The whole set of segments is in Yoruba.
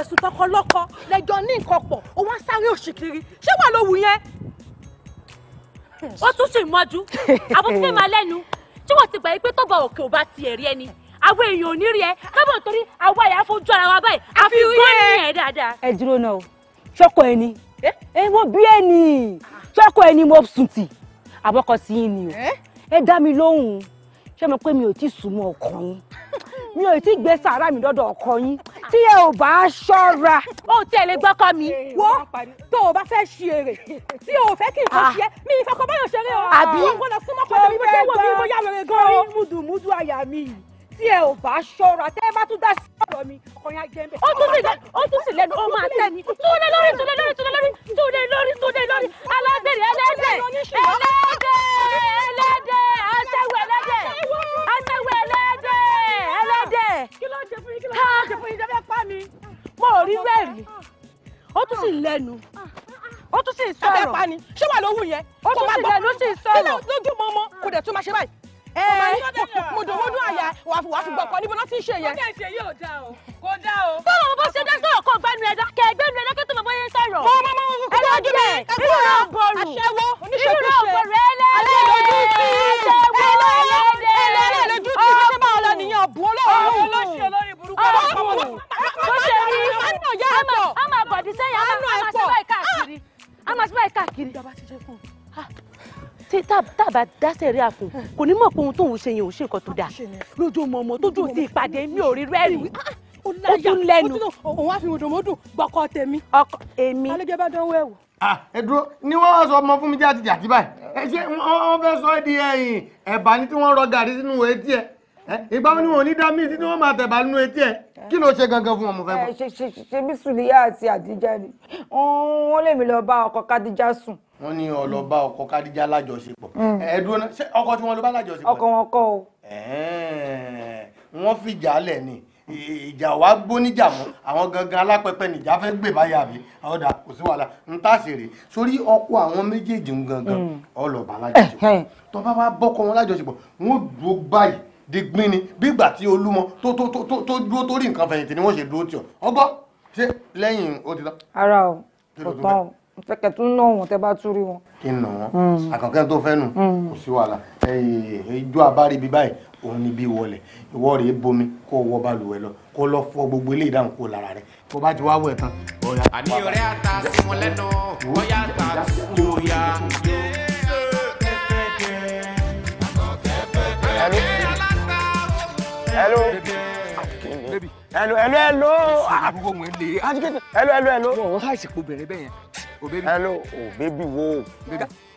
lẹ̀ sùn tọkọ lọ́kọ lẹ́jọ́ ní nǹkan pọ̀ ó wá sáré òṣìkiri ṣé wà ló wù yẹn. ó tún ṣì mọ́jú àbótúnfẹ́ máa lẹ́nu tí wọ́n ti gbà yí pé tọ́gbà òkè ò bá tiẹ̀ rí ẹni àwọn èèyàn ò ní rí ẹ kábọ̀ torí àwa ẹ̀yà fojú ara wa báyìí àfi gbọ́ ní ẹ̀ dáadáa. ẹ dúró náà o ṣọkọ ẹni ẹ wọ́n bí ẹni ṣọkọ ẹni mo sùn tì àbọ̀kọ̀ sí yín ni o ẹ dá mi lóhùn ṣé mo pé mi ò tí sùn mọ́ ọkàn yín mi ò tí gbé sàárà mi dọ́dọ̀ ọkọ yín tí ẹ ò bá ṣọ́ra. ó ti ẹ̀ lè gbọ́kọ mi. wo tó o bá fẹ́ ṣe èrè tí o fẹ́ kí n kọ́ ah. ṣe é mi ìfẹ́ kọ́ báyọ̀ ṣeré o. àbí wọn gbọ́dọ̀ súnmọ́ pẹ̀lú bí mo ṣe wò mí mo yá wẹ̀rẹ̀ gan-an. múdùmúdù àyà mi yìí tí ẹ ò bá ṣọ́ra tẹ́ ẹ bá tún dá sí ọ̀rọ̀ mi ọkàn yẹn jẹ́ ń bẹ̀. ó tún sì ó tún sì lẹ́nu ó máa tẹ̀ ní. túnde lórí túnde lórí túnde lórí túnde lórí túnde lórí alágbèrè ẹlẹ́dẹ̀ ẹlẹ́dẹ̀ ẹlẹ́dẹ̀ aṣẹ́wó ẹlẹ́dẹ̀ aṣẹ́wó ẹlẹ́dẹ̀ ẹlẹ́dẹ̀ ká mo ò rí bẹ́ẹ̀ rí ó tún sì lẹ́nu ah, ah, ah. ó tún sì sọ̀rọ̀ ẹ̀fẹ̀ pani ṣé wà lówù yẹn ó tún sì lẹ́nu sì sọ̀rọ̀ lójú mọ́mọ́ kò dẹ̀ tún máa ṣe báyìí mùdùmùdù àyà wàá fi gbọ̀kọ́ níbo náà ti ń ṣe yẹn. ó dẹ̀ ṣe yóò dá o kò dá o. báwo mo bó ṣe dá sọ̀rọ̀ kó gbẹ́nu ẹ̀dá kẹ́ gbẹ́nu ẹ̀dá kí tó mọ̀ bóyá sọ̀rọ̀. mo mọ mo kò tó dùn mí. inú nìyẹn ọ̀bùn olóòórùn. olóṣèlú olórí burúkú ọ̀bùn bó ṣe rí a máa bọ̀dí sẹ́yìn a máa ṣe báyìí káàkiri a máa ṣe báyìí káàkiri. tí tábà dáṣẹ̀ rí àfún kò ní mọ̀ pé ohun tóun ṣe yẹn ò ṣe nǹkan tó dáa lójú ọmọ ọmọ tójú ti ìpàdé mi ò rí rẹ́rìn ah, ó tún lẹ́nu òun á fi mòdòmódò gbọ́kọ tèmi. ọkọ èmi. alẹ́jọ́ bá dánwó ẹ̀wò ah, ẹ dúró ni wọ́n sọ ọmọ fún mi jẹ́ àti jàtí báyìí ẹ ṣe wọ́n fẹ́ sọ ẹ́ di ẹ̀yìn ẹ̀bà ni tí wọ́n rọ gàrí sínú etí ẹ̀ ìgbà wọn ni wọn ò ní dá mí títí wọn máa tẹ̀bà nínú etí ẹ kí ló ṣe gangan fún ọmọ fẹ́ bọ̀. ṣe ṣe ṣe bí sùlíyà àti àdíjà ni wọn lè mi lọ bá ọkọ kádíjà sùn. wọn ní ó lọ bá ọkọ kádíjà lájọṣepọ̀ mm. ẹ dúró náà ṣé ọkọ tí wọn lọ bá lájọṣepọ̀. ọkọ wọn kọ o. wọn fìjà lẹ ni ìjà wa gbóníjà mọ àwọn gangan alápẹpẹ nìjà fẹ́ gbè báyà mi àwọn dà kò sí wàhálà ń tà sèrè sórí ọkọ àwọn méjèèjì gangan mm. ọlọba lájọṣepọ̀ tó bá bọkọ wọn lájọṣepọ̀ wọn dúró báyìí digbin ni bígbà tí olúmọ tó tó tó tó dúró torí nǹkan fẹ̀yìntì ni wọ́n ṣe dúró tì ọ́ ọgbọ́ ṣé lẹ́yìn ó ti tán. ara o kò tán o fẹkẹ tún ná wọn tẹ bá tún rí wọn. kí n nà wọn hmm. àkànkẹ́ tó fẹ́ nù kò hmm. sí wàhálà ijó abárí bíi báyìí òun ni bí wọlé ìwọ rèé bomi kó wọ balùwẹ̀ lọ kó lọ fọ gbogbo ilé ìdáhùn kó lára rẹ kó bá ti wá wẹ̀ tán. àní ọ̀rẹ́ ata sí lẹ́nu bóyá ta kúrò ya. Ah, hello hello hello hello àbúkọ wọn lè hello hello hello wọn wọn ṣàìsì kó bẹ̀rẹ̀ bẹyẹn o baby hello o baby wo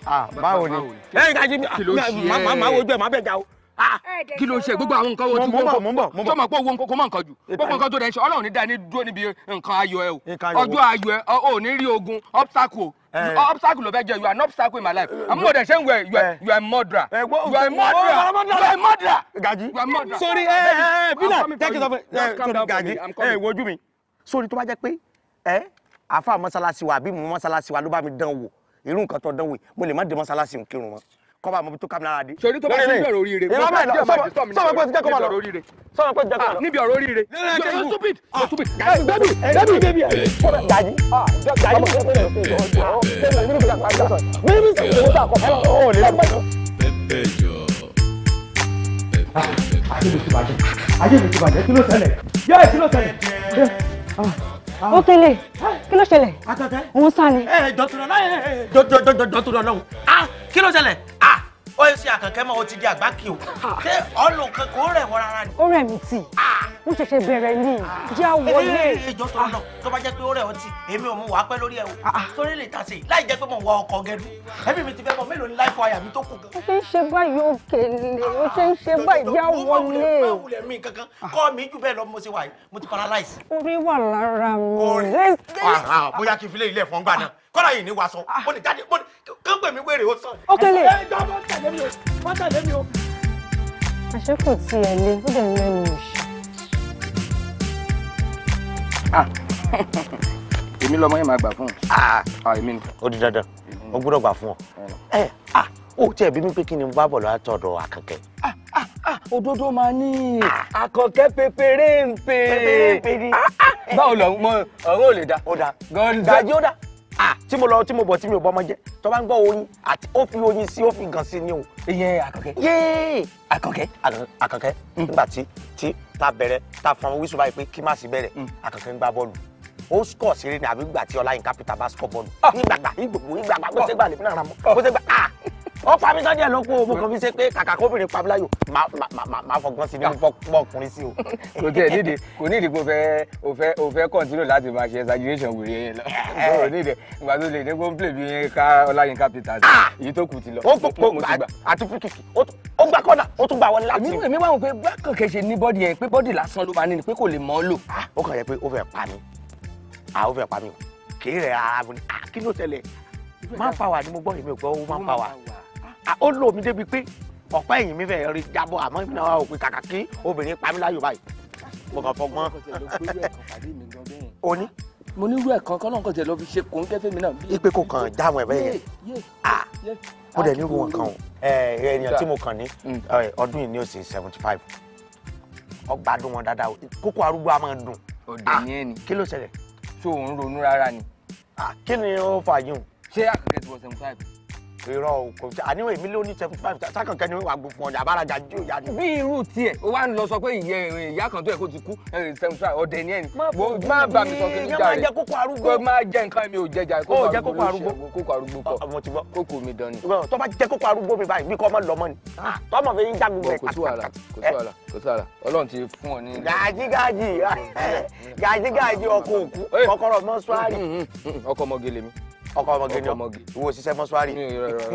ah báwo ni lẹ́yìn ká jí mi máa máa wojú ẹ máa bẹ ga o ah, kí ló ṣe gbogbo àwọn nǹkan wo tí wọ́n kọ́ tó mọ̀ pé owó kò mọ̀ nǹkan jù gbogbo nǹkan tó dẹ̀ ṣe ọlọ́run ní dání dúró níbi nǹkan ayọ̀ ẹ o ọjọ́ ayọ̀ ẹ ò ní rí ogun obstacle obstacle eh. ló fẹ́ jẹ́ you are an obstacle in my life eh, I'm òde ṣé ń wẹ̀ you are eh. you are a murderer you are a murderer you are a murderer. gaji You are a murderer. sorry ẹ ẹ bina take it off ẹ sorry gaji ẹ wojú mi sorry tó bá jẹ́ pé ẹ àfa mọ́sálásí wa àbí mọ́sálásí wa ló bá mi dán wò irú nǹkan tó dán wò mo lè má dé mọ́sálásí kírun mọ́ kọ́ bá mọ tó kámi lára dé. sori tó bá ti ń bẹ̀rẹ̀ oríire. ìyá máa lọ sọmọ pé ti jẹ́ kó máa lọ sọmọ pé ti jẹ́ kó máa lọ. níbi ọ̀rọ̀ oríire. yóò stupid yóò stupid. gaji gaji gaji gaji gaji gaji gaji ayé mi ti bàjẹ́ kí ló ṣẹlẹ̀ yẹ́ kí ló ṣẹlẹ̀ ó kélé kí ló ṣẹlẹ̀ òun sá ni. dọ́tún ọlọ́run ah, kí ló ṣẹlẹ̀ ah, ó yẹ sí àkànkẹ́ mọ́ o ti di àgbákì o ah. ṣé ọlùkẹ́ kò rẹ̀ wọ́n rárá ni. ó rẹ̀ mí tì í mo ṣẹ̀ṣẹ̀ bẹ̀rẹ̀ ni jẹ́ àwọlé. ìjọ tó lọ tó bá jẹ́ pé ó rẹ̀ ọtí èmi ò mú wàá pẹ́ lórí ẹ̀ o ah, ah. sórí lè tàṣe láì jẹ́ pé mo wọ ọkọ̀ gẹ́dú ẹ̀mí mi ti fẹ́ mọ mélòó ni láì fọ àyà mi tó kù gan. ó ṣe ń ṣe báyìí òkèlè ó ṣe ń ṣe báyìí jẹ́ àwọlé. báwulẹ̀ mi kankan ah. kọ́ mi jù bẹ́ẹ̀ lọ mo ṣe wà yìí mo ti paralyze. orí wà lára mi. bóyá kí n filé ilé ẹ̀fọ́ ń gbà náà kọ́lá yìí ní wàásọ mo lè jáde mo lè kán pè mí wéré ó sàn. ó kélé. ẹ jọ mọ o mọ tẹ̀lé o. àṣẹ kò tiẹ̀ lé ó dẹ̀ lẹ́nu òṣì. Ah. èmi lọmọ yẹn máa gbà fún ọ ah. ah, èmi ni. ó di dandan ó gbọ́dọ̀ gbà fún ọ ẹ eh, ah ó tiẹ̀ bí mi pé kí ni mo bá bọ̀ lọ́wọ́ àtọ̀dọ̀ àkànkẹ́. òdodo máa ní àkànkẹ́ pépéré ń pè é báwo lọ mọ ọ̀rọ̀ ò lè da. ó da gàjí ó da tí mo lọ tí mo bọ̀ tí mi ò bọ́ ọmọ jẹ́ tó bá ń gbọ́ oyin àti ó fi oyin sí ó fi gàn sí ni o. ìyẹn àkànkẹ́. yéé àkànkẹ́. àkànkẹ́ hmm. nígbà tí tí tá bẹ̀rẹ̀ tá fún àwọn wíṣọ báyìí pé kí má sì bẹ̀rẹ̀ mm. akànkàn ń gbá bọ́ọ̀lù ó score sí eré ni àbí gbà tí ọláyínká peter bá score bọ́ọ̀lù ah. nígbàgbà nígbògbò nígbàgbà bó ṣe gbà lè fi náà ra mọ́ ah. bó ṣe gbà á ah. ó pa mí sọ díẹ̀ ló kó mo kàn fi ṣe pé kàkà kóbìnrin pamíláyò máa fọgbọ́n sí ni mo fọ́ ọkùnrin sí o. kò tẹ̀ nídìí kò nídìí kò fẹ́ o fẹ́ o fẹ́ continue láti máa ṣe exaggeration wèrè yẹn lọ. Eh. kò nídìí ìgbà tó lè ní kó ń play bí ká ọláyínká peter èyí tó kù ti lọ. ó kò mo ti gbà àti píkìkì ó gbà kọ́nà ó tún gbà wọlé láti. èmi wà wọ pé bákan kẹsẹ ní bọ́dì yẹn pé bọ́dì lásán ló máa ní ni pé kò lè mọ́ lò. ó kàn yẹ pé ó fẹ́ pa mi àwọn fẹ́ pa mi o kì í rẹ̀ ara mi kí ló tẹ̀lé máa ń ni mo gbọ́ èmi ò gbọ́ ó máa ń pàwà ó lò mí débi pé ọ̀pá ẹ̀yìn mi fẹ́ rí jábọ̀ àmọ́ ìmúna wa ò pé kàkà kí obìnrin pa mí láyò báyìí mo kàn fọgbọ́n. òní. mo ní irú ẹ̀kan kan náà kò tẹ̀ lọ fi ṣe kóńkẹ́ fẹ́mi náà. ipe kò kàn dáhùn ẹ̀ bẹ́ẹ̀ yẹn mo dẹ̀ ní irú wọn kan o ènìyàn tí mo kàn ní mm. ọdún yìí ní ó ṣe seventy five ọgbà dùn wọn dáadáa o kókó arúgbó a máa dùn kí ló ṣẹlẹ̀ ṣé òun ronú rárá ni. kí ni ó fà yín o. ṣé àkàkẹ́ ti wọ seventy five irọ́ òkò àníwò èmi ló ní seventy five sákànkẹ́ ni wà gbogbo ọ̀dà àbárajà jí òyà ni. bí irú tiẹ̀ ó wá ń lọ sọ pé ìyẹn ìyá kan tó yẹ kó ti kú seventy five ọ̀dẹ̀ ni ẹ̀ ni. má bà mí sọ kí n jà rẹ̀ má jẹ kókó arúgbó. kó má jẹ nǹkan mi ò jẹjà kókó arúgbó kókó arúgbó kọ ọmọ ti gbọ́ kókó mi dán ni. tó bá jẹ kókó arúgbó mi báyìí bí kò ọmọ lọ mọ ni ah. tọmọ fi ń já gbogbo kàtàkàtà. kò sí wàhálà kò sí ọkọ ọmọge ni ọ ìwọ òṣìṣẹ́ mọ́ṣúárì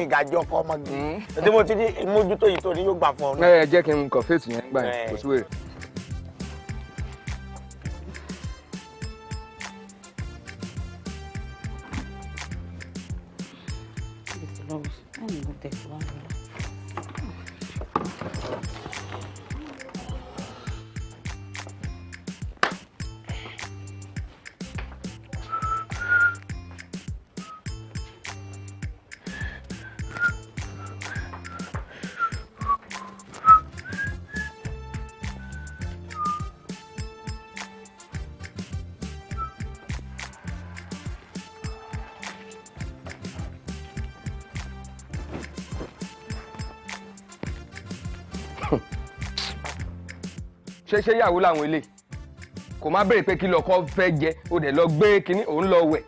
ìgàjọ ọkọ ọmọge tí mo ti ní mójútó yìí tó ní yóò gbà fún ọ. ẹ jẹ́ kí n kàn fèsì yẹn gbà yẹn kò sí wèrè. Vamos, vamos, ṣé ṣé ìyàwó làwọn ilé kò má béèrè pé kí lọkọ fẹ́ jẹ o dẹ̀ lọ gbé kínní òun lọ wẹ̀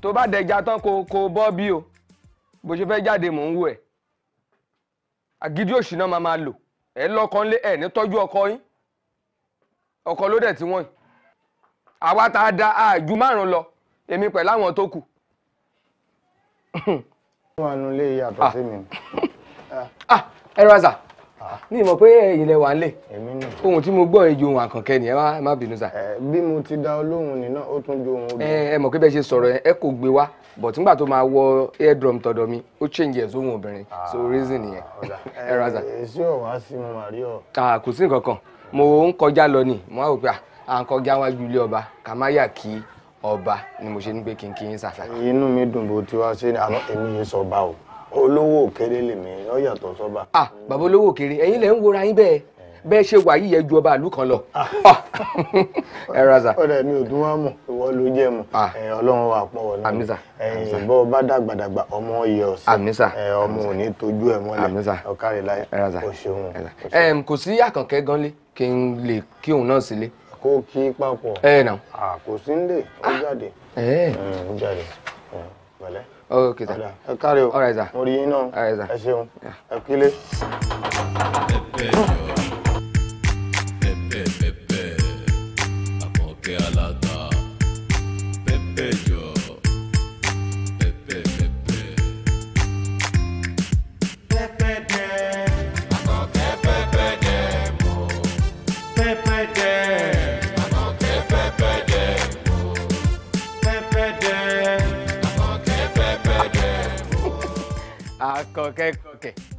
tó bá dẹja tán kò kò bọ́ bí o bó ṣe fẹ́ jáde mò ń wò ẹ̀ àgídí òṣìná máa máa lò ẹ̀ lọ́kọ ńlé ẹ̀ ní ọkọ yín ọkọ ló dẹ̀ tí wọ́n àwa tá a da àjù márùn lọ èmi pẹ̀lú àwọn tó kù. wọ́n á ní ìmọ̀ pé ẹ̀yin lẹ wà ń lè ohun tí mo gbọ́ èjò ohun àkànkẹ́ ni ẹ má bínú sà. bí mo ti da olóhùn nínà ó tún ju ohun odò. ẹ mọ̀ pé bẹ́ẹ̀ ṣe sọ̀rọ̀ ẹ kò gbé wá but nígbà tó máa wọ eardrum tọ̀dọ̀ mi ó change ẹ̀ sóhun obìnrin ah, so reason nìyẹn ẹ ra sà. èsì ò wá sí mo mà rí ọ. kò sí nǹkan kan mo ń kọjá lọ ni mo á rò pé à ń kọjá wájú ilé ọba ká má yà kí ọba ni mo ṣe ń gbé kínkín sàṣà. inú mi dùn bó ti wá ṣe àmọ́ èmi yìí sọ ọba o olówó òkèrè lèmi ó yàtọ̀ ah bàbá olówó òkèrè ẹ̀yin lẹ ń wora yín bẹ́ẹ̀ eh. bẹ́ẹ̀ ṣe wà yíyẹ ju ọba àlù kan lọ. Ah. Ah. ẹ raza. ọ̀rẹ́ mi ò dún wá mọ̀ ìwọ ló jẹ́ mọ̀ ah. eh, ọlọ́run wà pọ̀ wọ̀ náà ẹ̀yìn bọ́ ọba dàgbàdàgbà ọmọ yẹ ọ̀sán eh, ọmọ ò ní tọ́jú ẹ̀ mọ́lẹ̀ ọ̀kárẹ̀ láyé o ṣeun. kò sí àkànkẹ́ gan lé kí n lè kí òun náà sílé. kó kí papọ̀ kò sí ń lè ó jáde ó jáde pẹ̀lẹ́. ok sir What ẹ káre o mo rí yín you ẹ ṣeun ẹ kílé.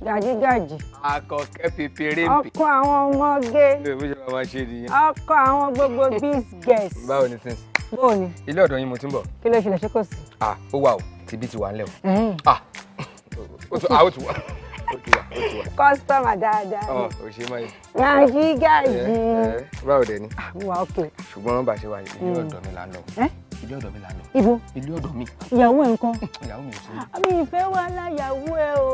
gàjígàjí. akọkẹ́ pépéré ń bì. ọkọ àwọn ọmọge. bó ṣe máa ṣe nìyẹn. ọkọ àwọn gbogbo biz girls. báwo ni sins. báwo ni. ilé ọ̀dọ̀ yín mo ti ń bọ̀. kí ló ṣẹlẹ̀ ṣé kò sí. ah ó wà o tìbí ti wà ń lẹ̀ o. ah ó ti wà ó ti wà kọ́sítọ́mà dáadáa. ọ ò ṣe máa yẹ. gàjígàjí. báwo dẹ ni. Ah, wà ókè. ṣùgbọ́n bá ṣe wà ní mm. ọ̀dọ̀ mi là ń lọ ilé ọ̀dọ̀ mi là ń lọ. ibo ilé ọ̀dọ̀ mi. ìyàwó ẹ̀ ńkọ́. ìyàwó mi ò sí. Ah, mi ìfẹ́ wa láyàwó ẹ o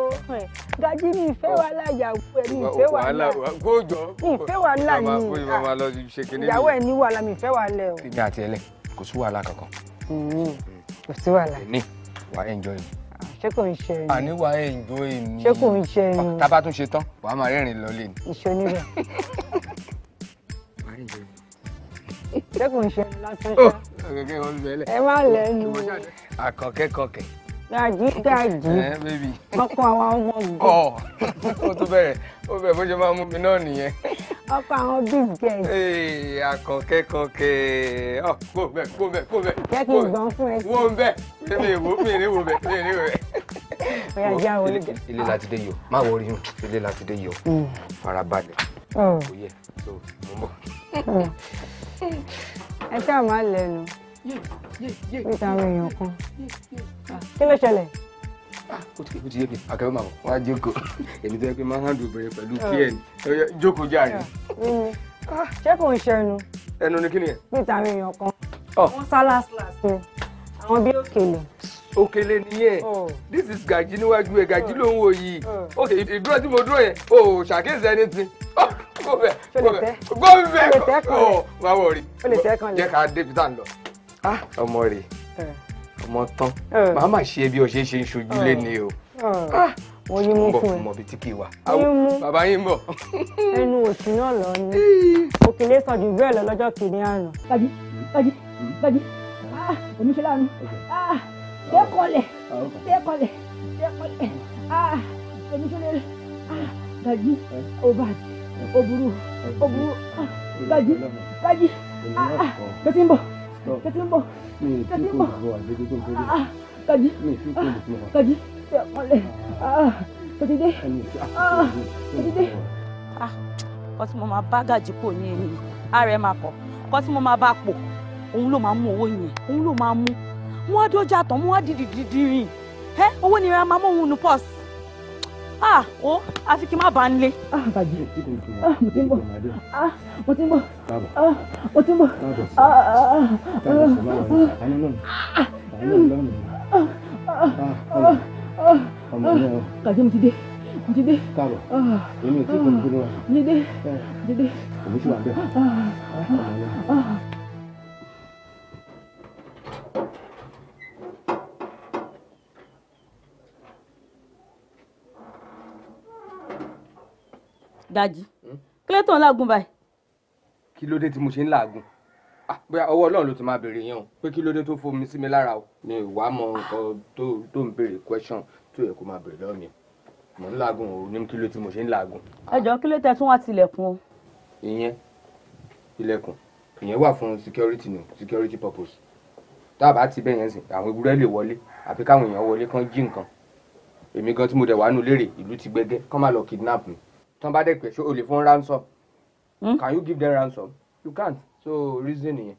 gají mi ìfẹ́ oh. wa láyàwó ẹ mi ìfẹ́ wa lá. kó jọ mi ìfẹ́ wa lá ni ìyàwó ẹ ní wàhálà mi ìfẹ́ wa lẹ o. ìgbà àti ẹlẹ kò sí wàhálà kankan. kò sí wàhálà. ní wàá enjoy mi ah, ṣé kò ń ṣe ẹyin. àní wàá enjoy mi. ṣé kò ń ṣe ẹyin. tá a bá tún ṣe tán wàá máa rẹ́rìn lọ lé ni. ìṣonírẹ̀. sẹ́kùn ṣe lásán oh. ṣá. ọ̀kẹ́kẹ́ wọn bẹ̀lẹ̀. ẹ má lẹ́nu. Oh, àkọ́kẹ́kọ́kẹ́. dájí dájí. ẹ bébì. ọkọ àwọn ọmọ mi. ọ oh, ó tún bẹ̀rẹ̀ ó bẹ̀rẹ̀ bó ṣe máa mú mi náà nìyẹn. ọkọ àwọn big girls. ee àkọ́kẹ́kọ́kẹ́ ọ kó bẹ̀ kó bẹ̀ kó bẹ̀. jẹ́ kí n gbọ́n fún ẹ. wo ń bẹ̀ mi ì mi ní wo bẹ̀ mi ní wo bẹ̀ ilé láti dé yọ má wọrí yún ilé láti dé yọ hmm. farabalẹ̀ òye hmm. so mo ń ẹ ṣáà má lẹ́nu níta àwọn èèyàn kan ah. kí ló ṣẹlẹ̀. Ah, ó ti yé mi àkàrà màá wá jókòó èmi tó yẹ pé máa ń hàndù obìnrin pẹ̀lú pn ah. jókòó járe. Mm. ṣé kò ń ṣẹnu. ẹnu ni kí ni ẹ. níta àwọn èèyàn kan. Oh. wọ́n sálà sílà sí àwọn bí òkèlè òkèlè nìyẹn oh. this is gàjí níwájú ẹ gàjí oh. ló ń wò yìí oh. ok ìdúró tí mo dúró yẹn o ò ṣàkíyèsí ẹni tí kò bẹ kò bẹ kò bẹ kò wá wọ rí jẹ ká débi tá n lọ ah. ọmọ rẹ̀ eh. ọmọ tán eh. màá má ṣe bí o ṣe ṣe ń ṣojú lé ni o eh. Ah. wọ́n yín mú fún ẹ mọ̀ bí tí kì í wà. yín mú bàbá yín bọ̀. ẹnu òsì náà lọ ni òkèlè sàn jù bẹ́ẹ̀ lọ lọ́jọ́ kìíní àná. bàjí bàjí bàjí oníṣẹ́ láàánú. Ah décollé ah, décollé décollé ah èmi tó lè ah Gaji eh. ó bàjẹ́ eh. ó burú eh. ó burú Gaji ah, Gaji ah ah tètè ń bọ̀ tètè ń bọ̀ tètè ń bọ̀ ah Gaji ah Gaji ah, ah. tètè dé ah tètè dé. ah kọ́ tí mo máa bá Gaji pò ní ẹni ara ẹ̀ máa kọ̀ kọ́ tí mo máa bá wọ́n á dójà tán wọ́n á di dìdì rìn ẹ owó ni ra máa mọ̀hún nu pọ́s ah o àfi kí n má bàa ń lé. Ah, bàjẹ́ ah, mo ti ń bọ̀ ah, mo ti ń bọ̀ mo ti ń bọ̀. kàdé mo ti dé mo ti dé. káàbọ̀ èmi ò tí kò ń gbé wa. mo ti dé eh. mo ti dé. òun ṣì wà bẹ́ẹ̀. Dàjí kí ló tó ń làágùn báyìí. kí ló dé tí mo ṣe ń làágùn ah, bóyá ọwọ́ Ọlọ́run ló ti máa béèrè yẹn o pé kí ló dé tó fomi sí mi lára o mi wà á mọ nǹkan tó ń béèrè question tó yẹ kó máa béèrè lọ́wọ́ mi mò ń làágùn o ní kí ló tí mo ṣe ń làágùn. ẹjọ kí ló tẹ tún wá tilẹ̀kùn o. ìyẹn ilẹ̀kùn ìyẹn wà fún security ni security purpose tá a bá ti bẹ́ẹ̀ yẹn sìn àwọn ewúrẹ́ lè wọlé àfi káwọn èèyàn wọlé kán jí nǹkan èmi gan tí mo dẹ̀ wà nù lérè ìlú ti gbẹgẹ́ kán má lọ kidnap mi tán bá dẹ̀ pé ṣé o lè fún ransom hmm? can you give them ransom you can't so reason nìyẹn.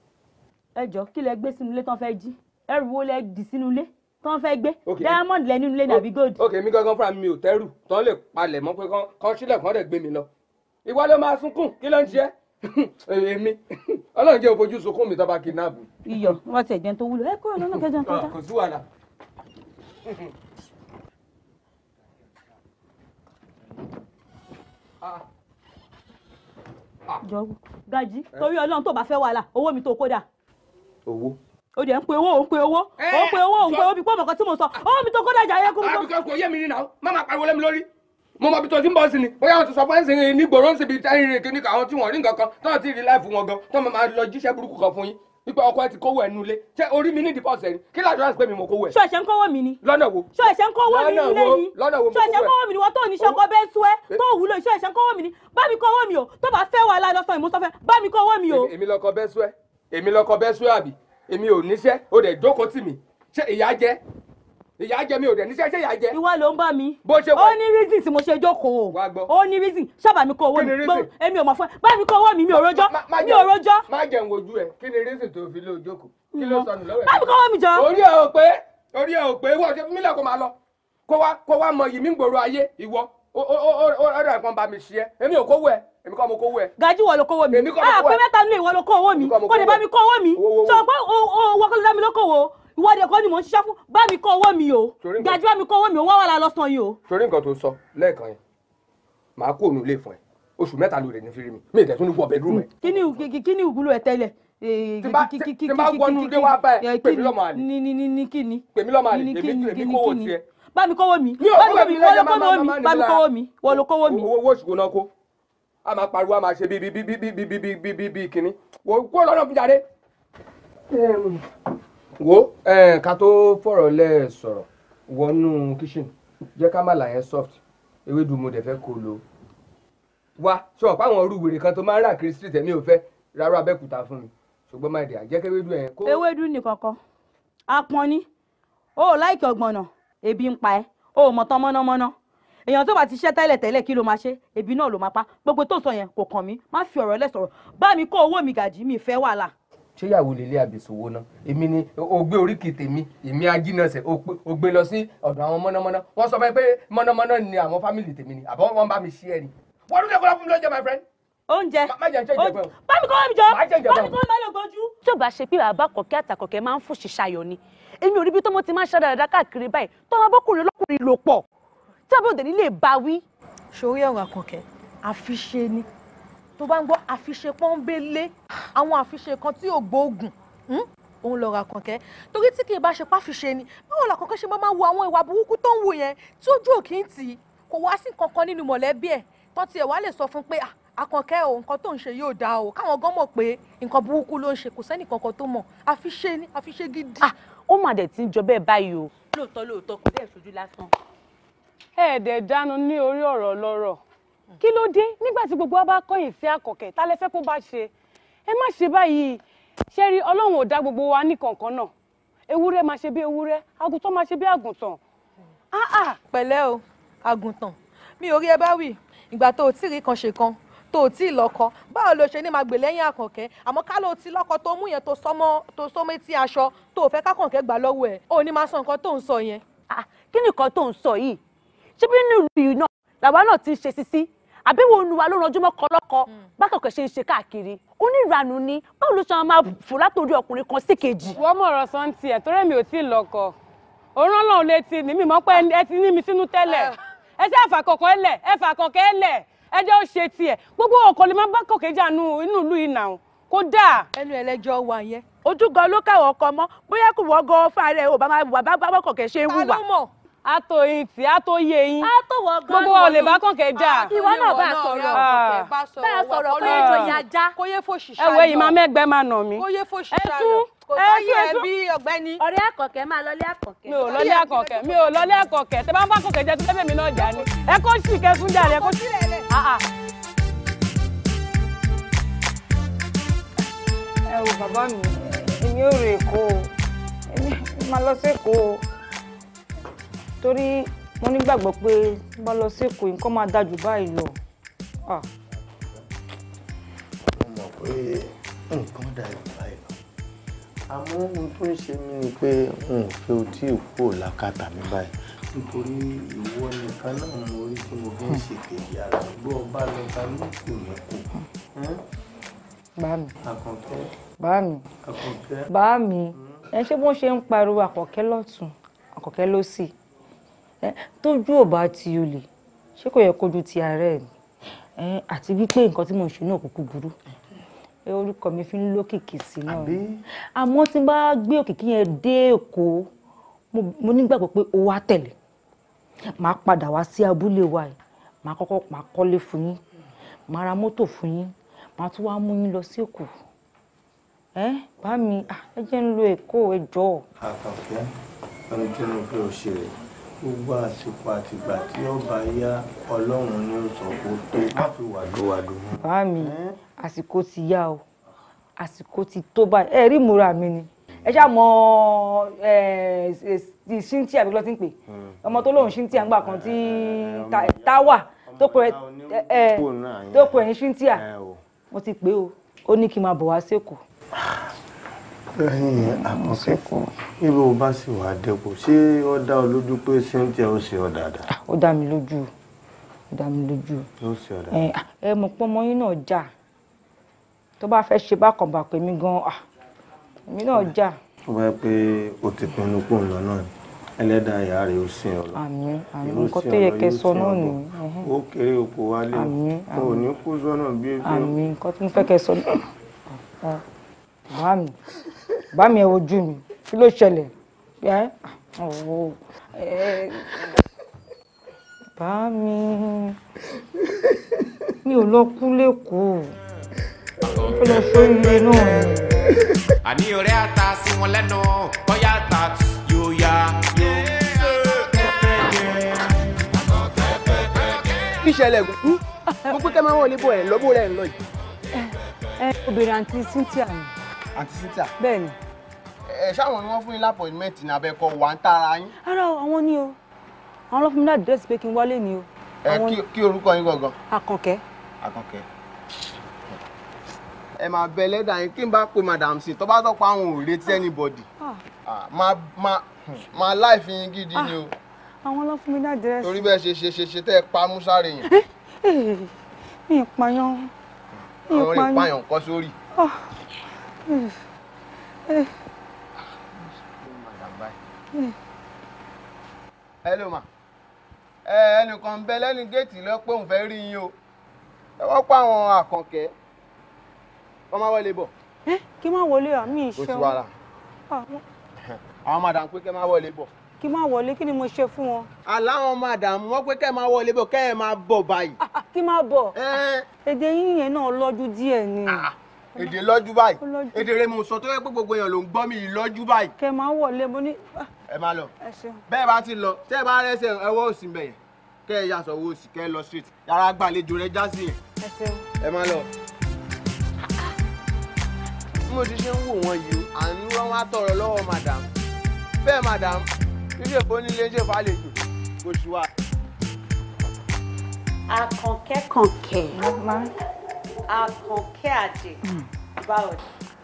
ẹ jọ kí lẹ gbé sínú ilé tán fẹ́ jí ẹrù wo lẹ dì sínú ilé tán fẹ́ gbé diamond lẹ nínú ilé nàbí gold. ok mi gangan fúnra mi ò tẹ́rù tán lè palẹ̀ mọ́ pé kán sílẹ̀ kán dẹ̀ gbé mi lọ ìwọ ló máa sunkún kí ló ń ṣe èmi ọlọ́run jẹ́ òfojú sunkún mi tó bá kidnap. iyọ wọn ti ẹjẹ tó wúlò ẹ kúrò lọnà kẹjọ kọjá. kò sí wàhálà. Thank you jọ gají torí ọlọ́run tó bá fẹ́ wàhálà owó mi tó kódà. owó. o jẹ́ ń pe owó ò ń pe owó o ń pe owó ò ń pe owó bí pọ́ọ̀mù kan tí mo sọ owó mi tó kódà jàre kó mi tó. àbíkẹ́ kò yé mi nínú àwọn má máa pariwo lẹ́mi lórí mo mọ ibi tó ti ń bọ̀ sí ni bóyá àwọn ti sọ fún ẹ̀sìn ní gbòòrò ń ṣe ibi táyìn rìn kíní kan àwọn tí wọ́n rí nǹkan kan tó ti rí láìfù wọn gan tó máa lọ jíṣẹ́ burúkú kan fún yín ipa ọkọ ẹ ti kówó ẹ nulẹ ṣé orí mi ní divorce ẹ ni kí láti ránṣẹ́ mi mo kówó ẹ. ṣọ̀ṣẹ̀ ń kówó mi ni. lọ́nà wo ṣọ̀ṣẹ̀ ń kówó mi nílé yìí ṣọ̀ṣẹ̀ ń kówó mi ni wọ́n tó ní ṣọkọ bẹ́ẹ̀ sú ẹ tó wúlò ṣọ̀ṣẹ̀ ń kówó mi ni bá mi kówó mi o tó bá fẹ́ wàhálà lọ́sàn ìmúṣọ́fẹ́ bá mi kówó mi o. èmi lọkọ bẹ́ẹ̀ sú ẹ èmi lọkọ bẹ́ẹ̀ sú àbí èmi ò níṣẹ́ ó dẹ̀ jókòó tì mí ṣé ìyá jẹ́ ìyá jẹ mi ò dẹ̀ níṣẹ́ ìyá jẹ. ìwọ ló ń bá mi. bó ṣe wà ó ní reason tí mo ṣe jókòó. wá gbọ́ ó ní reason ṣábà mi kó owó mi gbọ́ èmi ò mọ̀ fún ẹ bá mi kó owó mi mi ò rojọ́ mi ò rojọ́. má jẹun wojú ẹ kí ni reason tó fi lé ojókòó kí ló sọnù lọ́wọ́ ẹ. bá mi kó owó mi jọ. orí ẹ ò pé orí ẹ ò pé wọ́n ṣe mílẹ̀ kó máa lọ kó wá kó wá mọ yìí mí gbòòrò ayé ìwọ ọ̀rọ̀ ẹ̀kan bá mi ṣe èmi kọ́ mo kówó ẹ. gaji wọ ló kówó mi. èmi kọ́ mo kówó ẹ. àpè ah, mẹ́ta nílé ìwọ ló kówó mi kò lè bá mi kówó mi. sọ pé owó kọ́lọ́dá mi ló ìwọ́de ẹ̀kọ́ ni mò ń ṣiṣẹ́ fún bá mi kọ́ owó mi o gàjú bá mi kọ́ owó mi o wá wà lá lọ́sàn yìí o. torí nǹkan tó sọ lẹ́ẹ̀kan yẹn màá kó òun lè fún ẹ oṣù mẹ́ta ló rè ní fírí mi mi ìdẹ̀tún ní wọ bẹ́ẹ̀dúrúmù ẹ. kí ni ìwúlò ẹ tẹ́lẹ̀ tí bá wọnú ilé wa bá ẹ pèmí lọ́mọ àlè pèmí lọ́mọ àlè èmi kówó tiẹ̀. bá mi kówó mi bá mi kówó mi bá mi kówó mi wọ́n ló kówó mi. owó oṣù kò náà kó a máa pariwo a máa ṣe bíi bíi bíi bíi bíi bíi bíi bíi kínní wò ó kó lọ́nà fún jáde wo ká tó fọ̀rọ̀ lẹ́ sọ̀rọ̀ wọnú kíṣìn jẹ́ ká má là yẹn soft ewédú mo dẹ̀ fẹ́ kó lo wa ṣe ọ̀pá àwọn orú wèrè kan tó máa ń rà kiri street ẹ̀mí ò fẹ́ rárá abẹ́kúta fún mi ṣùgbọ́n máa dẹ̀ àjẹ́ kéwédú ẹ̀yẹn kó. ewédú nìkan kan apọn ni o ò láìkí ọgbọ̀nà ebi ń pa ẹ́ o ò mọ̀tán mọ́nàmọ́ná èèyàn tó bá ti ṣẹ́ tẹ́lẹ̀ tẹ́lẹ̀ kí ló máa ṣe ebi náà ló máa pa gbogbo tó sọ yẹn kò kàn mí má fi ọ̀rọ̀ lẹ̀ bá mi kó owó mi gàjí mi fẹ́ wàhálà ṣé ìyàwó lè lé àbẹ̀sòwò náà èmi ni o gbé oríkì tèmi èmi ajínàṣẹ o gbé lọ sí ọ̀dọ̀ àwọn mọ̀nàmọ́ná wọ́n sọ pé mọ̀nàmọ́ná ni àwọn fámìlì tèmi ni àbọ̀ wọ́n bá mi ṣí ẹ ni. wọ́n tún fún mi lóúnjẹ my friend. oúnjẹ bámi kọ́ mi jọ bámi kọ́ mi lọ gbọ́jú. tí ò bá ṣe pé bàbá kọ̀kẹ́ àtàkọ̀kẹ́ máa ń fòṣì ṣayọ̀ ni èmi ò rí bí tọ́mọ ti máa ń ṣàdáradá káàkiri báyìí tọ́mọ bọ́kùnrin lọ́kùnrin lò pọ̀ tó bá ń gbọ́ àfiṣe pọ́ńbélé àwọn àfiṣe kan tí ò gbóògùn hmm, òun lọ ra kànkẹ́ torí tí kì í bá ṣe páfiṣe ni báwo la kànkẹ́ ṣe máa máa wo àwọn ìwà burúkú tó ń wò yẹn tí ojú òkè ń tì í kò wá sí kankan nínú mọ̀lẹ́bí ẹ̀ tó tiẹ̀ wá lè sọ fún pé àkànkẹ́ o nǹkan tó ń ṣe yóò dáa o káwọn gan mọ̀ pé nǹkan burúkú ló ń ṣe kò sẹ́nì kankan tó mọ̀ àfiṣe ni àfiṣe gidi. ó mà dẹ̀ ti ń jọ bẹ́ẹ̀ báyìí o. lóòótọ́ lóòótọ́ kò dẹ́ ṣojú lásán. ẹ̀ẹ́dẹ̀ dánu ní orí ọ̀rọ̀ lọ́rọ̀ kí ló dé nígbà tí gbogbo wa bá kọ̀yìn sí àkọ̀kẹ́ ta lẹ fẹ́ kó bá ṣe ẹ má ṣe báyìí ṣé rí ọlọ́run ò dá gbogbo wa ní kọ̀ọ̀kan náà ewúrẹ́ máa ṣe bí ewúrẹ́ àgùntàn máa ṣe bí àgùntàn. pẹ̀lẹ́ o àgùntàn mi ò rí ẹ bá wì ìgbà tó o tí ì rí kan ṣe kan tó o tí ì lọ́kọ báwo ló ṣe ní máa gbè lẹ́yìn àkànkẹ́ àmọ́ ká ló ti lọ́kọ tó mú yẹn tó sọmọ etí aṣọ tó o fẹ́ kákànkẹ́ gbà lọ́wọ́ ẹ̀ ò ní máa sọ nǹkan tó ń sọ yẹn. kí ni nǹkan tó ń sọ yìí ṣé bí nínú ìlú náà làwa náà ti ń ṣe sisi àbí wo nu wa ló ranjú mọ́ kọlọ́kọ hmm. bákẹ́kọ̀ọ́ ṣe ń ṣe káàkiri onírànú ni báwo ló ṣe máa fò látòrí ọkùnrin kan sí kejì. wọ́n mọ̀ ọ̀rọ̀ sàn tiẹ̀ torí mi ò tí ì lọ́kọ òun rán létí ni mi mọ̀ pé ẹ ti ní mi sínú tẹ́lẹ̀ ah. ẹ ṣe àfàkọ̀kọ̀ lẹ̀ ẹ fàkọ̀kẹ́ lẹ̀ ẹ jẹ́ ó ṣe tiẹ̀ gbogbo ọkọ̀ lè má bá kọ̀kẹ́ jánu inú ìlú yìí nà kódà. ẹnu ẹlẹjọ wà a tó yin tí a tó yé yín gbogbo wa ò lè bá kànkẹ́ jà. Ah, ìwọ náà bá sọ̀rọ̀ bá sọ̀rọ̀ kó yẹ jòyè ajá. kó yẹ fò ṣìṣà yọ ẹ wo èyí máa mẹ́gbẹ́ máa nà mí. kó yẹ fò ṣìṣà yọ kò sọ yí ẹ bí ọ̀gbẹ́ni. ọ̀rẹ́ àkànkẹ́ máa lọlé àkànkẹ́. mi ò lọlé àkànkẹ́ mi ò lọlé àkànkẹ́ tẹ bá ń bá àkànkẹ́ jẹ tó fẹ́ mi náà jà ni ẹ kó sì kẹsùn jà ni ẹ kó sì. ẹ ah, ah. wo torí mo nígbàgbọ́ pé bá lọ sí èkó nǹkan máa dájú báyìí lọ. mo mọ̀ pé nǹkan dájú báyìí lọ àmọ́ ohun tó ń ṣe mí ni pé n ò fẹ́ ojú ìkó làkàtà mi báyìí nítorí ìwọ nìkan náà mo rí tí mo fi ń ṣèkejì ara gbọ́ ọba lọ́ba lóko ní kò. báàmì àkànkẹ́. báàmì àkànkẹ́. báàmì ẹ ṣé bó ṣe ń pariwo àkọ́kẹ́ lọ́tún àkọ́kẹ́ lósì tójú ò bá ti olè ṣé kò yẹ kójú ti ààrẹ ni àti wípé nǹkan tí mo ṣe náà kúkú burú orúkọ mi fi ń lókìkí sí náà àmọ́ tí n bá gbé òkìkí yẹn dé èkó mo nígbàgbọ́ pé o wá tẹ̀lé màá padà wá sí abúlé wa yìí màá kọ́kọ́ màá kọ́lé fún yín màá ra mọ́tò fún yín màá tún wá mú yín lọ sí èkó ẹ bá mi ẹ jẹ́ ń lo èkó ẹ jọ̀ọ́. àkàkẹ́ ẹni tí mo fẹ́ ọ ṣe rèé gbogbo àsìkò àtìgbà tí ọba yá ọlọ́run ní ìsọ̀kò tó má fi wàdúwàdù mú. báàmì àsìkò ti yá o àsìkò ti tó báyìí ẹ rí ìmúra mi ni ẹ ṣáà mọ ti cynthia bí wọ́n ti ń pè hmm. ọmọ tó lóun cynthia ńgbà kan tí eh, táwà tó pè ní cynthia eh, mo ti pè o ó ní kí n máa bọ̀ wá sí èkó. Ah àkọsíkò. níbo o bá sì wà á dẹ́kun ṣé ó dá ọ lójú pé cynthia ó ṣe ọ dáadáa. Ah, ó dá mi lójú ó dá mi lójú. ó ṣe ọ dáadáa. Ah, ẹ mọ̀ pé ọmọ yín náà jà tó bá fẹ́ ṣe bákan bá pè mí gan-an ah, èmi náà jà. ó bá yẹ pé o ti pinnu pò ń lọ náà ni ẹlẹ́dàá ìyá rẹ̀ ó sìn ọ lọ. àmín àmín nǹkan tó yẹ kẹ sọ náà nù. ó kéré oko wálé o ò ní kó sọ́nà bí ebi. àmín nǹkan tó ń fẹ́ kẹ sọ náà. bàá bá mi ẹ wojú mi kí ló ṣẹlẹ̀ ẹ ọwọ́ ẹ bá mi mi ò lọ kú lẹ́kọ̀ọ́ kí lọ ṣe ilé náà ni. àní ọ̀rẹ́ ata sí wọn lẹ́nu bóyá ta yóò ya kí ṣẹlẹ̀ mo pé kẹ́ máa wọlé bọ̀ ẹ̀ lọ́bù rẹ̀ ń lọ yìí. obìnrin àǹtí Cynthia ni àǹtí Cynthia. bẹ́ẹ̀ni. ẹ ṣáwọn ni wọn fún yín lápọ̀ìmẹ́ǹt ní abẹ́kọ̀ wà ń tara yín. ara àwọn ni o àwọn ló fún mi ní àdírẹ́sì pé kí n wálé ni o. ẹ kí orúkọ yín gangan. àkànkẹ́. àkànkẹ́. ẹ máa bẹ lẹ́dà yín kí n bá pe madam sí tó bá tọ́pọ̀ àwọn ò retí ah. anybody. Ah. máa láìfi yín gidi ni o. Ah. àwọn ló fún mi ní àdírẹ́sì. torí bẹ́ẹ̀ ṣe ṣe ṣe ṣe tẹ́ ẹ pa musa rèèyàn. Eh, mi ì payán. mi ì payán. àwọn lè payàn kọ́ sórí. hello ma eh, ẹnìkan ń bẹ lẹ́nu géètì lọ pé òun fẹ́ o ẹ wọ́n àwọn àkànkẹ́ wọ́n máa wọlé bọ̀. ẹ kí máa wọlé àmì ìṣe ah. madam pé ma wọlé bọ̀. kí máa wọlé mo ṣe fún wọn. madam wọ́n pé kẹ́ ma wọlé bọ̀ kẹ́ ẹ máa bọ̀ báyìí. Ah, kí máa bọ̀ eh. ah, èdè èdè lọ́jú báyìí èdè rẹ̀ mo sọ tó yẹ pé gbogbo èèyàn ló ń gbọ́ mi yìí lọ́jú báyìí. kẹ máa wọlé mo ní. Ah, ẹ máa lọ bẹ́ẹ̀ bá ti lọ tẹ́ ẹ bá rẹ́sẹ̀ ẹwọ́ òsì bẹ̀yẹn kẹ́ ẹ yàtọ̀ owó òsì kẹ́ ẹ lọ street yàrá gbàlejò rẹ já yẹn. ẹ máa lọ. bí mo ti ṣe ń wò wọ́n yìí àánú wọn wá tọrọ lọ́wọ́ madam bẹ́ẹ̀ madam ilé ìfowónílé ń fàlejò kò sí wa. akọ̀kẹ́ Àkànkẹ́ Àdè hmm. báwo ni.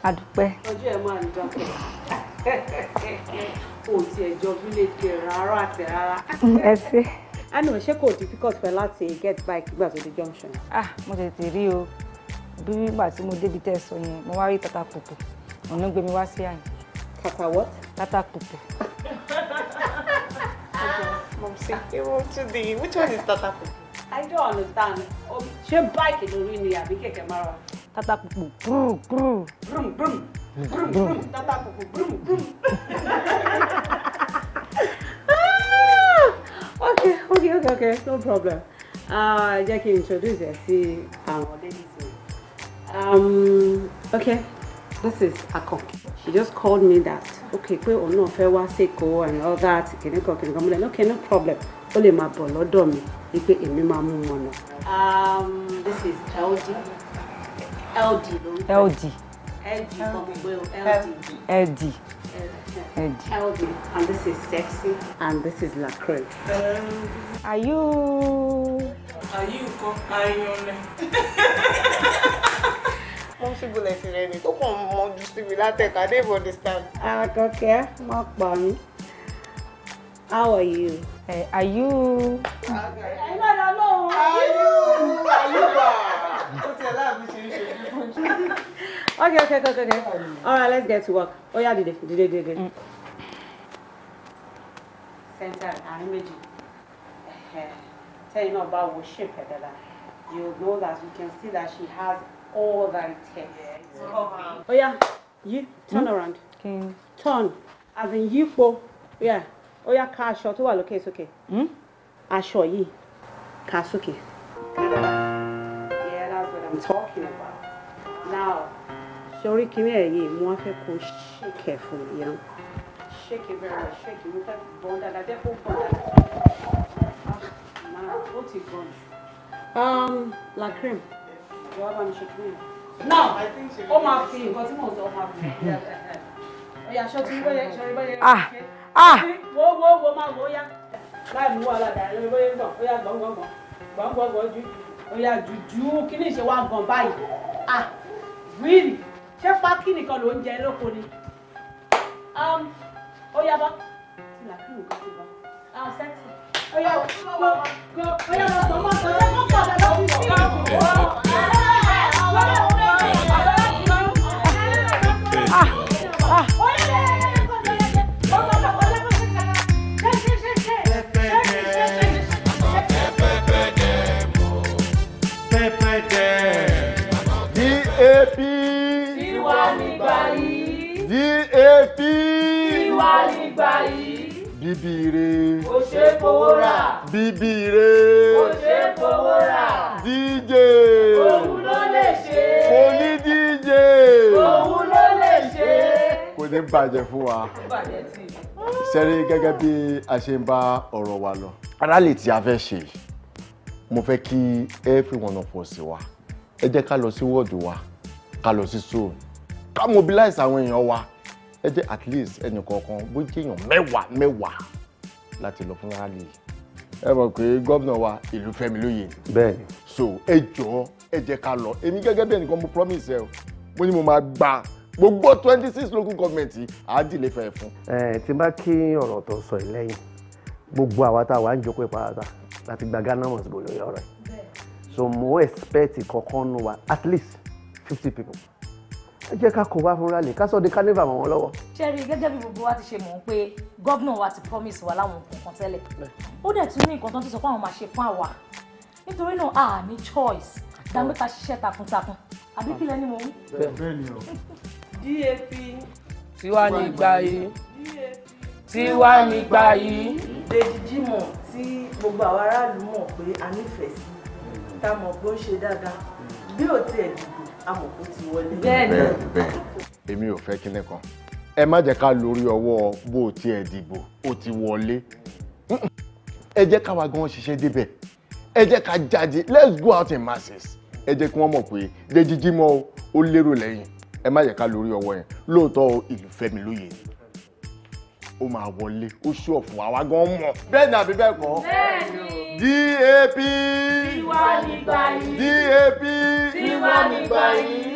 adúpẹ́. ọjọ́ ẹ̀ máa ń dọ́kẹ́ kò tiẹ̀ jọ bíléèkì rárá àti rárá. ẹ ṣe. àná ṣé kò difficult fẹ́ láti get bike nígbà tó dé junction. ah mo tètè rí o bí nígbà tí mo débi tẹ́ ẹ sọ yẹn mo wá rí tata kùkù ọ̀nà gbé mi wá sí àyè. tata what. tata kùkù. Mom, say, hey, to the, which one is tata kùkù? I don't understand. Ṣé báìkì lórí ni àbí kẹ̀kẹ́ márùn? Tata pupu brum brum. Brum brum. Brum brum. Tata ah! pupu brum brum. Okay, okay, okay, okay, no problem. Ah, jẹ́ kí n introduce ẹ sí àwọn ladies mi. Um, okay, this is Akon. She just called me that. Okay, pé òun náà fẹ́ wá sí Èkó and all that. Kìnìkan kìnìkan mo lẹ̀, okay, no problem ó lè máa bọ̀ lọ́dọ̀ mi wípé èmi máa mú wọn lọ. Um, this is LD LD ló ń pẹ́ LD LD kọ́ mi pé LD LD. LD and this is sexy and this is lacroix. Um, are you. are you kọ́ ayọ̀lẹ̀. mo ń ṣubú lẹ́sìn rẹ ni tó kàn mọ ju síbi látẹ̀ka dé ìbọn distance. akọkẹ́ mọ̀ pọ̀ mi how are you. Hey, are you? Iná ni ọlọ́run. Are you? Are you ti ẹ̀ láàbí ṣe ń ṣe ojú. Okay, okay, okay, okay. All right, let's get to work. Ó oh, yá dìde, dìde, dìde. Mm. Center àárín méjì. Tẹ́yìn náà bá wo shape ẹ̀ You know that you can see that she has all that it takes. Ó yí, turn hmm? around. Turn, as in yípo. Yeah ó yá ká aṣọ tó wà lókè sókè hmm? aṣọ yìí ká sókè. yeah that's what i'm talking about now sori kiri ẹ yìí mo wá fẹ́ kó ṣèkẹ fún mi yẹn ṣèkẹ bẹ̀rẹ̀ rẹ ṣèkẹ mo fẹ́ bọ́n dáadáa jẹ́ kó bọ́n dáadáa ah, máa ti gbọ́n jù. Um, la cream ìjọba bá mi ṣe cream now ó máa fi nǹkan tí mò ń sọ ó máa fi. Hmm. ó yà aṣọ tí wọ́n yẹ ṣọrí bá yẹ. Ah ah. wo wo wo máa wo ya láì mú wàhálà dàrú lórí bóyá ń tàn bóyá gbọ̀ngbọ̀ngbọ̀n gbọ̀ngbọ̀ngbọ̀n ju bóyá jùjú kí ni ìṣe wa gan báyìí ah really ṣé pákí nìkan ló ń jẹ lóko ni ó yá bá tìlà kí nìkan ti bá ah sexy ó yá ó yá lọ sọ mọ́ sọ jẹ́ kó pọ̀ lọ́wọ́ gbà yìí. Bíbí ire. Ó ṣe fowó rà. Bíbí ire. ṣe fowó rà. DJ. Òun ló lè ṣe. Mo ní DJ. Òun ló lè ṣe. Kò ní bàjẹ́ fún wa. Ṣẹ́rí gẹ́gẹ́ bí a ṣe ń bá ọ̀rọ̀ wa lọ. Rálì tí a fẹ́ ṣe, mo fẹ́ kí every one of us wa. Ẹ jẹ́ ká lọ sí wọ́ọ̀dù wa, ká lọ sí soul, ká mobilize àwọn èèyàn wa ẹ jẹ́ at least ẹnì kọ̀ọ̀kan bó jẹ́ èèyàn mẹ́wàá mẹ́wàá láti lọ fún rálì ẹ mọ̀ pé gómìnà wa ìlú Fẹ́mi lóye bẹ́ẹ̀ni so ẹ jọ̀ọ́ ẹ jẹ́ ká lọ èmi gẹ́gẹ́ bí ẹnìkan mo promise ẹ o mo ní mo máa gba gbogbo twenty six local government àádìlẹ̀ fẹ́ fún. ẹ ti bá kí ọ̀rọ̀ tó sọ yìí lẹ́yìn gbogbo àwa tá a wà ń jókòó ìpàdà láti gba ghana must lórí ọ̀rọ̀ yìí so mo expect kọ̀ọ̀kan nu wa at least fifty people ẹ jẹ́ ká kó wá fúnra lè ká sọ di kánífà mọ́ wọn lọ́wọ́. ṣẹ́rí gẹ́gẹ́ bí gbogbo wa ti ṣe mọ̀ ń pé gómìnà wa ti promise wa láwọn nǹkan tẹ́lẹ̀ ó dẹ̀ tún ní nǹkan tó ti sọ pé àwọn máa ṣe fún àwa nítorí náà a ní choice dàbí ká ṣiṣẹ́ takuntakun àbí kí lẹ́ni mo ń. bẹ́ẹ̀ ni o. DAP. tiwa ní ìgbà yìí tiwa ní ìgbà yìí. Dèjì Jímọ̀ tí gbogbo àwa aráàlú mọ̀ pé a nífẹ̀ẹ́ sí tá amòkú ti wọlé. bẹ́ẹ̀ bẹ́ẹ̀ èmi ò fẹ́ kinní kan ẹ má jẹ́ ká lórí ọwọ́ bó o tiẹ̀ dìbò ó ti wọlé ẹ jẹ́ káwa gan ṣiṣẹ́ débẹ̀ ẹ jẹ́ ká jáde let's go out in masses ẹ jẹ́ kí wọ́n mọ̀ pé dèjì jímọ̀ ó lérò lẹ́yìn ẹ má jẹ́ ká lórí ọwọ́ yẹn lóòótọ́ ìlú fẹ́mi lóye ni ó máa wọlé ó ṣú ọ̀fun àwa gan mọ̀. bẹ́ẹ̀ ni àbí bẹ́ẹ̀ kọ́. DAP tiwa nígbà yìí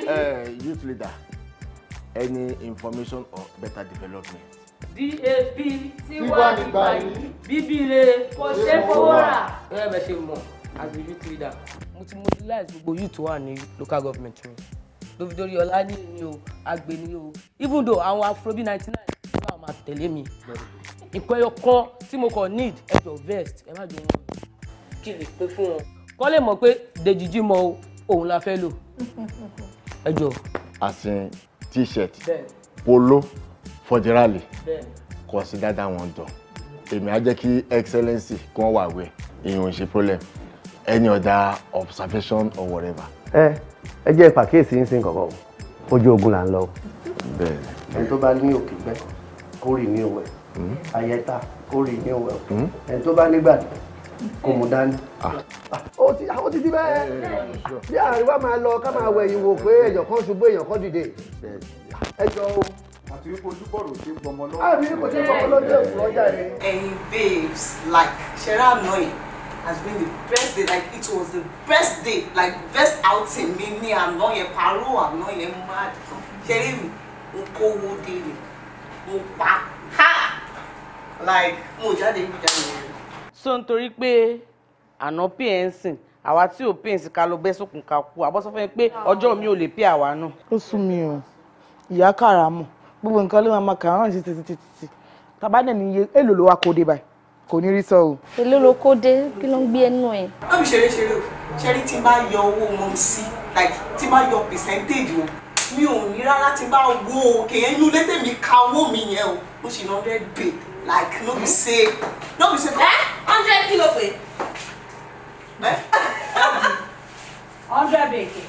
DAP youth leader any information or better development. DAP tiwa nígbà yìí bíbíire kò ṣe fowó rà. ẹ bẹ ṣe mọ as a youth leader mo ti mobilize gbogbo youth wà ní local government mi lóvidórí ọlá ní ìní o àgbè o even though àwọn afrobi ninety nine máa tẹ̀lé mi nǹkan ẹyọ kan tí mo kàn need ẹjọ vest ẹ má jọ wọn kí lè pé fún wọn kọ́ lè mọ̀ pé dèjìjì mọ òun la fẹ́ lò ẹjọ. asin t-shirt polo fọjirali kò sí dáadáa wọn jọ èmi á jẹ́ kí excellency kan wà wẹ̀ èèyàn ò ṣe problem any other observation or whatever. ẹ ẹ jẹ́ ìpàkíyèsí ń sin kọ̀ọ̀kan ojú ogun là ń lọ. bẹ́ẹ̀ ẹni tó bá ní òkè gbẹ́kọ̀ọ́ kó rì ní òwe àyẹ̀tà kó ní òwe hmm. ẹni tó bá nígbàdí kò mú dání. Ah. Ah, ah, ó ti di bẹ́ẹ̀ eh, eh, eh, bí àríwá máa lọ ká máa wẹ̀ ìwò pé èèyàn kan ṣubú èèyàn kan dìde ẹjọ́ o. àti wípé ojúbọ̀rọ̀ ṣe gbọmọ lọ́wọ́. àbí kò ṣe gbọmọ lọ́jọ́ ìfúrọ́ jáde. ẹ̀yin babes like ṣẹlá àná has been the best day like it was the best day like best outing mi ní àná yẹn paro àná yẹn mad ṣẹlẹ mi n kówó mo ha like mo jáde níbi jáde so nítorí pé àná pnc àwa tí ò pnc ká ló bẹ́ sókun ká kú àbọ̀ sọ fún mi pé ọjọ́ mi ò lè pé àwa náà. ó sún mi o ìyá kàrà mọ̀ gbogbo nǹkan ló máa ma kàrà hàn títí títí títí tàbá dẹ̀ ní iye èlò ló wá kó dé báyìí kò ní rí sọ o. èlò ló kó dé kí ló ń gbé ẹnu ẹ. ó ṣeré ṣeré o ṣe rí tí n bá yọ owó wọn sí like tí n bá yọ percentage wọn mi ò ní rárá bá wo òkè yẹn mi ka owó mi yẹn o mo sì ná hundred bay like no be say no be say. ẹ hundred kilo pe. ẹ hundred bay kẹ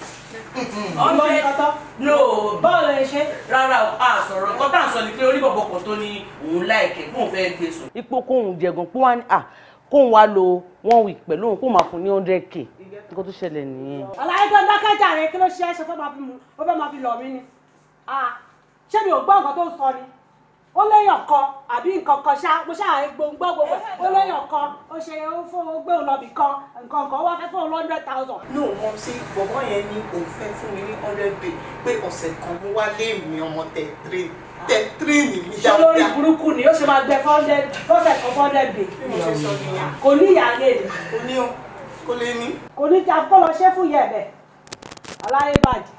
ọjọ́ no bọ́ọ̀lù ẹ ṣe rárá o a sọ̀rọ̀ nǹkan tá à ń sọ ni pé oníbọ̀bọ̀ kan tó ní òun láìkẹ́ kóun fẹ́ gbé sùn. ipò kóun jẹ̀gàn pọ́n á ní kóun wá lo one week pẹ̀lú òun kóun máa fún ní hundred k nǹkan tó ṣẹlẹ̀ nìyẹn. ọ̀làyé tó ń dákẹ́jà rẹ kí ló ṣe é ṣe fẹ́ máa fi lọ̀ mí ni ṣé mi ò gbọ́ nǹkan tó ń sọ ni ó léèyàn kan àbí nǹkan kan ṣá mo ṣáà gbóngbó gbogbo ó léèyàn kan ó ṣe fún ó gbé òun lọ kan nǹkan kan wá fẹ́ fún òun hundred thousand. no mo ṣe bọ̀bọ̀ yẹn ní òun fẹ́ fún mi ní hundred bay pé ọ̀sẹ̀ kan mo wá lé mi ọmọ tẹ̀ three tẹ tírínì mi dáadáa. ṣé lórí burúkú ni ó ṣe máa gbẹ fọ́ndẹ̀ fọ́sẹ̀ kan fọ́ndẹ̀ bè. kò ní ìyáálé rẹ̀. kò ní o kò lè ní. kò ní ta kó lọ ṣe fún yẹ bẹ aláyé bàjẹ́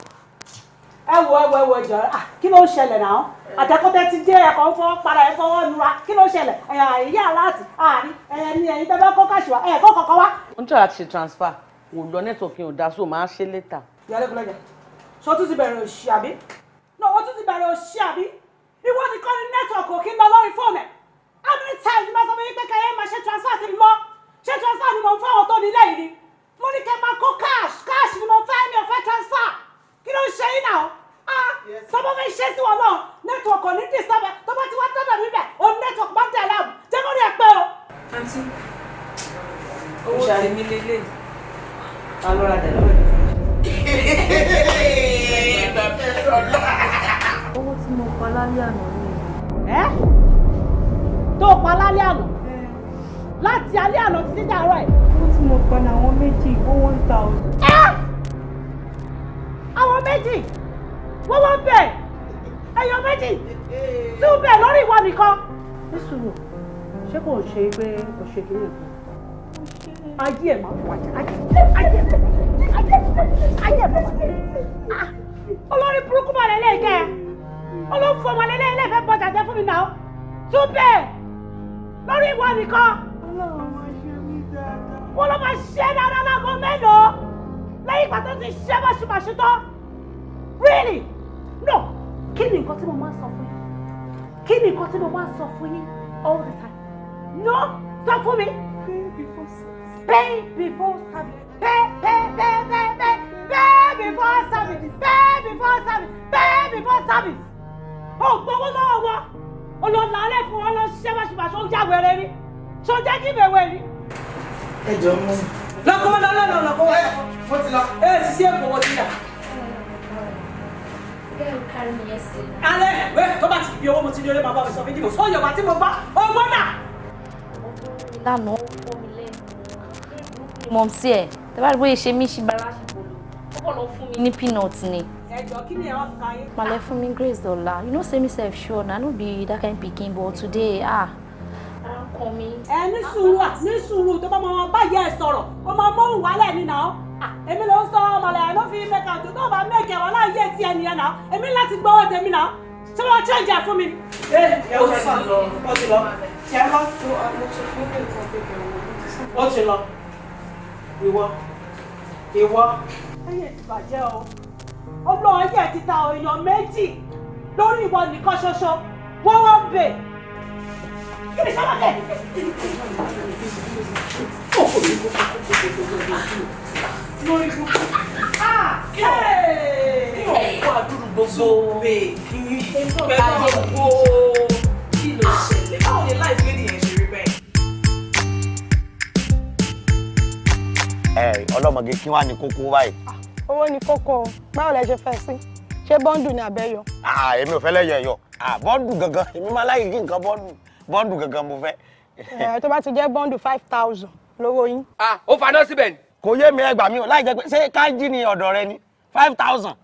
ẹ wo ẹ wo ẹ wo jọ ah kí ló ń ṣẹlẹ̀ náà àtẹkùtẹ ti dé ẹkọ fọ padà ẹfọ ọnura kí ló ṣẹlẹ̀ ẹyà ìyá aláàtì àárín ẹyẹ ní ẹyin tẹ bá kọ káṣíwá ẹyẹ kọ kọkọ wá. ń tọ́ àti transfer kò lọ nẹ́tọ̀kì ọ̀dà so máa ṣe létà. ìyá lẹ́kùn lọ́jà ṣé o tún ti bẹ̀rẹ̀ òṣì àbí? náà o tún ti bẹ̀rẹ̀ òṣì àbí? ìwọ nìkan ni nẹ́tíwọ̀kì òkè ń lọ lórí fóònù ẹ̀ how many times ni mo sọ fún yín pé kẹyẹ máa ṣe transfer sí mi mọ́ ṣe transfer ni mo ń fáwọn tó nílé yìí ni mo ní kẹ máa kó cash cash ni mo fẹ́ mi ò fẹ́ transfer kí ló ń ṣe yín náà ah tọ́bọ̀ fẹ́ ṣe sí wọn náà nẹ́tíwọ̀kì ò ní dìsábẹ̀ tọ́bọ̀ tí wọ́n tọ́jà mi bẹ̀ òun network máa ń tẹ̀ láàmú jẹ́ kó rí ẹ pé o. àǹtí owó tèmi lélẹ́yìí. alọ́ra dẹ̀ lọ́wọ́ ẹ̀ lálẹ́ àná ni. ẹ tó o pa lálẹ́ àná láti alẹ́ àná títí dàárọ̀ ẹ̀. ó ti mọ̀ pẹ̀lú àwọn méjì ó one thousand. ẹ àwọn méjì wọ́n wọ́n bẹ̀ ẹ̀yọ méjì tí ó bẹ̀ lórí ìwọ nìkan. nísùrù ṣé kò ṣe pé kò ṣe kí nìkan ayé ẹ̀ máa wájà ayé ayé ayé ayé ẹ̀ máa wájà olórí burúkú bá lẹ́lẹ́gẹ̀ẹ́ olóńfò ọmọ lélẹ́ ilé ìfẹ́ bọ́jà jẹ́ fún mi náà tún bẹ́ẹ̀ lórí ìwọ nìkan. ọlọ́run máa ṣe mí dáadáa. wọ́n ló máa ṣe dáadáa lágbo mélòó lẹ́yìn ìgbà tó ti ṣe báṣubàṣu tán. really no kí ni nǹkan tí mo máa ń sọ fún yín kí ni nǹkan tí mo máa ń sọ fún yín all the time no sọ fún mi. pay before service. pay before service. pay pay pay pay pay pay before service. pay before service. pay before service ó gbowó lọ́wọ́ wa olóòlà alẹ́ fún wọn lọ ṣiṣẹ́ báṣubàṣu ó ń jáwèrè ni ṣó jẹ́ kí ìbẹ̀wẹ̀ ni. ẹ jọ mọ. lọkọ lọlọlọ lọkọ wọn. mo ti lọ. ẹ ṣiṣẹ́ èkó wọ́n ti dà. alẹ́ ẹ tó bá ti fi owó mo ti ní olè máa bá mi sọ méjì mo sọ yọ̀bá tí mo bá owó náà. lánàá ó fọ́ mi lẹ́nu mọ̀ sí ẹ̀ tẹ́ bá rí bóyá ṣe mí ṣe bára ṣe bolo ó kọ̀ lọ fún mi ní peanut ni. Pale fún mi Grace Dola, you know say me self sure na no be that kind picking, but today ah ọkàn mi. ẹ ní sùúrù à ní sùúrù tó bá máa bá yẹ ẹ sọ̀rọ̀ ó máa mọ òun wálẹ̀ ni náà èmi ló ń sọ ọmọlẹ̀ àìmọ́ fi mẹ́ka tó tó bá now. wọn let it go, yẹn náà now. So gbọ́ change tèmi náà ṣé Hey, ṣe ń jà fún mi. ṣé ẹ ó ti lọ ó ti lọ ṣe é lọ. ó ti lọ ìwọ ìwọ. ayé ti bàjẹ́ ọlọ́run ayé ẹ̀ ti ta èèyàn méjì lórí ìwọ nìkan ṣoṣo wọ́n wọ́n ń bè. kí ni sábà kẹ́ lórí gbogbo ah, kí ọkọ àdúrú gbogbo pẹ̀lú gbogbo kí ló ṣẹlẹ̀ báwo ni láì fi ènìyàn ṣe rí bẹ́ẹ̀. ọlọ́mọge kí wàá ní kókó báyìí owó ni kókó o báwo lẹ ṣe fẹ́ sí ṣé bọ́ńdù ni àbẹ́yọ. Ah, èmi ò fẹ́ lẹ́yọ̀ yọ ah, bọ́ńdù gangan èmi máa láyè yí nǹkan bọ́ńdù bọ́ńdù gangan mo fẹ́. tó bá ti jẹ́ bọ́ńdù five thousand lówó yín. Ah, ó faná síbẹ̀ ni. kò yé mi ẹgbàá mi o láì jẹ́ pé ṣé kájí ni ọ̀dọ̀ rẹ ni five thousand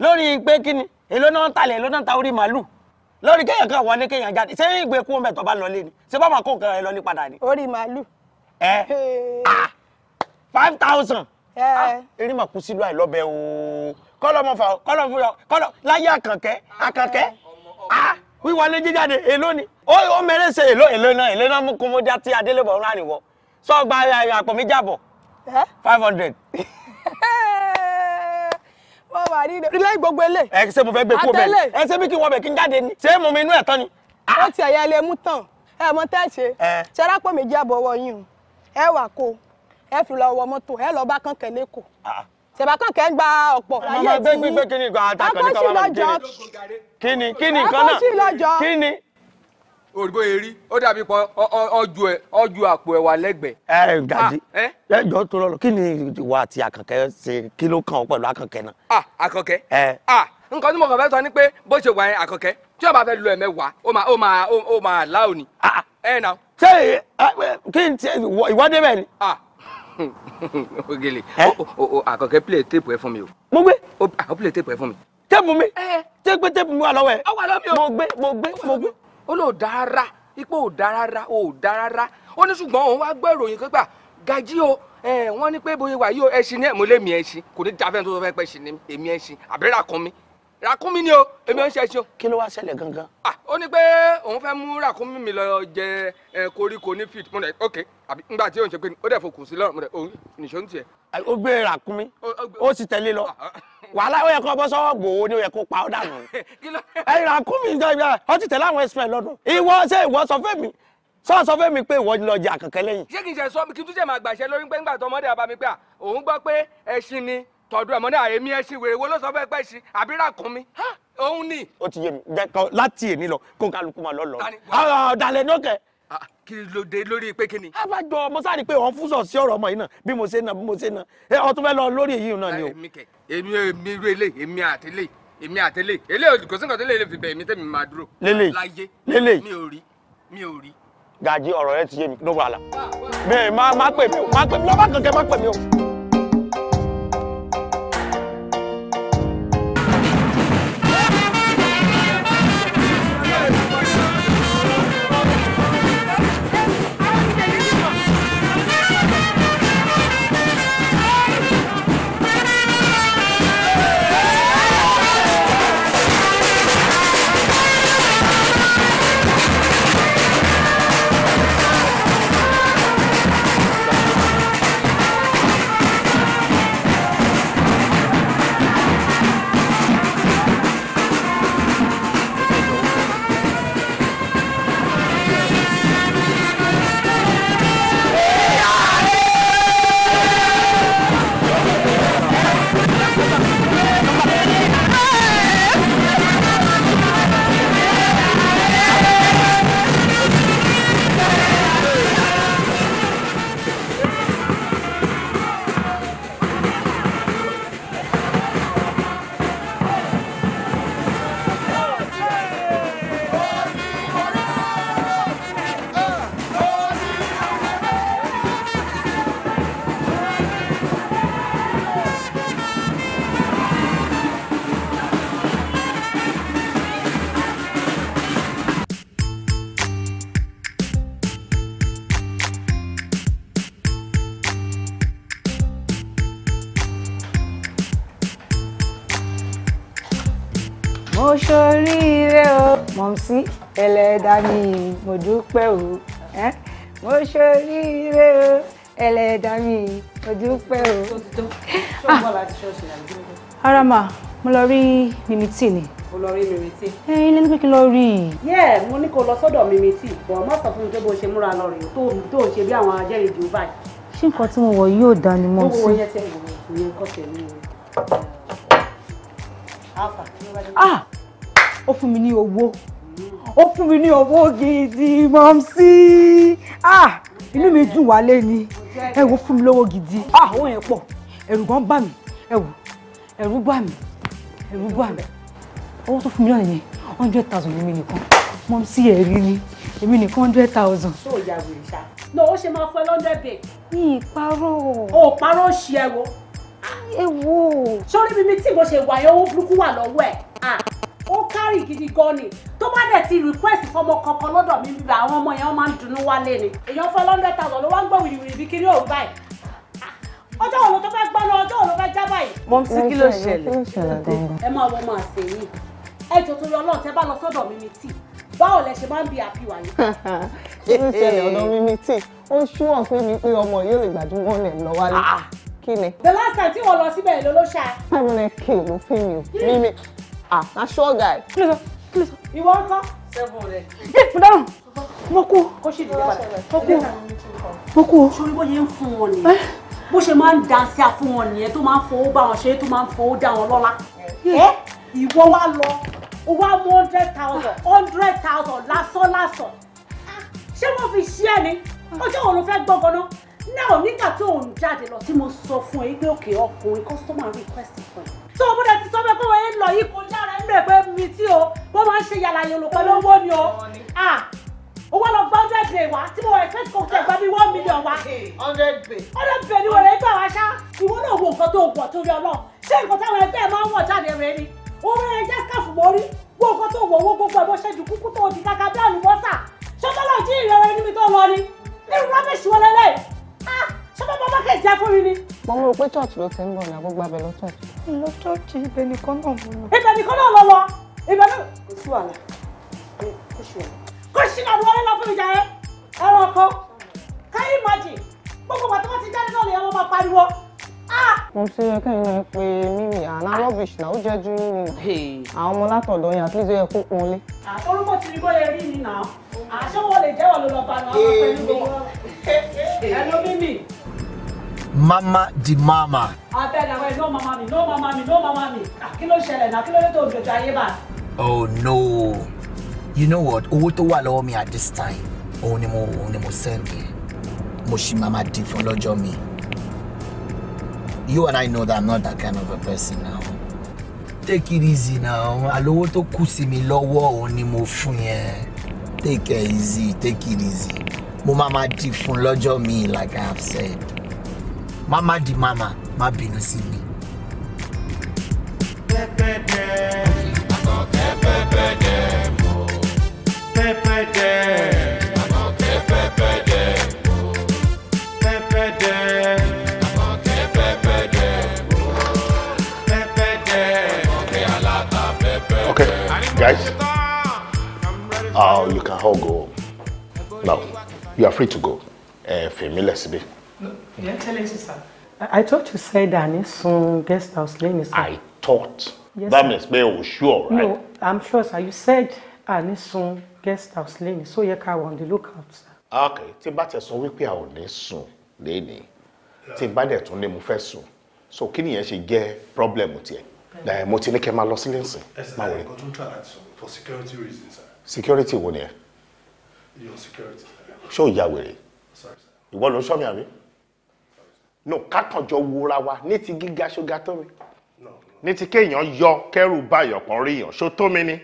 lórí pé kí ni èló náà ń talẹ̀ èló náà ń ta orí màálù lórí kéèyàn kan wọlé kéèyàn jáde ṣé ìgbèkú mẹ́tọ̀ bá lọ lé ni ṣé bá máa kó nǹkan rẹ lọ ní padà ni. orí màálù. ẹ ah five thousand Ah, eh. eré mà kú sílùú àìlọ́bẹ̀ o kọ́lọ́ mọ̀ fà ọ́ kọ́lọ́ fún yọ kọ́lọ́ láyé àkànkẹ́ àkànkẹ́ eh. ah, wíwọlé jíjáde èló ni ó mẹ́rẹ́ ṣe èló èló náà èló náà mú kún mọ́já tí adélébọ̀ ń rárìnwọ́ sọ́ọ̀gbà àpò mi jàbọ̀ eh? five hundred wọ́n wà ní ilé gbogbo ilé. ẹ ṣe mo fẹ́ gbé kúrò bẹ́ẹ̀ ẹ ṣe bí kí n bẹ̀ kí n jáde ni ṣé mo mi inú ẹ̀ tán ni. Ah. ó ti ẹ̀yà ilé mú tán ẹ mọ tẹ́ ṣe ṣe rápò méjì àbọ̀wọ̀ yín ẹ fi lọ wọ mọ́tò ẹ lọ bá kànkẹ́ lẹ́kọ̀ọ́ sẹ̀bákànkẹ́ ah, ah. ń gba ọ̀pọ̀ láyé tí yín akọ́sí lọ́jọ́ kíni kíni kan náà akọ́sí lọ́jọ́ kíni. òrìbó erí ó dàbí pọ ọjọ ẹ ọjọ àpò ẹ wà lẹ́gbẹ̀ẹ́. ẹ gàdí ah, ẹjọ tó lọ kí ni ìwà àti àkànkẹ́ ṣe kí ló kàn ọ pẹ̀lú àkànkẹ́ náà. a àkànkẹ́ a nǹkan tí mo kàn fẹ́ sọ ni pé bó ṣe wà yẹn àkànkẹ́ tí o bá fẹ́ lu ẹ̀mẹ́wàá ó máa ó máa ó máa láò ní. ẹ nà. ṣé kí n ti ìwọ́dé bẹ́ẹ̀ ni. Ogele àkànkẹ́ play tape ẹ fún mi o. mo gbé. àkànkẹ́ play tape ẹ fún mi. téèpù mi téèpù téèpù mi wà lọ́wọ́ ẹ̀. ó wà lọ́wọ́ mi o. mo gbé mo gbé mo gbé. ó lò dára ipò ò dára ò dára ó ní ṣùgbọ́n òun wá gbọ́ ìròyìn pípa gají o wọ́n ní pé bóyá wà yí o ẹṣin ní ẹ̀ mo lé mi ẹṣin kò ní jáfẹ́ tó sọ fẹ́ pẹ́ ẹṣin èmi ẹṣin àbẹ́rẹ́ àkànmí ràkúnmí ni o èmi ò ń ṣe ṣe o. kí ló wá ṣẹlẹ̀ gangan. ah ó ní pé òun fẹ́ mú ràkúnmí mi lọ jẹ eh, koríko ní fit mo rẹ̀ ok àbí ngbà tí òun ṣe pé ó dẹ̀ fòkùn sí lọ́rùn mo rẹ̀ òun nìṣó ń tiẹ̀. ó gbé ràkúnmí ó sì tẹ̀lé lọ ah, ah. wàhálà ó yẹ kó bọ́ sọ́wọ́ gbòó ni ó yẹ kó pa ọ́ dànù. ẹ ràkúnmí ó ti tẹ̀lé àwọn ẹ̀sùn ẹ̀ lọ́dún ìwọ ṣé ìwọ sọ fẹ́ mi sọ sọ fẹ́ mi pé ìwọ lọ jẹ àkànkẹ́ lẹ́yìn. ṣé kì í ṣe sọ kí túnṣe máa gbàṣẹ lórí pé ńgbà tó ọmọdé àbá mi pé òun gbọ́ pé ẹṣin ni tọdún ẹmọ náà èmi ẹ ṣe wèrè wo ló sọ fẹ pẹ ṣe àbí ràkún mi òun ni. ó ti yé mi jẹ kọ láti èmi lọ kó kálukú máa lọ lọ ọ̀dàlẹ̀ náà kẹ. kí ló dé lórí pé kí ni. abájọ mo sáré pé òun fúnṣọ sí ọ̀rọ̀ ọmọ yìí náà bí mo ṣe náà bí mo ṣe náà ẹ ọtún fẹ lọ lórí èyí náà ni o. Ah, èmi èmi rú eléyìí èmi àtẹlẹ èmi àtẹlẹ eléyìí kò sí nǹkan tó lè fi bẹ èmi tẹ̀mí máa dúró. lélẹ̀ lélẹ̀ mi ò rí mi ò rí. gàjí ọ̀rọ̀ rẹ ti yé mi ló wà á la bẹ́ẹ̀ pè mí o má pè mí lọ́ba mọ̀mùsí ẹlẹ́dà mi mo dúpẹ́ o mo ṣe oríire o ẹlẹ́dà mi mo dúpẹ́ o. ara ma mo lọ rí mímítì ni. mo lọ rí mímítì. ẹ ilé pé kí n lọ rí i. yẹ mo ní kó lọ sọ́dọ̀ mímítì bọ má sọ fún mi pé bó ṣe múra lọ rèé tó tó ṣe bí àwọn ajẹ́rìí jù báyìí. ṣé nǹkan tí mo wọ̀ yóò dání mọ́ sí. owó yẹn tẹ̀ wọ̀ ìyẹn tẹ̀lé o. ah ó fún mi ní owó ó fún mi ní owó gidi mọ́mísí ah, inú mi dùn wálé ni ẹ wo fún mi lówó gidi ah, owó yẹn pọ̀ ẹ̀rù gan bà mí ẹ̀wù ẹ̀rù bà mí ẹ̀rù bà mí owó tó fún mi náà yẹn hundred thousand èmi nìkan mọ́mísí ẹ̀rí ni èmi nìkan hundred thousand. ṣó o yà wèrè ṣá. náà ó ṣe máa fọ ẹ lọ́ndẹ̀ bẹ́ẹ̀. mi ì parọ́. o parọ́ ṣì ẹ wo. ẹ wo. sórí mi mi tí mo ṣe wà yẹn owó burúkú wà lọ́wọ́ ẹ̀. Ah ó kárì gidi gan ni tó bá dẹ̀ ti request fọmọ kankan lọ́dọ̀ mi bíbá àwọn ọmọ yẹn máa ń dunnú wálé ni èèyàn fẹ́ lọ́ndẹ̀ tàwọn ló wá ń gbọ́ wìrìwìrì bí kiri òun báyìí ọjọ́ wo ló tó fẹ́ gbọ́ náà ọjọ́ wo ló fẹ́ já báyìí. mọ sí kí ló ṣẹlẹ̀ ẹ máa wọ máa ṣe yìí ẹ jọ torí Ọlọ́run tẹ bá lọ sọ́dọ̀ mi tì báwo lẹ ṣe máa ń bi àbí wà yìí. kí ló ṣẹlẹ̀ ọ̀dọ̀ mi tì ó ń ṣúwọ̀n ah. the last time tí wọ́n lọ síbẹ̀ ló ló ṣá. five hundred k ló fún ah na sure guy. Please, please. You want ló sọ. seven rẹ. Hey, mo dáhùn mo kú mo kú mo kú. sori bó ṣe ń fún wọn nìyẹn eh? bó ṣe máa ń dá sí àfún wọn nìyẹn tó máa ń fowó bá wọn ṣe tó máa ń fowó dá wọn lọ́lá. ẹ eh? eh? ìwọ wa lọ o wa mú hundred thousand hundred thousand lásán lásán ah, ṣé wọ́n fi ṣí ẹ ni ah. ọjọ́ òun ló fẹ́ gbọ́ngàn náà náà nígbà tó òun jáde lọ tí mo sọ fún ẹ pé òkè ọkùnrin customer request fún tó o bọ́dọ̀ ti sọ pé kọ́wọ́ yẹn lọ yìí kọjá rẹ̀ ń rẹ̀ pé mi tí o wọ́n máa ń ṣe yàrá yòlò pẹ̀lú owó ni o owó lọ gba hundred bay wa tí mo expect kò tẹ̀ gba bí one million wa hundred bay hundred bay ni wọ́n rẹ̀ gbà wá ṣá ìwọ náà wo nǹkan tó wọ̀ tó rí ọlọ́ ṣé nǹkan táwọn ẹgbẹ́ máa ń wọ̀ jáde rẹ̀ ni owó rẹ̀ jẹ́ scarf mórí wo nǹkan tó wọ̀ owó gbogbo ẹ̀ bó ṣe dùn kúkú tó di kàkà bí àlùbọ́sà ṣọlọ́lọ́ jí ìrẹ̀rẹ̀ níbi tó lọ ni irú rọ́bìṣì wọlé lẹ́yìn ah! ṣé bàbá bá kẹ̀ jẹ́ fún mi ni. mo rò pé church ló ti ń bọ̀ ní àgbógbá abẹ lọ church. lọ church ibẹ̀ nìkan náà mo lọ. ibẹ̀ nìkan náà lọ lọ ibẹ̀ náà kò sí wàhálà kò sí wàhálà kò sí náà wọlé lọ fún mi jàre ẹran kan káyé ìmájì gbogbo bàtà wọn ti jáde náà lè ẹran máa pariwo. Ah! mo ti yẹ kẹ́yìn náà pé mímì àná rubbish náà ó jẹ́ jú nínú àwọn ọmọ látọ̀dọ̀ yẹn àti ìjọ yẹ kó pọn lé. àtọ́rúmọ̀ ah, tí ní bọ́ yẹ rí mi náà àṣọ ah, wọn lè jẹ́wọ́ ló lọ bá náà wọn pẹ̀lú gbogbo ẹnu mímì mama di mama. abẹ́ni àwọn ẹ̀ no mama mi no mama mi no mama mi ah, kí ló ṣẹlẹ̀ náà kí ló dé tó gbèjọ ayé bá. oh no you know what owó tó wà lọ́wọ́ mi at this time òun ni mo òun ni mo send yẹn mo ṣì máa ma di fún lọ́jọ́ mi you and I know that I'm not that kind of a person now take it easy now àlówó tó kù sí mi lọ́wọ́ òun ni mo fún yẹn take it easy take it easy mo máa ma di fún lọ́jọ́ mi like I have said mama di mama má bínú sí mi. guys, uh, you can all go Now, you are free to go. Uh, Femi, let's be. Yeah, tell it, sir. I thought you said Anisun guest house lane, sir. I thought. Yes, that means pé o sure, right? No, I'm sure, sir. You said Anisun ah, guest house lane, so yẹ ká wà on the lookout, sir. Okay, tí bá tẹ̀ sọ wípé a ò ní sùn lénìí, tí bá dẹ̀ tún ní mo fẹ́ sùn, so kini nìyẹn ṣe jẹ́ problem tiẹ̀? Ẹ mo ti ní kẹ́ máa lọ sílé ǹsìn. Ẹ sẹ́ ẹ̀ nǹkan tó for security reasons, sir. Security wo ni ẹ? Your security. Show o ya Sorry, sir. ló ń ṣọ́ mi àbí? no kákànjọ wura wa ní ti gíga ṣóga tó mi ní ti kéèyàn yọ kẹrù bá yọkàn rí yàn ṣó tó mi ni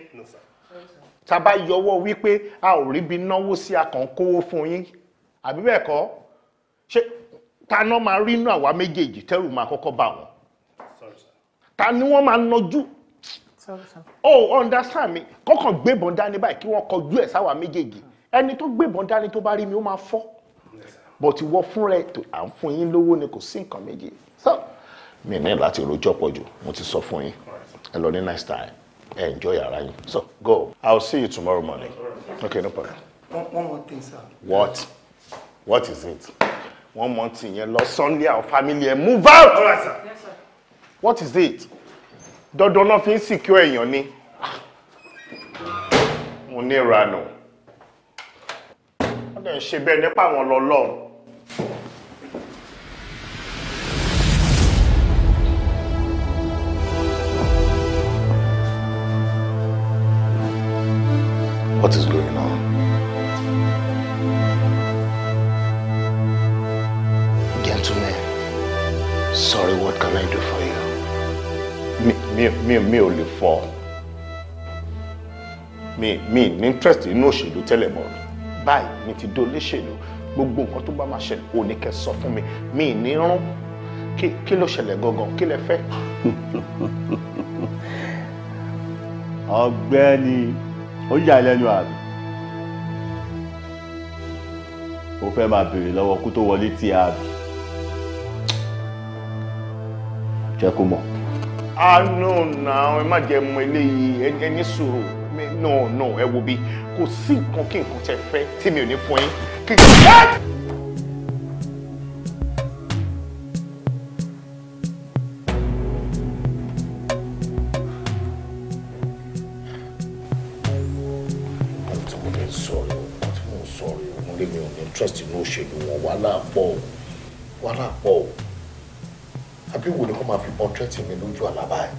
tàbá yọwọ́ wípé a ò ríbi náwó sí akàn kówó fún yín àbí bẹ́ẹ̀ kọ́ ṣé taná máa rí inú àwa méjèèjì tẹ́rù máa kọ́kọ́ bá wọn ta ni wọ́n máa nọjú o understand mi kọ́kàn gbébọn dání báyìí kí wọ́n kọjú ẹ̀ sáwa méjèèjì ẹni tó gbébọn dání tó bá rí mi ó máa fọ́ but ìwọ fún rẹ à ń fún yín lówó ni kò sí nǹkan méjì so mi ní láti rojọ́ pọ̀ jù mo ti sọ fún yín ẹ lọ ní next time ẹ enjoy ara yín so go i will see you tomorrow morning okay no problem. one more thing sir. what what is it one more thing yẹn lọ sunday our family ẹ move out. all right sir. Yes, sir. what is it dandan náà fi ń secure èèyàn ni mo ní ìranù wọ́n dẹ̀ ń ṣe bẹ́ẹ̀ nípa àwọn lọ́lọ́run. What is going on? Gentlemen, sorry, what can I do for you? Me, me, me only mi me, me. fọ́. Mi mi ní tell inú òṣèlú tẹ́lẹ̀ mọ́. Báyìí mi ti dolóṣèlú gbogbo nǹkan tó bá máa ṣẹlẹ̀ ò ní kẹ́ sọ fún mi mi ì ní rún kí ló ṣẹlẹ̀ gangan kí lẹ fẹ́. ọ̀gbẹ́ni ó yà lẹ́nu àbí ó fẹ́ máa béèrè lọ́wọ́ kó tó wọlé tí a bì jẹ́ kó mọ̀. ah no na ẹ má jẹ́ mọ eléyìí ẹ ní sùúrù no no ẹ wo bí kò sí nǹkan kí nǹkan tẹ́ fẹ́ tí mi ò ní fún yín kì. interest inú òṣèlú wọn wàhálà pọ̀ o wàhálà pọ̀ o àbí wo ni kò máa fi portrait mi lójú àlàbà ẹ̀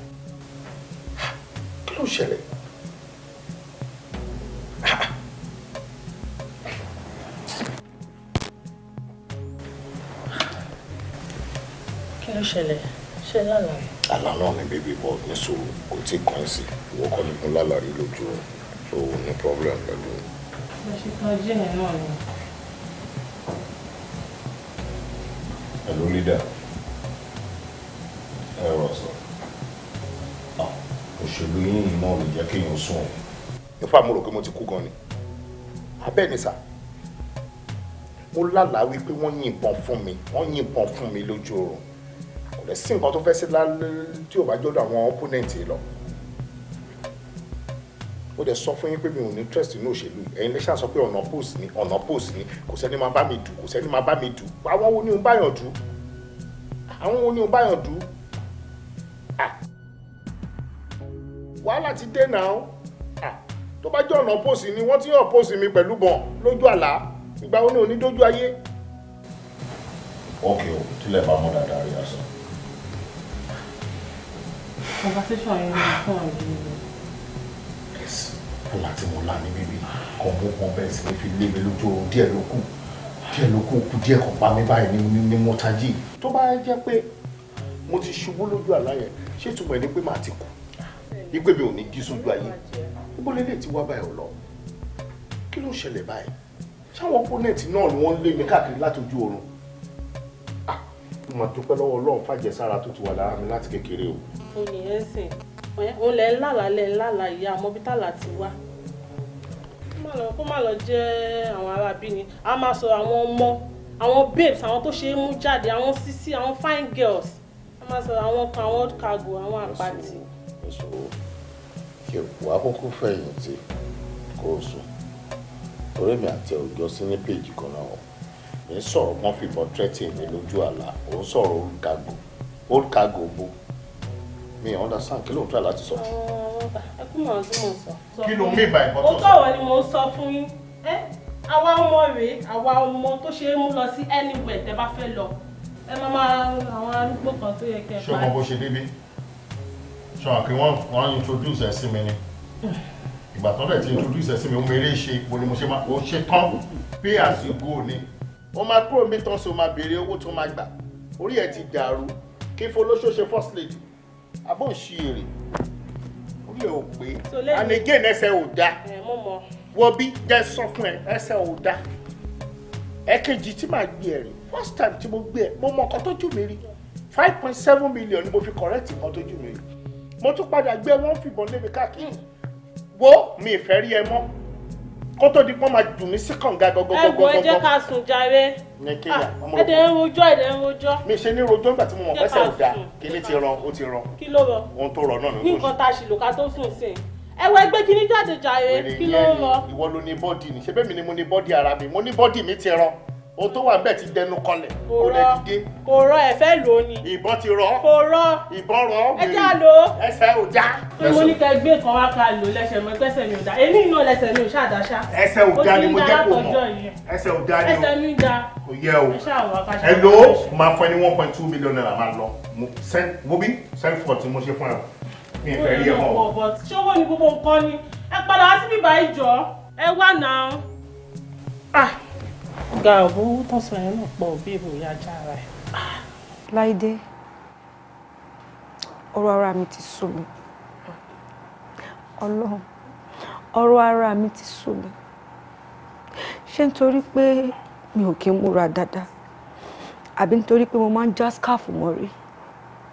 kí ló ṣẹlẹ̀. ló ṣẹlẹ̀ ṣe lálàá. àlá náà ni bèbí bọ ní sùúrù kò tí ì kàn sí ìwọ kọ́ ni mo lálàá rí lójú so no problem pẹ̀lú. mo ṣe tán jí ẹ̀ náà ni. hello leader ẹ rọ sọ ah, òṣèlú yín náà ló jẹ́ kéèyàn sùn ọ̀hún. nípa mo rò pé mo ti kú gan ni abẹ́ ni sà mo lálàá wípé wọ́n yìnbọn fún mi wọ́n yìnbọn fún mi lójú oorun lè sí nǹkan tó fẹ́ sí tí ò bá jọ́dọ̀ àwọn opponent lọ ó dẹ̀ sọ fún yín pé mi ò ní interest nínú òṣèlú ẹ̀yin lè ṣàṣọ pé ọ̀nà post ni ọ̀nà post ni kò sẹ́ni máa bá mi dù kò sẹ́ni máa bá mi dù àwọn wo ni òun báyàn dù àwọn wo ni òun báyàn dù wàhálà ti dé náà tó bá jẹ́ ọ̀nà post ni wọ́n ti yàn post mi pẹ̀lú bọ̀n lójú àlá ìgbà wo ni òun ní dójú ayé. ok o tílẹ̀ bá mọ́ dáadáa rí aṣọ conversation yẹn ni fún ọ̀dùn mi. yes ọ̀la tí mo là ní bíbí kan mú kan bẹ́ẹ̀ sì fi lé mi lójú oorun díẹ̀ ló kù díẹ̀ ló kù kù díẹ̀ kan pa mí báyìí ní ní mọ́tàjì. tó bá jẹ́ pé mo ti ṣubú lójú àlá yẹn ṣé ìtumọ̀ ẹni pé màá ti kú ipe mi ò ní jí sójú ayé gbogbo lélẹ̀ tí wá báyìí ọ̀ lọ kí ló ń ṣẹlẹ̀ báyìí ṣáwọn opponent náà ni wọ́n lé mi káàkiri láti ojú oorun mo dúpẹ́ lọ́wọ́ ọlọ́run fàjẹsára tó ti wà lára mi láti kékeré o. o ní ẹ sìn òun lẹ ńlála lẹ ńlála ìyá àmọ́ bí tààlà ti wá kó má lọ jẹ́ àwọn arábí ni a máa sọ àwọn ọmọ àwọn babes àwọn tó ṣe é mú jáde àwọn sisi àwọn fine girls a máa sọ àwọn kan àwọn cargo àwọn àpàtì. wà á kókó fẹ̀yìntì kó o sùn torí mi àti ọjọ́ sí ní péjì kan náà ẹ ń sọ̀rọ̀ wọ́n fìbọn tẹ́tì mi lójú àlá ò ń sọ̀rọ̀ old cargo old cargo bo mi understand kí ló ń tọ́ láti sọ. kí ló ń mí ìbá ìbọn tó sọ. ó tọ̀wọ̀ ni mo sọ fún yín àwa ọmọ rèé àwa ọmọ tó ṣe é mú lọ sí anywhere tẹ́ bá fẹ́ lọ ẹ máa máa àwọn arúgbó kan tó yẹ kẹ́ ẹ bá. ṣé ọmọ bó ṣe débi ṣọwọ́n kí wọ́n wọ́n introduce ẹ sí mi ni ìgbà tó dẹ̀ ti introduce ẹ sí mi ó mọ eré ṣe mo ni mo ṣe máa ó ṣe tán pay as you go ni mo máa kúrò mi tán so máa béèrè owó tó máa gbà orí ẹ̀ ti dàrú kí folóṣooṣe first lady abọ́ ń ṣe èrè orí ẹ̀ ò pé and again ẹsẹ̀ ò dáa wọ bí jẹ́ sọ fún ẹ ẹsẹ̀ ò dáa ẹ̀kejì tí màá gbé ẹ̀ rí first time tí mo gbé ẹ̀ mo mọ ọkọ tó jù rí five point seven million ni mo fi correct nǹkan tó jù mí rí mo tún padà gbé wọn fìbọn lébi káàkiri wo mi ìfẹ́ rí ẹ mọ́ kó tó di pọ́n máa dùn mí sí kànga gọgọgọgọ. ẹ̀gbọ́n ẹ jẹ́ ká sùn jàre. Ah, ẹdẹ ń rojọ́ ẹdẹ ń rojọ́. mi ṣe ní rojọ́ nígbà tí mo mọ̀ pẹ́sẹ̀ ò dáa kíní ti rọ ó ti rọ. kí ló rọ ohun tó rọ náà ló sùn. nǹkan tá a ṣì lò ká tó sùn sí i. ẹwọ ẹgbẹ́ kíní jáde jàre kí ló rọ. ìwọ ló ní bọ́dì ni ṣebí mi ni mo ní bọ́dì ara mi mo ní bọ́dì mi ti rọ ohun tó wà ń ti dẹnu kọlẹ̀ kò lè dìde. kò rọ ẹ fẹ́ lò ó ni. ìbọn ti rọ. kò rọ. ìbọn rọ. ẹ já lò ó. ẹsẹ̀ ò já. pé mo ní kẹ gbé kan wá ká lò lẹ́sẹ̀ mọ́ ẹgbẹ́sẹ̀ mi ò dá èmi náà lẹ́sẹ̀ mi ò ṣàdáṣá. ẹsẹ̀ ò dá ni mo jẹ́ kó mọ̀ ẹsẹ̀ ò dá ni o. ẹsẹ̀ mi dá. kò yẹ o ẹ lò ó máa fọ ẹni one point two million naira máa lọ mo bí send for ti mo ṣe fún ẹ mi ì fẹ́ rí ẹ mọ́. ṣọwọ́ ni gbogbo nǹkan ni ẹ padà wá síbí báyìí jọ ẹ wà náà. Ah! ga ọ̀bọ owó tọ̀sán yẹn náà pọ̀ bí èbò ya já ara ẹ̀. láìdé ọ̀rọ̀ ara mi ti sú mi ọlọ́run ọ̀rọ̀ ara mi ti sú mi ṣé nítorí pé mi ò kí ń múra dáadáa àbí nítorí pé mo máa ń já skáàfù mọ́rí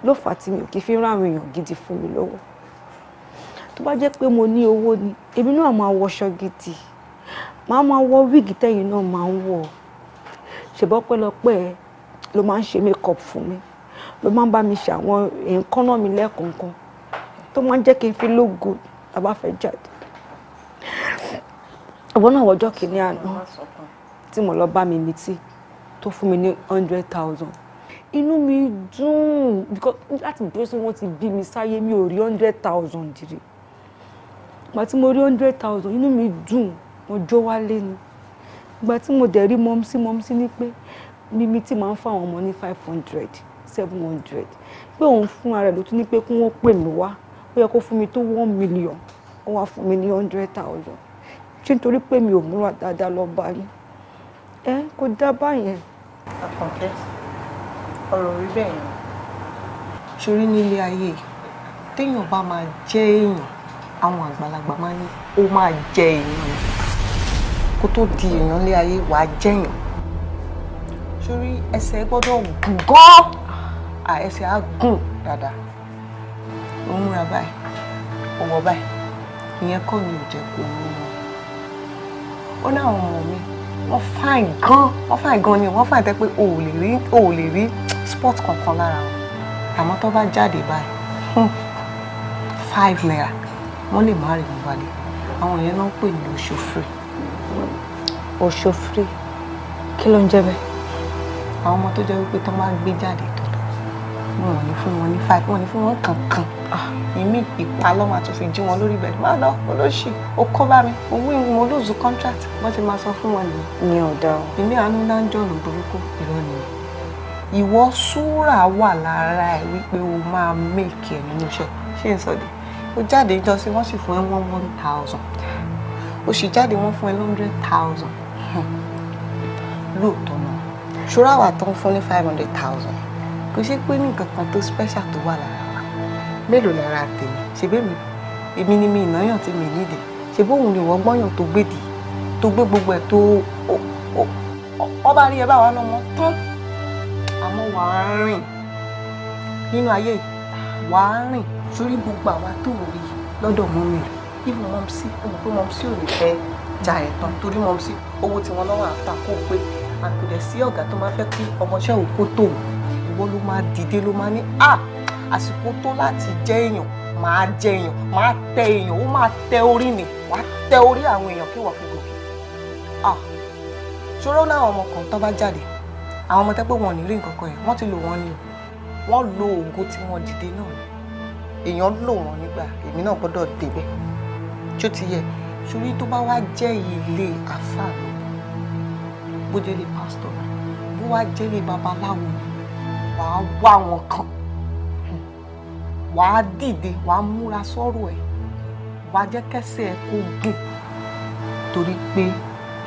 ló fà á tí mi ò kí fi ń ráwọn èèyàn gidi fún mi lọ́wọ́ tó bá jẹ́ pé mo ní owó ni èmi náà máa wọṣọ gidi màá máa wọ wíìgì tẹ́yìn náà máa ń wọ̀ ṣèbọ́ pẹ́lọpẹ́ ló máa ń ṣe makeup fún mi ló máa ń bá mi ṣe àwọn nǹkan náà mi lẹ́ẹ̀kọ̀ọ̀kan tó máa ń jẹ́ kí n fi lógo tàbá fẹ́ jáde ìwọ náà wọjọ́ kìíní àná tí mo lọ bá mi mítí tó fún mi ní hundred thousand inú mi dùn because láti bẹ̀rẹ̀ sí wọn ti bí mi sáyé mi ò rí hundred thousand jìrì màá tí mo rí hundred thousand inú mi dùn mo jó wálé ni ìgbà tí mo dẹ̀ rí mọ́mísí mọ́mísí ni pé mímí tí máa ń fáwọn ọmọ ní five hundred seven hundred pé òun fún ara rẹ̀ ló tún ní pé kí wọ́n pè mí wá ó yẹ kó fún mi tó one million ó wá fún mi ní hundred thousand ṣé nítorí pé mi ò múra dáadáa lọ bá yín ẹ kò dá báyẹn. àkànkẹ́ ọ̀rọ̀ rí bẹ́ẹ̀ yẹn ṣorí nílé ayé téèyàn bá máa jẹ́ èèyàn àwọn àgbàlagbà máa ní ó máa jẹ èèyàn kó tó di èèyàn lé ayé wàá jẹ̀yàn sórí ẹsẹ̀ gbọ́dọ̀ gùn gan à ẹsẹ̀ á gùn dáadáa ó múra báyìí ó wọ báyìí ìyẹn kọ́ ni ò jẹ́ kó wú wọn ó láwọn ọmọ mi wọ́n fàìn gan wọ́n fàìn gan ni wọ́n fàìn tẹ́ pé o ò lè rí o ò lè rí sport kankan lára wọn àmọ́ tó bá jáde báyìí five naira wọ́n lè má rí mi wálé àwọn yẹn náà ń pè ní oṣù free òṣòfrí kí ló ń jẹ́ bẹ́ẹ̀ àwọn ọmọ tó jẹ́ wípé tó máa ń gbé jáde tó lọ wọn ò ní fún wọn ní five wọn ò ní fún wọn kankan ah, èmi ìpalọ́ máa tún fi jí wọn lórí bẹ̀rẹ̀ máa lọ olóṣì ó kó bá mi owó ìwọ̀n olóòzù contract wọ́n ti máa sọ fún wọn nìyẹn. ni ọ̀dà o. èmi àánú náà ń jọ̀nà burúkú ìrọ̀ nìyẹn ìwọ súrà wà lára ẹ wípé o máa make ẹ e nínú iṣẹ́ ṣé n sọ de o jáde ìjọsìn wọ́n sì fún ẹ one thousand o ṣì jáde wọ́n fún ẹ hundred thousand hmm. lóòótọ́ náà ṣọ́ra wà tán fún ní five hundred thousand kò ṣe pé ní nǹkan kan tó special tó wà lára wa mélòó lára tèmi ṣebí mi èmi ni mi ìnáyàn tí mi nídìí ṣebí òun ni wọ́n gbọ́yàn tó gbèdì tó gbé gbogbo ẹ̀ tó ọba rí ẹ báwa náà mọ́ tán àmọ́ wà á rìn nínú ayé wà á rìn sórí gbogbo àwa tó rí lọ́dọ̀ mọ́mí rẹ̀ even mọ̀mísí ó mọ̀ pé mọ̀mísí ò lè fẹ́ ja ẹ̀ tán torí mọ̀mísí owó tí wọ́n lọ́wọ́ àfta kó pé àkùdẹ̀ sí ọ̀gá tó máa fẹ́ kí ọmọọṣẹ́ òkú tó ìwọ ló máa dìde ló máa ní à àsìkò tó láti jẹ́ èèyàn máa jẹ́ èèyàn máa tẹ èèyàn ó máa tẹ orí mi wàá tẹ orí àwọn èèyàn kí wọ́n fi gòkè à ṣòro láwọn ọmọ kan tó bá jáde àwọn ọmọ tẹ́gbẹ́ wọn ò ní rí nǹkan kan yẹn wọ́n ti lò wọ́n ni wọ́n lo ògo tí wọ́n dìde náà èèyàn lò wọ́n nígbà èmi náà gbọ́dọ̀ débẹ̀ tó ti yẹ sórí tó bá wá jẹ́ ilé àfáà lọ bó jẹ́ ilé pásítọ̀ rẹ̀ bó wá jẹ́ ilé babaláwo wàá wá wọn kan wàá dìde wàá múra sọ́rọ̀ ẹ̀ wàá jẹ́ kẹ́sẹ̀ ẹ̀ kó gùn torí pé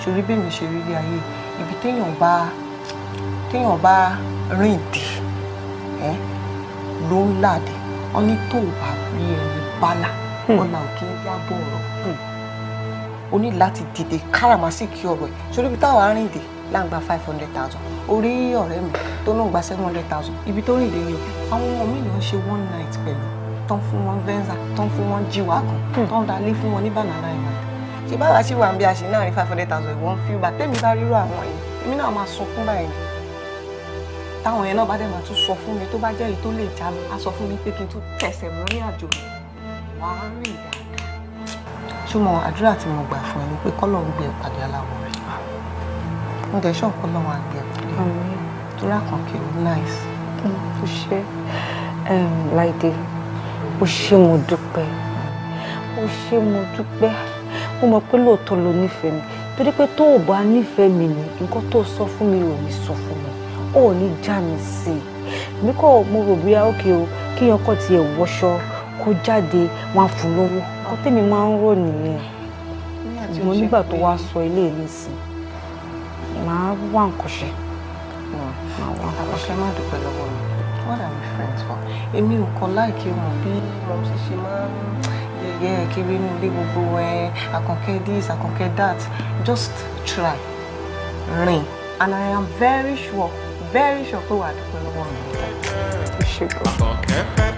sórí bí mi ṣe rí ilé ayé ibi téèyàn bá téèyàn bá rìn dì ẹ́ ló ń làdì wọ́n ní tó o bá rí ẹni bá là. Hmm. ọ̀nà òkè ń bọ̀ ọ̀rọ̀ hmm. o ní láti dìde káràmásìkì ọ̀rọ̀ ẹ̀ sórí ibi táwa rìn dé láǹgbà five hundred thousand orí ọ̀rẹ́ mi tó náà gba seven hundred thousand ibi tó rìn dé yìí àwọn ọmọ mi ló ṣe one night pẹ̀lú tán fún wọn venza tán fún wọn jíwá kan tán dalé fún wọn ní banana island ṣe báwa ṣì wà bí a ṣe náà ní five hundred thousand ìwọ̀n fi bá tẹ́mi bá rírọ àwọn yìí èmi náà máa sunkún báyìí táwọn yẹn náà bá dẹ̀ máa tún sọ fún mi tó bá jẹ́ èyí tó lè já mi á sọ fún mi pé kí n tún tẹ̀sẹ̀ mọ́ ní àjò mi wàá rìn dáadáa. ṣùgbọ́n àdúrà tí mo gbà fún ẹ ni pé kọ́lọ̀ ń gbé ẹ aláwọ̀ rẹ̀ mo dẹ̀ ṣọ́n kọ́lọ̀ wà gbé ẹ pàdé tóra kan kì nice. Mm, ó ṣe láìdé ó ṣe mo dúpẹ́ ó ṣe mo dúpẹ́ mo mọ̀ pé lóòótọ́ lo nífẹ̀ẹ́ mi torí pé tó o bá nífẹ̀ẹ́ mi ni nǹkan tó sọ fún mi ò ní sọ fún mi ò ní já mi sí i mi kò mo rò bí i ókè o kí yan kọ́ tiẹ̀ wọṣọ kó jáde wọn á fún lówó kó tèmi máa ń rò nìyẹn mo nígbà tó wá sọ ilé mi sí màá wá nǹkan ṣe. àkọsẹ́ má dúpẹ́ lọ́wọ́ mi what are we friends for èmi ò kọ́ láìkí wọn bí mo ti ṣe máa ń yẹ kiri inú ilé gbogbo ẹ àkànkẹ́ this àkànkẹ́ that just try rìn and I am very sure very sure pé wàá dúpẹ́ lọ́wọ́ mi. ṣe gan.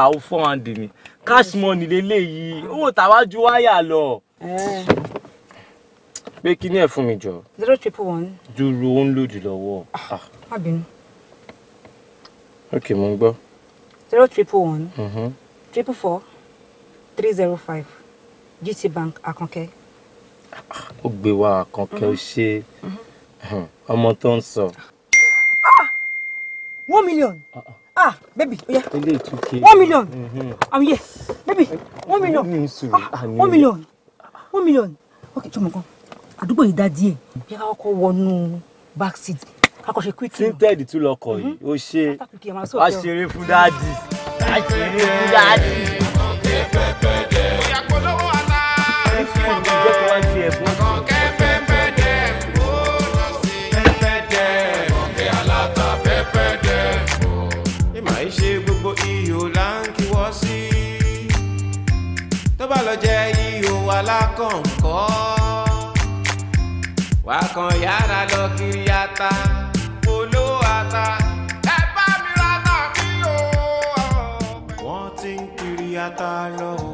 àwọn four hand ni cash money lélẹ́yìí owó tàwájú wáyà lọ. Eh. pé kí ni ẹ fún mi jọ. zero triple one. dúró ó ń lòdì lọ́wọ́. Ah. má bínú. ok mo ń gbọ́. zero triple one. Mhm. triple four three zero five GT Bank Àkànkẹ́. ó gbé wa Àkànkẹ́ ó mhm. ṣe mhm. ọmọ tó ń sọ. Ah! one million. Uh -uh ah baby oya oh one million am here ah, baby one million ah, ah one million one million Okay, jọmọ kan àdúgbò yìí dá díẹ̀ bí a kọ́kọ́ wọnú back seat akọ̀ṣe quick. tinted tún lọkọ yìí ó mhm. ṣe a ṣeré fún dáàdì a ṣeré fún dáàdì. ìyàpọ̀ lọ́wọ́ àlá. ẹ ṣe ìjọba wa ti ẹ̀bùn. wà kàn yàrá lọ kiri ata olówó ata ẹ bá mi ra ata mi o. wọ́n ti ń kiri ata lọ o.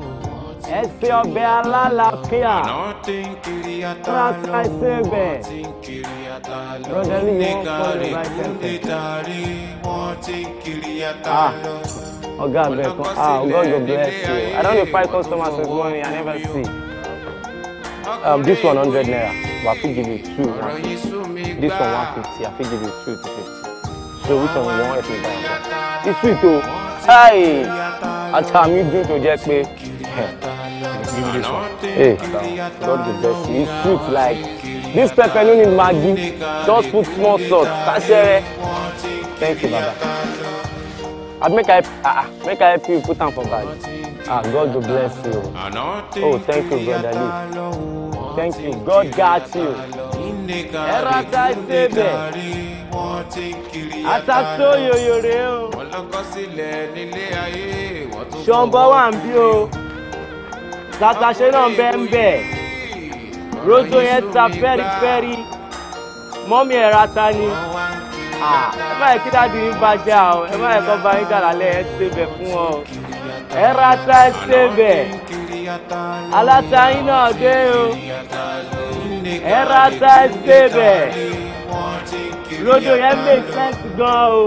ẹ ṣe ọbẹ̀ alálàáfíà. wọ́n ti ń kiri ata lọ o. wọ́n ti ń kiri ata lọ o. nígbàre kúndé darí wọ́n ti ń kiri ata ah, lọ. Ọ̀gá abẹ kan, ah, God go bless you. I don dey find customers since morning, I never see. Um, this one hundred naira, but I fit give you two. This one one fifty, I fit give you two to fifty. So which one you wan help me buy? It's sweet o. Hi, ata mi dun to jẹ pe. Give this one. Hey, God the best. It's sweet like this pepper no need maggi. Just put small salt. Tashere. Thank you, Baba. Make I, uh, make I help you put am for bag. Ah, God will bless you. Oh, thank you, brother Lee. Thank you. God got you. Erata Sebe. Ataso yoyore o. Ṣọ̀nbọ̀ wà ń bí o. Tàtàṣe náà ń bẹ́ ń bẹ̀. Roto yẹn ta fẹ́rifẹ́ri. Mọ́mí ẹ̀rata ni ah, ẹ má yẹ kí dáàdi yín bá jà o ẹ má yẹ kó bá yín jà lálẹ́ ṣe bẹ̀ fún ọ ẹ ra ta ṣẹbẹ aláta yín náà dé o ẹ ra ta ṣẹbẹ rodo yẹn make sense gan o.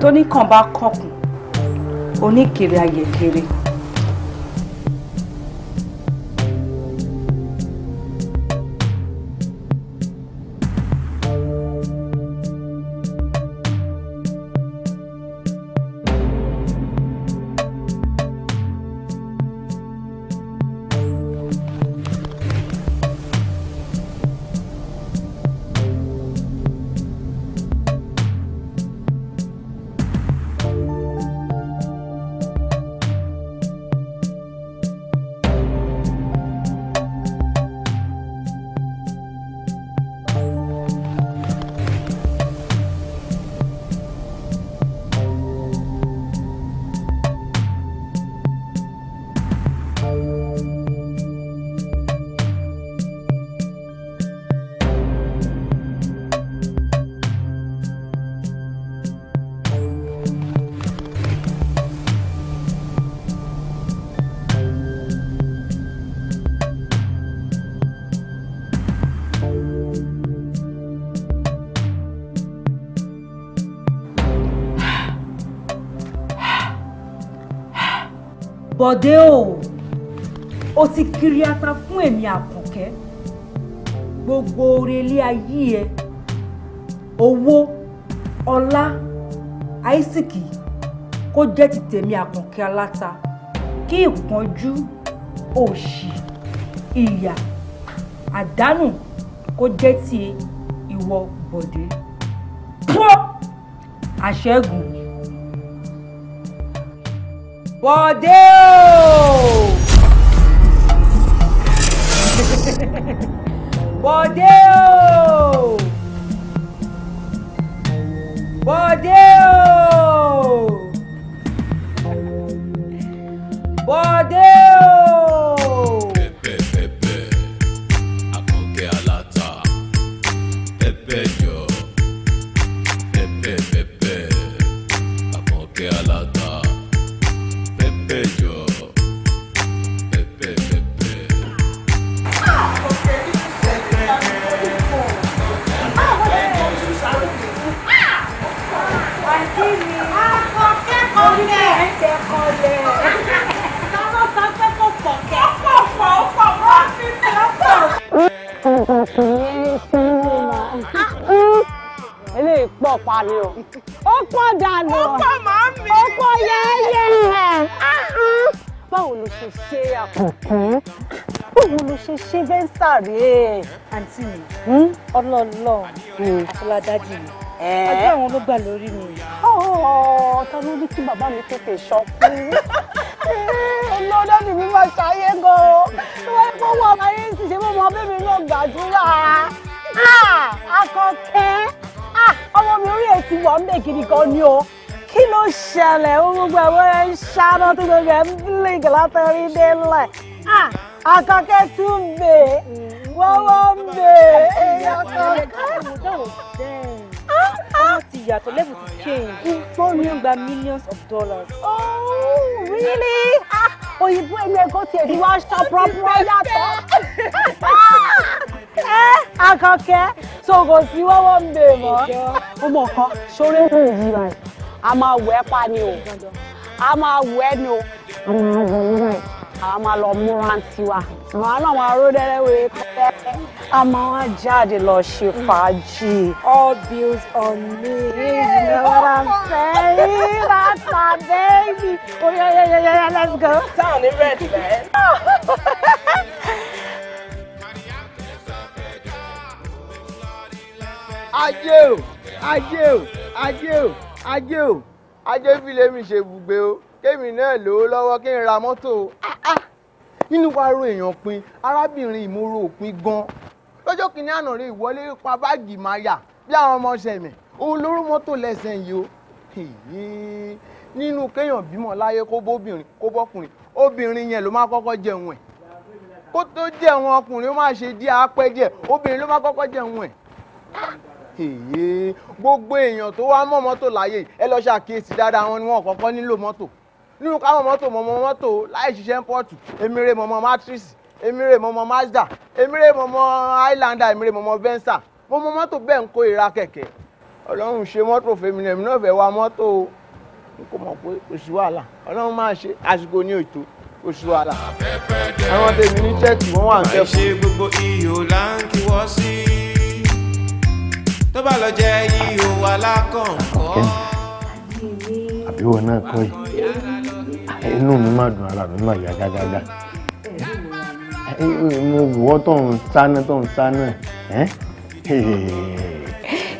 tóní kan bá kọkùn oníkèrè ayẹkẹrẹ. bọ̀dé o o ti kiri ata fún èmi àkànkẹ́ gbogbo oore ilé ayé ẹ owó ọlá àìsíkì kó jẹ́ ti tèmi àkànkẹ́ aláta kí ìpọ́njú òṣì ìyà àdánù kó jẹ́ ti ìwọ bọ̀dé. àṣẹ́gun. Bọ̀dé o! Bọ̀dé o! dànù ó pọ̀ dànù ó pọ̀ màámi ó pọ̀ yẹ́yẹ́ uh-uh. báwo ló ṣe ṣe àkùnkùn báwo ló ṣe ṣe bẹ́ẹ̀ sáré. àǹtí mi hmm? ọlọ́ọ̀lọ́ hmm. àfọládájì mi ọjọ́ àwọn ló gbà lórí mi. ọ̀tọ̀ ló ní kí bàbá mi tètè ṣọ́kú eh, lọ́dọ̀ ni mi máa ṣayé gan-an wọ́n fọwọ́ ọmọ ayé ń ṣiṣẹ́ mọ́ ọmọ bẹ́ẹ̀ mi náà gbàdúrà ah, akọ̀kẹ́. Ah, ọmọ mi orí èsì wọ̀ ń bè gidi gan ni o kí ló ṣẹlẹ̀ ó gbogbo àwọn ẹ̀ ń ṣáná tó gbogbo ẹ̀ ń blink látọrí délẹ̀ ah, àkàkẹ́ tún ń bè wọ́wọ́ ń bè owó ti yàtọ̀ level ti change fóònù yóò gba millions of dollars. oh really ah òyìnbó ẹni ẹgbẹ́ tiẹ̀ ní wàá ṣá pọ́npọ́n yàtọ̀ ẹ ah, akọkẹ́ so kò sí wọ́wọ́ ń bè mọ́. ọmọ kan ṣoré ń yí ra ẹ̀ a máa wẹ̀ pa ni o a máa wẹ̀ ni o àwa máa lọ múra tiwa màá náà máa ró dẹ́rẹ́wé pẹ́ a máa wá jáde lọ ṣe fàájì all bills on me you know what I'm saying that's my baby oh yeah yeah yeah yeah let's go. Sound is ready man. ajé o ajé o ajé o ajé o ajé fi lèmi ṣe ibùgbé o kémi náà lówó lọ́wọ́ kí n ra mọ́tò ah, ah. nínú wa ro èèyàn pin arábìnrin ìmúro òpin gan lọ́jọ́ kìíní àná rẹ̀ ìwọlé pa báàgì máa yà bí àwọn ọmọ ṣẹ̀mẹ̀ òun lóró mọ́tò lẹ́sẹ̀ yìí o nínú kéèyàn bímọ láyé kó bóbìnrin kó bọ́kùnrin obìnrin yẹn ló máa kọ́kọ́ jẹun ẹ̀ kó tó jẹun ọkùnrin ó máa ṣe díẹ̀ apẹ́ díẹ̀ obìnrin ló máa kọ́kọ́ jẹun ẹ̀ ah, gbogbo èèyàn tó wá mọ́ mọ́tò láyé ẹ lọ ṣàkíyèsí dáadáa wọn ni wọn kọ́kọ́ nílò mọ́tò nínú káwọn mọ́tò mọ́mọ́ mọ́tò láì ṣiṣẹ́ pọ́ọ̀tù emire mọ́mọ́ matrix emire mọ́mọ́ mazda emire mọ́mọ́ highlander emire mọ́mọ́ venza mọ́mọ́ mọ́tò bẹ́ẹ̀ ń kó ìra kẹ̀kẹ́ ọlọ́run ṣe mọ́tò fèmí ẹ̀mí náà fẹ́ wa mọ́tò n kò mọ̀ pé kò sí wàhálà ọlọ́run máa ṣe àsìkò ní ètò kò sí wàhálà àwọn tèmi ní chẹ́ẹ̀kì wọ́n wà ń fẹ́ fún. àìṣe gbogbo àbí wọn náà kọ́ yìí inú mi má dùn ara mi má yá gágágá mo wọ́ tó ń sáná tó ń sáná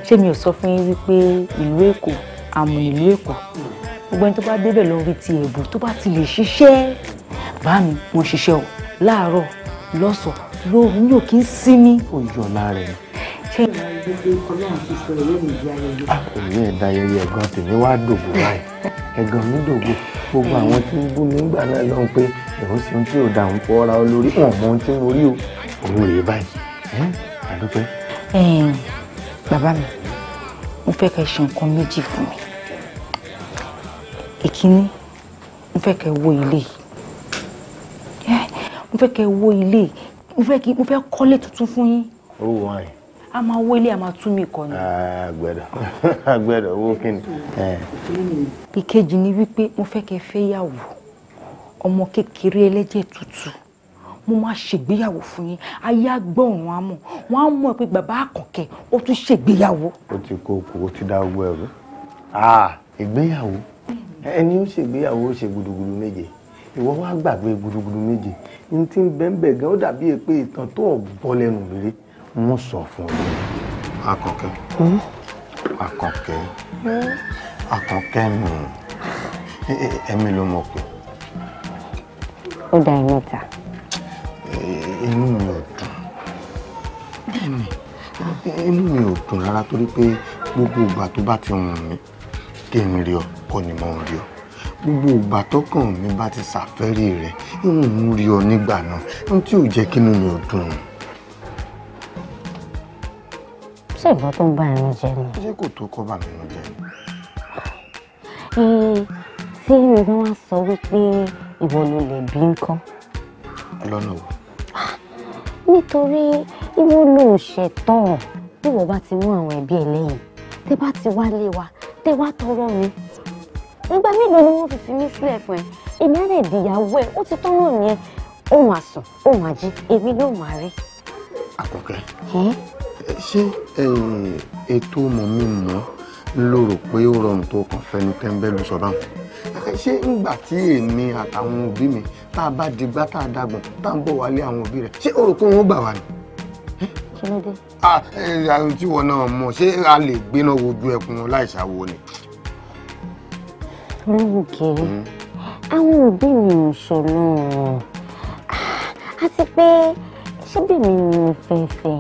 ṣé mi ò sọ fún yín wípé ìlú èkó àmọ́ ìlú èkó gbogbo ẹni tó bá débẹ̀ lọ ti ẹ̀bùn tó bá ti lè ṣiṣẹ́ bá mi ṣiṣẹ́ o láàárọ̀ lọ́sọ̀ọ́ lóòrùn yóò kí ń sinmi. ó yọ̀ lára ẹ̀ kéèyàn gbígbé ọlọ́run ti ṣẹlẹ̀ lónìí ìdí ayẹyẹ. àkòrí ẹ̀dá ayẹyẹ ẹ̀gàn tèmi wá dògbò báyìí ẹ̀gàn mi dògbò gbogbo àwọn tí ń bú nígbà náà lọ́n pé èmi sì ń tí ò dà ń pọ̀ ọ́ra olórí hàn mọ́ tí mo rí o òun rèé báyìí àdúpẹ́. bàbá mi mo fẹ́ kẹ́ ṣe nǹkan méjì fún mi ìkíní mo fẹ́ kẹ́ wó ilé mo fẹ́ kẹ́ wó ilé mo fẹ́ kọ́lé tuntun fún yín. ó wọ àyìn a máa wọlé a máa tún mi kọ ni. àgbẹ̀dọ̀ àgbẹ̀dọ̀ owó kìíní. ìkejì ni wípé mo fẹ́ kẹ́ fẹ́ yàwó ọmọ kékeré ẹlẹ́jẹ̀ tútù mo máa ṣègbéyàwó fún yín ayé àgbọ̀ ọ̀run àmọ̀ wọ́n á mọ̀ pé bàbá àkànkẹ́ ó tún ṣègbéyàwó. ó ti kó kó ó ti dá ogbó ẹ̀rú ìgbéyàwó ẹni ó ṣègbéyàwó ó ṣe gudugudu méje ìwọ wá gbàgbé gudugudu méje ní ti ń bẹ́ẹ̀ bẹ́ẹ̀ gan ó dàbí pé ìtàn tó ọ̀ bọ́ lẹ́nu rèé mo sọ fún ọ akọ̀kẹ́ hmm? akọ̀kẹ́ hmm? akọ̀kẹ́ mi ẹ̀mí ló mọ̀ pé. ó da ẹ̀ mẹ́ta. inú mi ò dùn bẹ́ẹ̀ni inú mi ò dùn rárá torí pé gbogbo ìgbà tó bá ti wùn mí kí n rí ọ kọ́ ni mo ń rí ọ gbogbo ìgbà tọkàn mi bá ti ṣàfẹ́rí rẹ̀ ń rí ọ nígbà náà ohun tí ò jẹ́ kínú mi ò dùn. ṣé ìgbọ́n tó ń bá ẹran jẹ ni. ṣé kò tó kọ́ bà mí lọ jẹ? tí mi bá wá sọ wípé ìwọ ló lè bí nǹkan. lọ́nà wo. nítorí ìwọ ló ń ṣẹ̀tàn bí wọ́n bá ti mú àwọn ẹbí ẹ lẹ́yìn tẹ́ bá ti wálé wa tẹ́ wá tọrọ mi. ìgbà mélòó ni wọ́n fi fi mí sílẹ̀ fún ẹ ìmọ̀lẹ́dì ìyàwó ẹ ó ti tọ́nà yẹn ó máa sùn ó máa jí èmi ló máa rí. àkọ́kẹ́ ṣé eh, ètò mọ̀mímọ́ ló rò pé ó rọrùn tó kàn fẹ́ni tẹ́ńbẹ́lú sọ báwọn eh, ṣé ńgbà tí èmi àtàwọn òbí mi tá a bá digbá tá a dàgbọ̀n tá a ń bọ̀ wálé àwọn òbí rẹ̀ ṣé o rò pé wọ́n gbà wá ni kílódé. Ah, eh, àwọn tí wọn náà mọ ṣé a lè gbéná wojú ẹkùn wọn láì ṣàwo ni. lóògì hmm. àwọn òbí mi ò ṣọ̀nà ah, àti pé ṣé bèmi ni mo fẹ́ fẹ́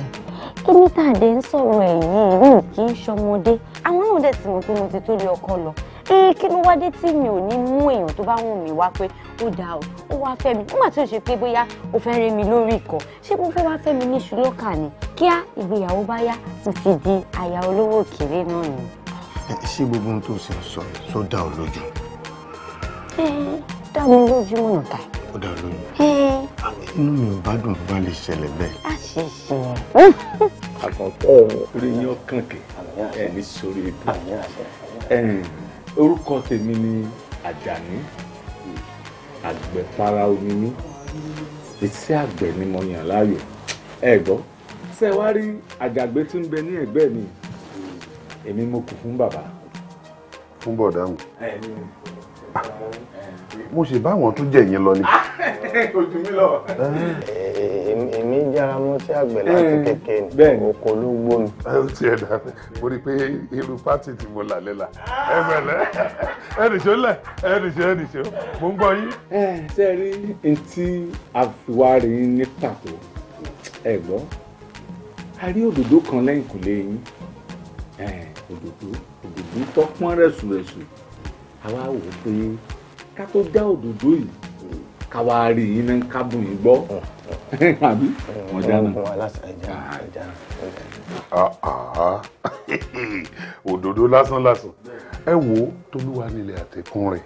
èmi tá à dé ń sọ̀rọ̀ ẹ̀yìn mi kì í ṣọmọdé àwọn náà dẹ̀ ti mọ̀ pé mo ti tó lé ọkọ lọ ee kí ló wá dé tí mi ò ní mú èèyàn tó bá wù mí wá pé ó dáa o ó wá fẹ́ mi nígbà tí ò ṣe pé bóyá o fẹ́ rí mi lórí ìkọ́ ṣé mo fẹ́ wá fẹ́ mi níṣu lọ́kà ni kíá ìgbéyàwó bá yá mo ti di aya olówó òkèèrè náà ni. ṣé gbogbo ohun tó ṣe ń sọ sódà ọ lójú dá mi lójú mọ̀nà tà. ó dá lóyún. inú mi ò bá dùn bá lè ṣẹlẹ̀ bẹ́ẹ̀. a ṣe ṣe ẹ. àkọ́kọ́ orí yín ọkàn kè ẹ ní sórí ibú orúkọ tèmi ni àjàní àgbẹ̀fara omi ní iṣẹ́ àgbẹ̀ ni mo yàn láàyò ẹ gbọ́ ṣé wá rí àjàgbé tí ń bẹ ní ẹ̀gbẹ́ mi èmi mo kù fún bàbá. fún bọ̀dá wù. Ah, mo ṣe báwọn tún jẹ yín lọ ni. Ah, ojú mi lọ. Eh. Eh, èmi jára mọ́ sí àgbẹ̀ láti eh, kékeré ni oko ló gbó mi. ó ti ẹ̀ dà mo rí i pé irú pátì tí mo là lélà ah. ẹ bẹ̀rẹ̀ ẹnìṣó lẹ̀ ẹnìṣó ẹnìṣó mo ń gbọ́ yín. ṣé ẹ rí etí àfiwárí ní pàtó ẹ gbọ́ a rí òdòdó kan lẹ́yìnkùlé yín òdòdó òdòdó tó pọ́n rẹ̀sùrẹ̀sù àwa wò ó pé ká tó dá òdòdó yìí ká wá rí yín náà ká bù gbọ́ àbí wọ́n dáná. Ah, ah, ah. òdòdó lásán lásán ẹ wo tolúwa nílẹ̀ àtẹ̀kùn rẹ̀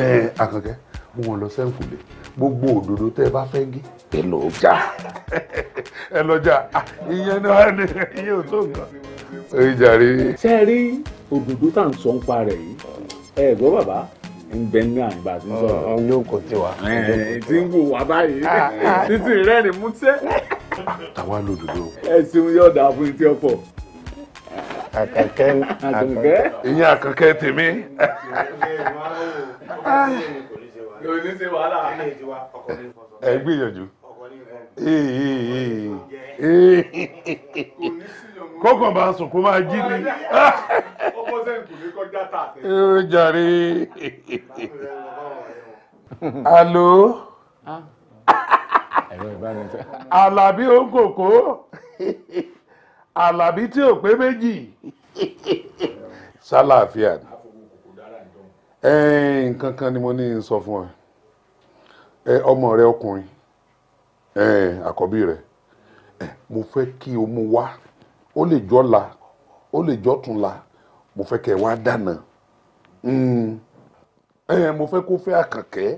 ẹ àkànkẹ́ mú wọn lọ sẹ́ǹkùlé gbogbo òdòdó tẹ́ ẹ bá fẹ́ gé ẹ lọ jà ẹ lọ jà ìyẹn náà ni ìyẹn ò tó nǹkan. ṣe é rí òdòdó tá à ń sọ ń pa rẹ̀ yìí ẹ gbọ́ bàbá ń bẹ ní àyìnbá tí ń sọ̀rọ̀. olóko ti wà. tí ń wò wá báyìí ah, ah, ah. títí rẹ ni mú tẹ. àtàwa lòdòdó. ẹ ṣeun yóò dáa fún etí ọ̀pọ̀. àkànkẹ́ àkànkẹ́. ìyẹn àkànkẹ́ tèmi. lóní ṣe wàhálà ẹ gbìyànjú. kò ní sí kọ́kàn bá sùn kó máa jí ni. ọmọ sẹ́yìn kò ní kọjá tà tẹ́. ó jàre. alo. Àlàbí ògòkó Àlàbí tí ò pé méjì sálàáfíà ni nǹkan kan ni mo ní n sọ fún ẹ ọmọ rẹ ọkùnrin àkọ́bí rẹ mo fẹ́ kí o mú wá ó lè jọ́ la ó lè jọ́ tún la mo fẹ́ kẹ́ ẹ wá dáná hmm. mo fẹ́ kó fẹ́ àkànkẹ́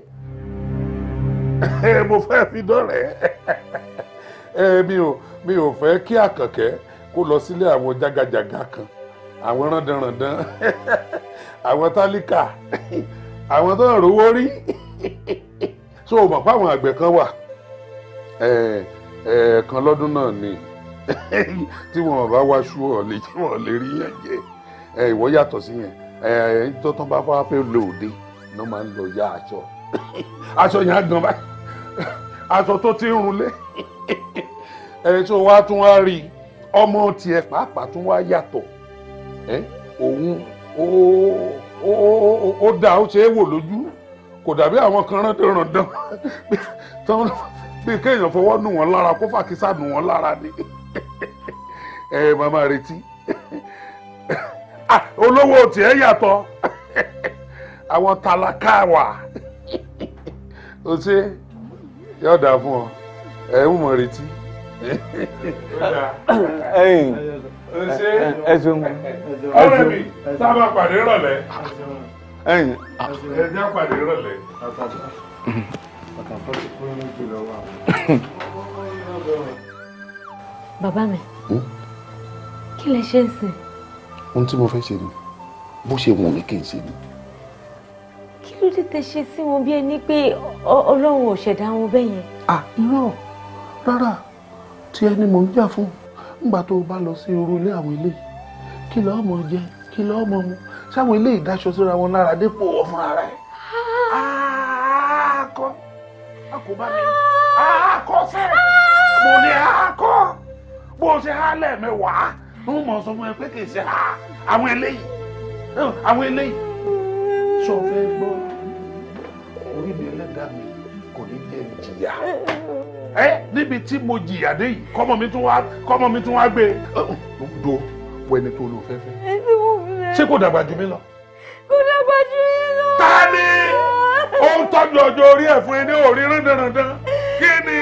mo fẹ́ fi dọ́rẹ̀ẹ́ mi ò mi ò fẹ́ kí àkànkẹ́ kó lọ sílé àwọn jágajàga kan àwọn randanrandan àwọn tálíkà àwọn tó ń rówó rí so mọ̀ pé àwọn àgbẹ̀ kan wà ẹ̀ẹ̀kan lọ́dún náà ni. tí wọn bá wáṣú ọ̀lẹ tí wọn lè rí yẹn jẹ ẹ ìwọ yàtọ̀ sí yẹn ẹ tó tán bá wá fẹ́ lò òde ló máa ń lọ ya aṣọ aṣọ yẹn á gan báyìí aṣọ tó ti ń runlé ẹ tó wá tún wá rí ọmọ tiẹ̀ pàápàá tún wá yàtọ̀ ẹ òun ó dá ó ṣe é wò lójú kò dàbí àwọn kan rántí ràn dán bí kéèyàn fọwọ́ nù wọ́n lára kó fàkísà nù wọ́n lára ni ẹ máa máa retí olówó tiẹ̀ yàtọ̀ àwọn tálákà wà o ṣe yóò dáa fún ọ ẹ ń mọ retí. ẹ ṣeun ọ̀rẹ́ mi sábà pàdé rọ̀lẹ́ ẹ jẹ pàdé rọ̀lẹ́. Thank you bàbá mi hm? kí lẹ ṣe ń sìn. ohun tí mo fẹ́ ṣe ni bó ṣe wù mí kí n ṣe ni. kí ló dé tẹ ṣe sí wọn bí ẹni pé ọlọ́run ò ṣẹ̀dá wọn bẹ́ẹ̀ yẹn. à irọ́ rárá tí ẹni mò ń jà fún nígbà tó o bá lọ sí irú ilé àwọn ilé kí lọ́ọ́ mọ̀ jẹ kí lọ́ọ́ mọ̀ mu sáwọn ilé ìdáṣọ síra wọn lára dépò ọ̀fun ara ẹ̀. akọ ah! akọ bá mi akọ ah! sẹ́ẹ̀ mo ní akọ bó o ṣe há lẹ́ẹ̀mẹ́wàá ń mọ̀ sọ fún ẹ pé kì í ṣe há àwọn eléyìí àwọn eléyìí sọ fẹ́ gbọ́ orí mi ẹlẹ́dàá mi kò ní jẹ́ jìyà ẹ níbi tí mo jìyà dé yìí kọ́mọ mi tún wá kọ́mọ mi tún wá gbé e do wẹni tó lò fẹ́fẹ́ ṣé kò dàgbà jù mí lọ. kò dàgbà jù mí lọ. ta ni ó ń tọ́jú ọjọ́ orí ẹ̀ fún ẹ ní òrí rán dandan kí ni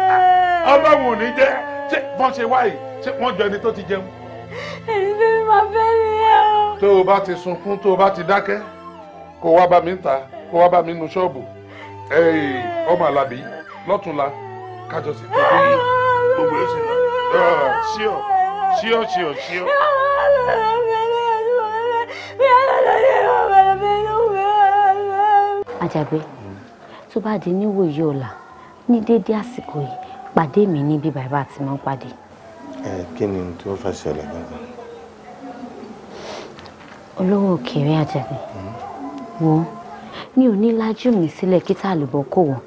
ọlọ́run ò ní jẹ́ ṣé bọ́n ṣe wáyé ṣé wọ́n jọ ẹni tó ti jẹun. èyí tó ní máa fẹ́ nìyẹn o. tó o bá ti sunkún tó o bá ti dákẹ́ kó wá bá mi ń ta kó wá bá mi nu ṣọ́ọ̀bù ọmọ alábí lọ́túnla kájọ sí tó bí gbogbo ẹ̀ ṣe lọ. ṣíọ ṣíọ ṣíọ ṣíọ. Àjàgbé tó bá di níwòye ọ̀la ní déédéé àsìkò yìí pàdé mi níbi bàbá àti mọ́ pàdé. ẹ kí ni tó fẹ́ ṣẹlẹ̀ gangan. olówó òkèèrè àjẹmí wọn mi ò ní lájú mi sílẹ̀ kí tá àlùbọ̀ kò wọ̀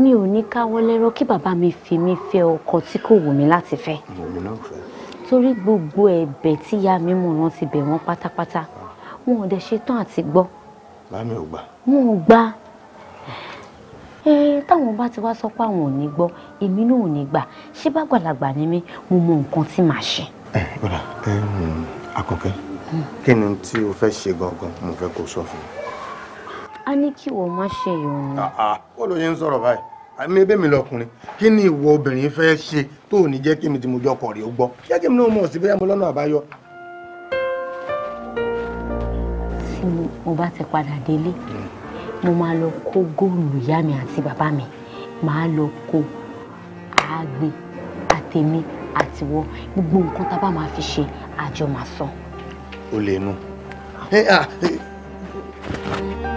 mi ò ní káwọ́ lẹ́rọ̀ kí bàbá mi fi mí fẹ́ ọkọ tí kò wù mí láti fẹ́. èmi náà fẹ́. torí gbogbo ẹ̀bẹ̀ tí ìyá mi mú wọn ti bẹ̀ wọ́n pátápátá wọn ò dẹ̀ ṣetán àti gbọ́. bá mi ò gbà. wọn ò gbà táwọn bá ti wá sọ pé àwọn ò ní gbọ́ èmi náà ò ní gbà ṣé bá gbàlagbà ni mí mo mọ nǹkan tí màá ṣe. ẹ ọ̀la hmm, àkànkẹ́ kí ni tí o fẹ́ ṣe gangan mo fẹ́ kó sọ fún mi. a ní kí wọ́n má ṣe ìrònú. ó ló yẹ ń sọ̀rọ̀ báyìí àmì ẹbí mi lọkùnrin kí ni ìwọ obìnrin fẹ́ ṣe tó ò ní jẹ́ kí mi ti mo jọ kọ̀ rí o gbọ́ jẹ́ kí mi náà mọ̀ sí bóyá mo lọ́nà àbáyọ. tí mo bá ti padà délé mo máa lọ kó góòlù ìyá mi àti bàbá mi màá lọ kó àgbè àtẹ̀mí àtiwọ́ gbogbo nǹkan tá a bá máa fi ṣe àjọ màá sọ. o lè nu. Hey, ah, hey. Eh, ah, eh.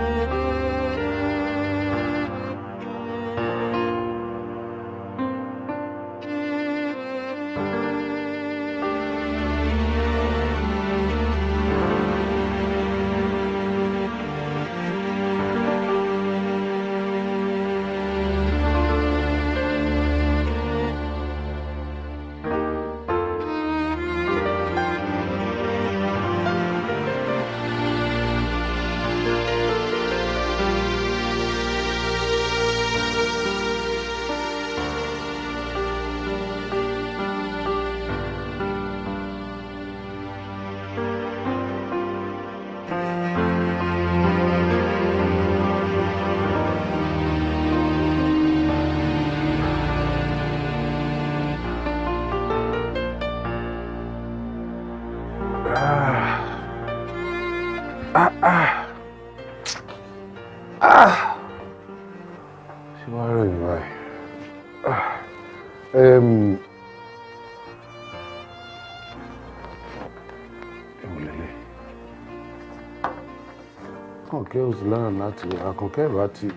rose náà láti àkànkẹ́ ìlú àti.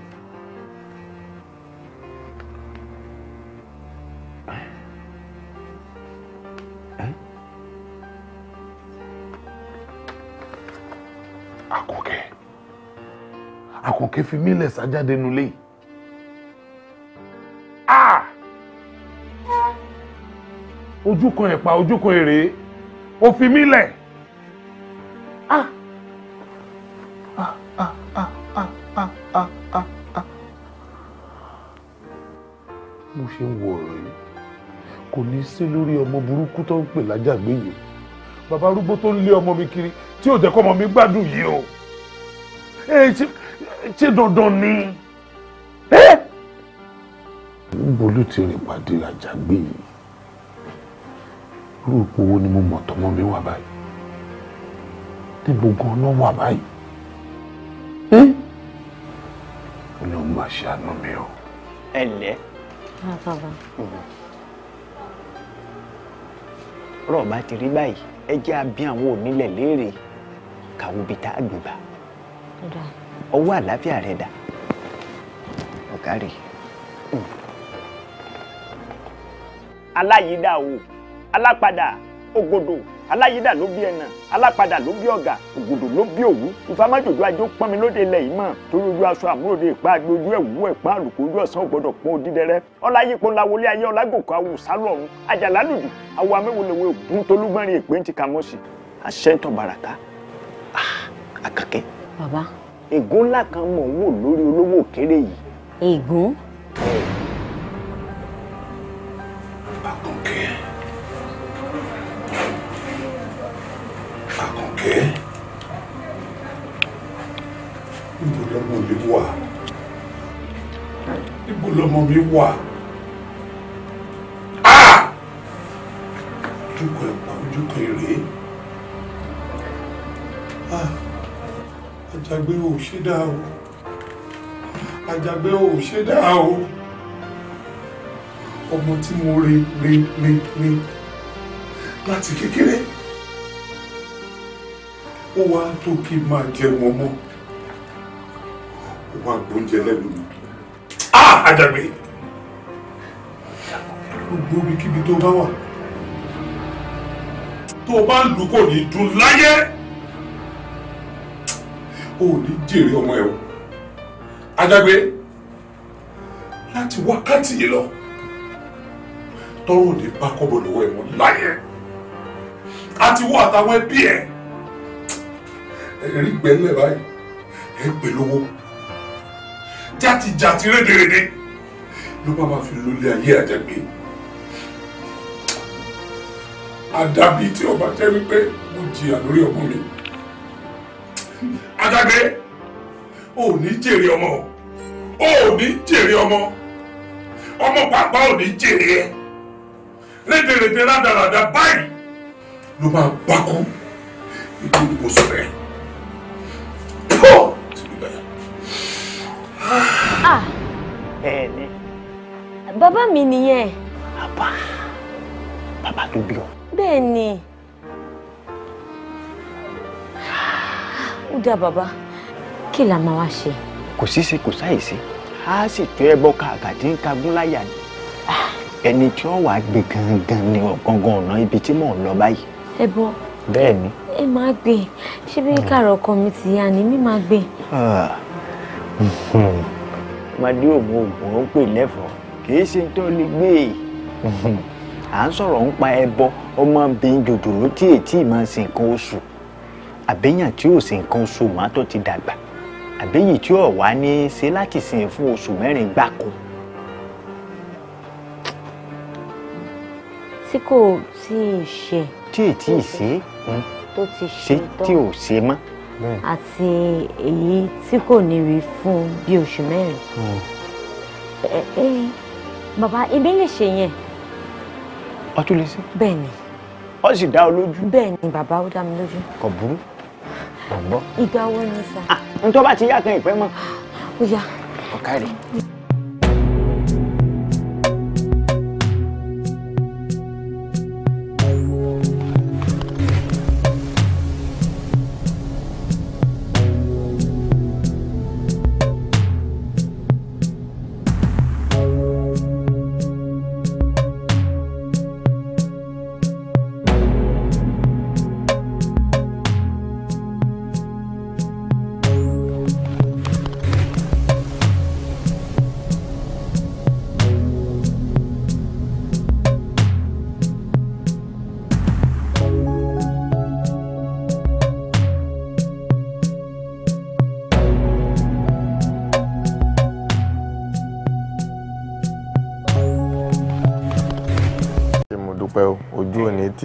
àkànkẹ́ àkànkẹ́ fi mílẹ̀ sájáde nulẹ̀ yìí. Ah! ojú kan ẹ̀pà ojú kan èrè ó mílẹ̀. burúkú tó ń pè lájàgbé yìí bàbá arúgbó tó ń lé ọmọ mi kiri tí ò jẹ́ kọ́ ọmọ mi gbádùn yìí o ṣé dandan ni. níbo ló ti rìn pàdé àjàgbé yìí irú ipò wo ni mo mọ̀ tọmọ mi wà báyìí níbo gan ló wà báyìí ọlọ́run máa ṣàánú mi o. ẹ ǹlẹ́. Ah, bàbá. Mm-hmm ọ̀rọ̀ bá ti rí báyìí ẹ jẹ́ abí àwọn onílẹ̀ léèrè kàwọ́ bíi tá a gbé bá ọwọ́ àlàáfíà rẹ̀ dà ọ̀gá rè aláyídà o alápadà ògodò aláyídà ló bí ẹnà alápadà ló bí ọ̀gà ògùdò ló bí òwú ìfamọ́jòjò ajó pọ́n mi lóde ilẹ̀ yìí mọ̀ torí ojú aṣọ àmúròde ìpá agbójú ẹ̀wú ẹ̀pá àlùkò ojú ọ̀sán ògbọ́dọ̀ pọ́n òdídẹrẹ́ ọláyípo lawolé ayé ọlágòkò awùsálọ̀ ọ̀run àjàlá lùdù awọ amẹ́wòlẹ́wò ògùn tolúgbọ́nrin ìpè ń ti kà mọ́sì àṣẹ́ntàn bàràtà ah, àkàkẹ́. bàbá. ègún ńlá kan mọ̀ ń mi wà á ojúkọ ẹ̀pà ojúkọ èrè àjàgbé ò ṣe dá o àjàgbé ò ṣe dá o ọmọ tí mo re re re re láti kékeré ó wá tó kí n máa jẹun ọmọ ó wá gbóúnjẹ lẹ́nu mi àjàgbé gbogbo ibikíbi tó bá wà tó bá ń lù ní dùn láyé o ò ní jèrè ọmọ ẹ o àjàgbé láti wákàtí yìí lọ tọrọ òde bá kọ́bọ̀ lọ́wọ́ ẹ wọn láyé àti wọ àtàwọn ẹbí ẹ ẹ rí gbẹlẹ báyìí ẹ pè lówó jàtijàti rédèrèdè ló bá máa fi lólé ayé àjẹgbé àdàbí tí ọba jẹ́ wípé mo jìyà lórí ọmọ mi àjàgbé o ní jèrè ọmọ ò ní jèrè ọmọ ọmọ pàápàá ò ní jèrè ẹ rédèrèdè rádaràdà báyìí ló máa bákú ìdí ìbòsùn rẹ. Ah. Ah. bẹ́ẹ̀ ni. bàbá mi nìyẹn. bàbá bàbá tó bí ọ. bẹ́ẹ̀ ni. ó dá bàbá kí la máa wá ṣe. kò sí ṣe kò sáyè sí a sì tó ẹbọ kàkàdé ń kagún láyà ni ah. ẹni tí ó wàá gbé gangan ni ọ̀gangan ọ̀nà ibi tí mò ń lọ báyìí. ẹbọ bẹ́ẹ̀ ni. ẹ máa gbé ṣé bí kàrọ̀ ọkọ mi ti yá ni mi máa gbé ọmọdé ògùn ògùn ó pè lẹ́fọ̀ọ́ kì í ṣe tó lè gbé e à ń sọ̀rọ̀ ń pa ẹbọ ọmọbìnrin jòjòló tí ètí máa ń sin nǹkan oṣù àbẹ́yàn tí ò sin nǹkan oṣù mọ́ tó ti dàgbà àbẹ́yì tí ò wá ní í ṣe láti sìn fún oṣù mẹ́rin gbáko. tí kò tí ì ṣe. tí ì tí ì ṣe. tó ti hmm, ṣe tó ṣe tí ò ṣe mọ́ àti èyí tí kò ní rí fún bí oṣù mẹ́rin. Hmm. bàbá ebi lè ṣe yẹn. ọtún lè ṣe. bẹ́ẹ̀ni. ó sì dá ọ lójú. bẹ́ẹ̀ni bàbá ó dá mi lójú. kò burú kò gbọ́. ìgbà wo ni sà. Ah, n tó bá ti yá kan ìpẹ́ mọ́. ó yá. ọ̀kárẹ̀.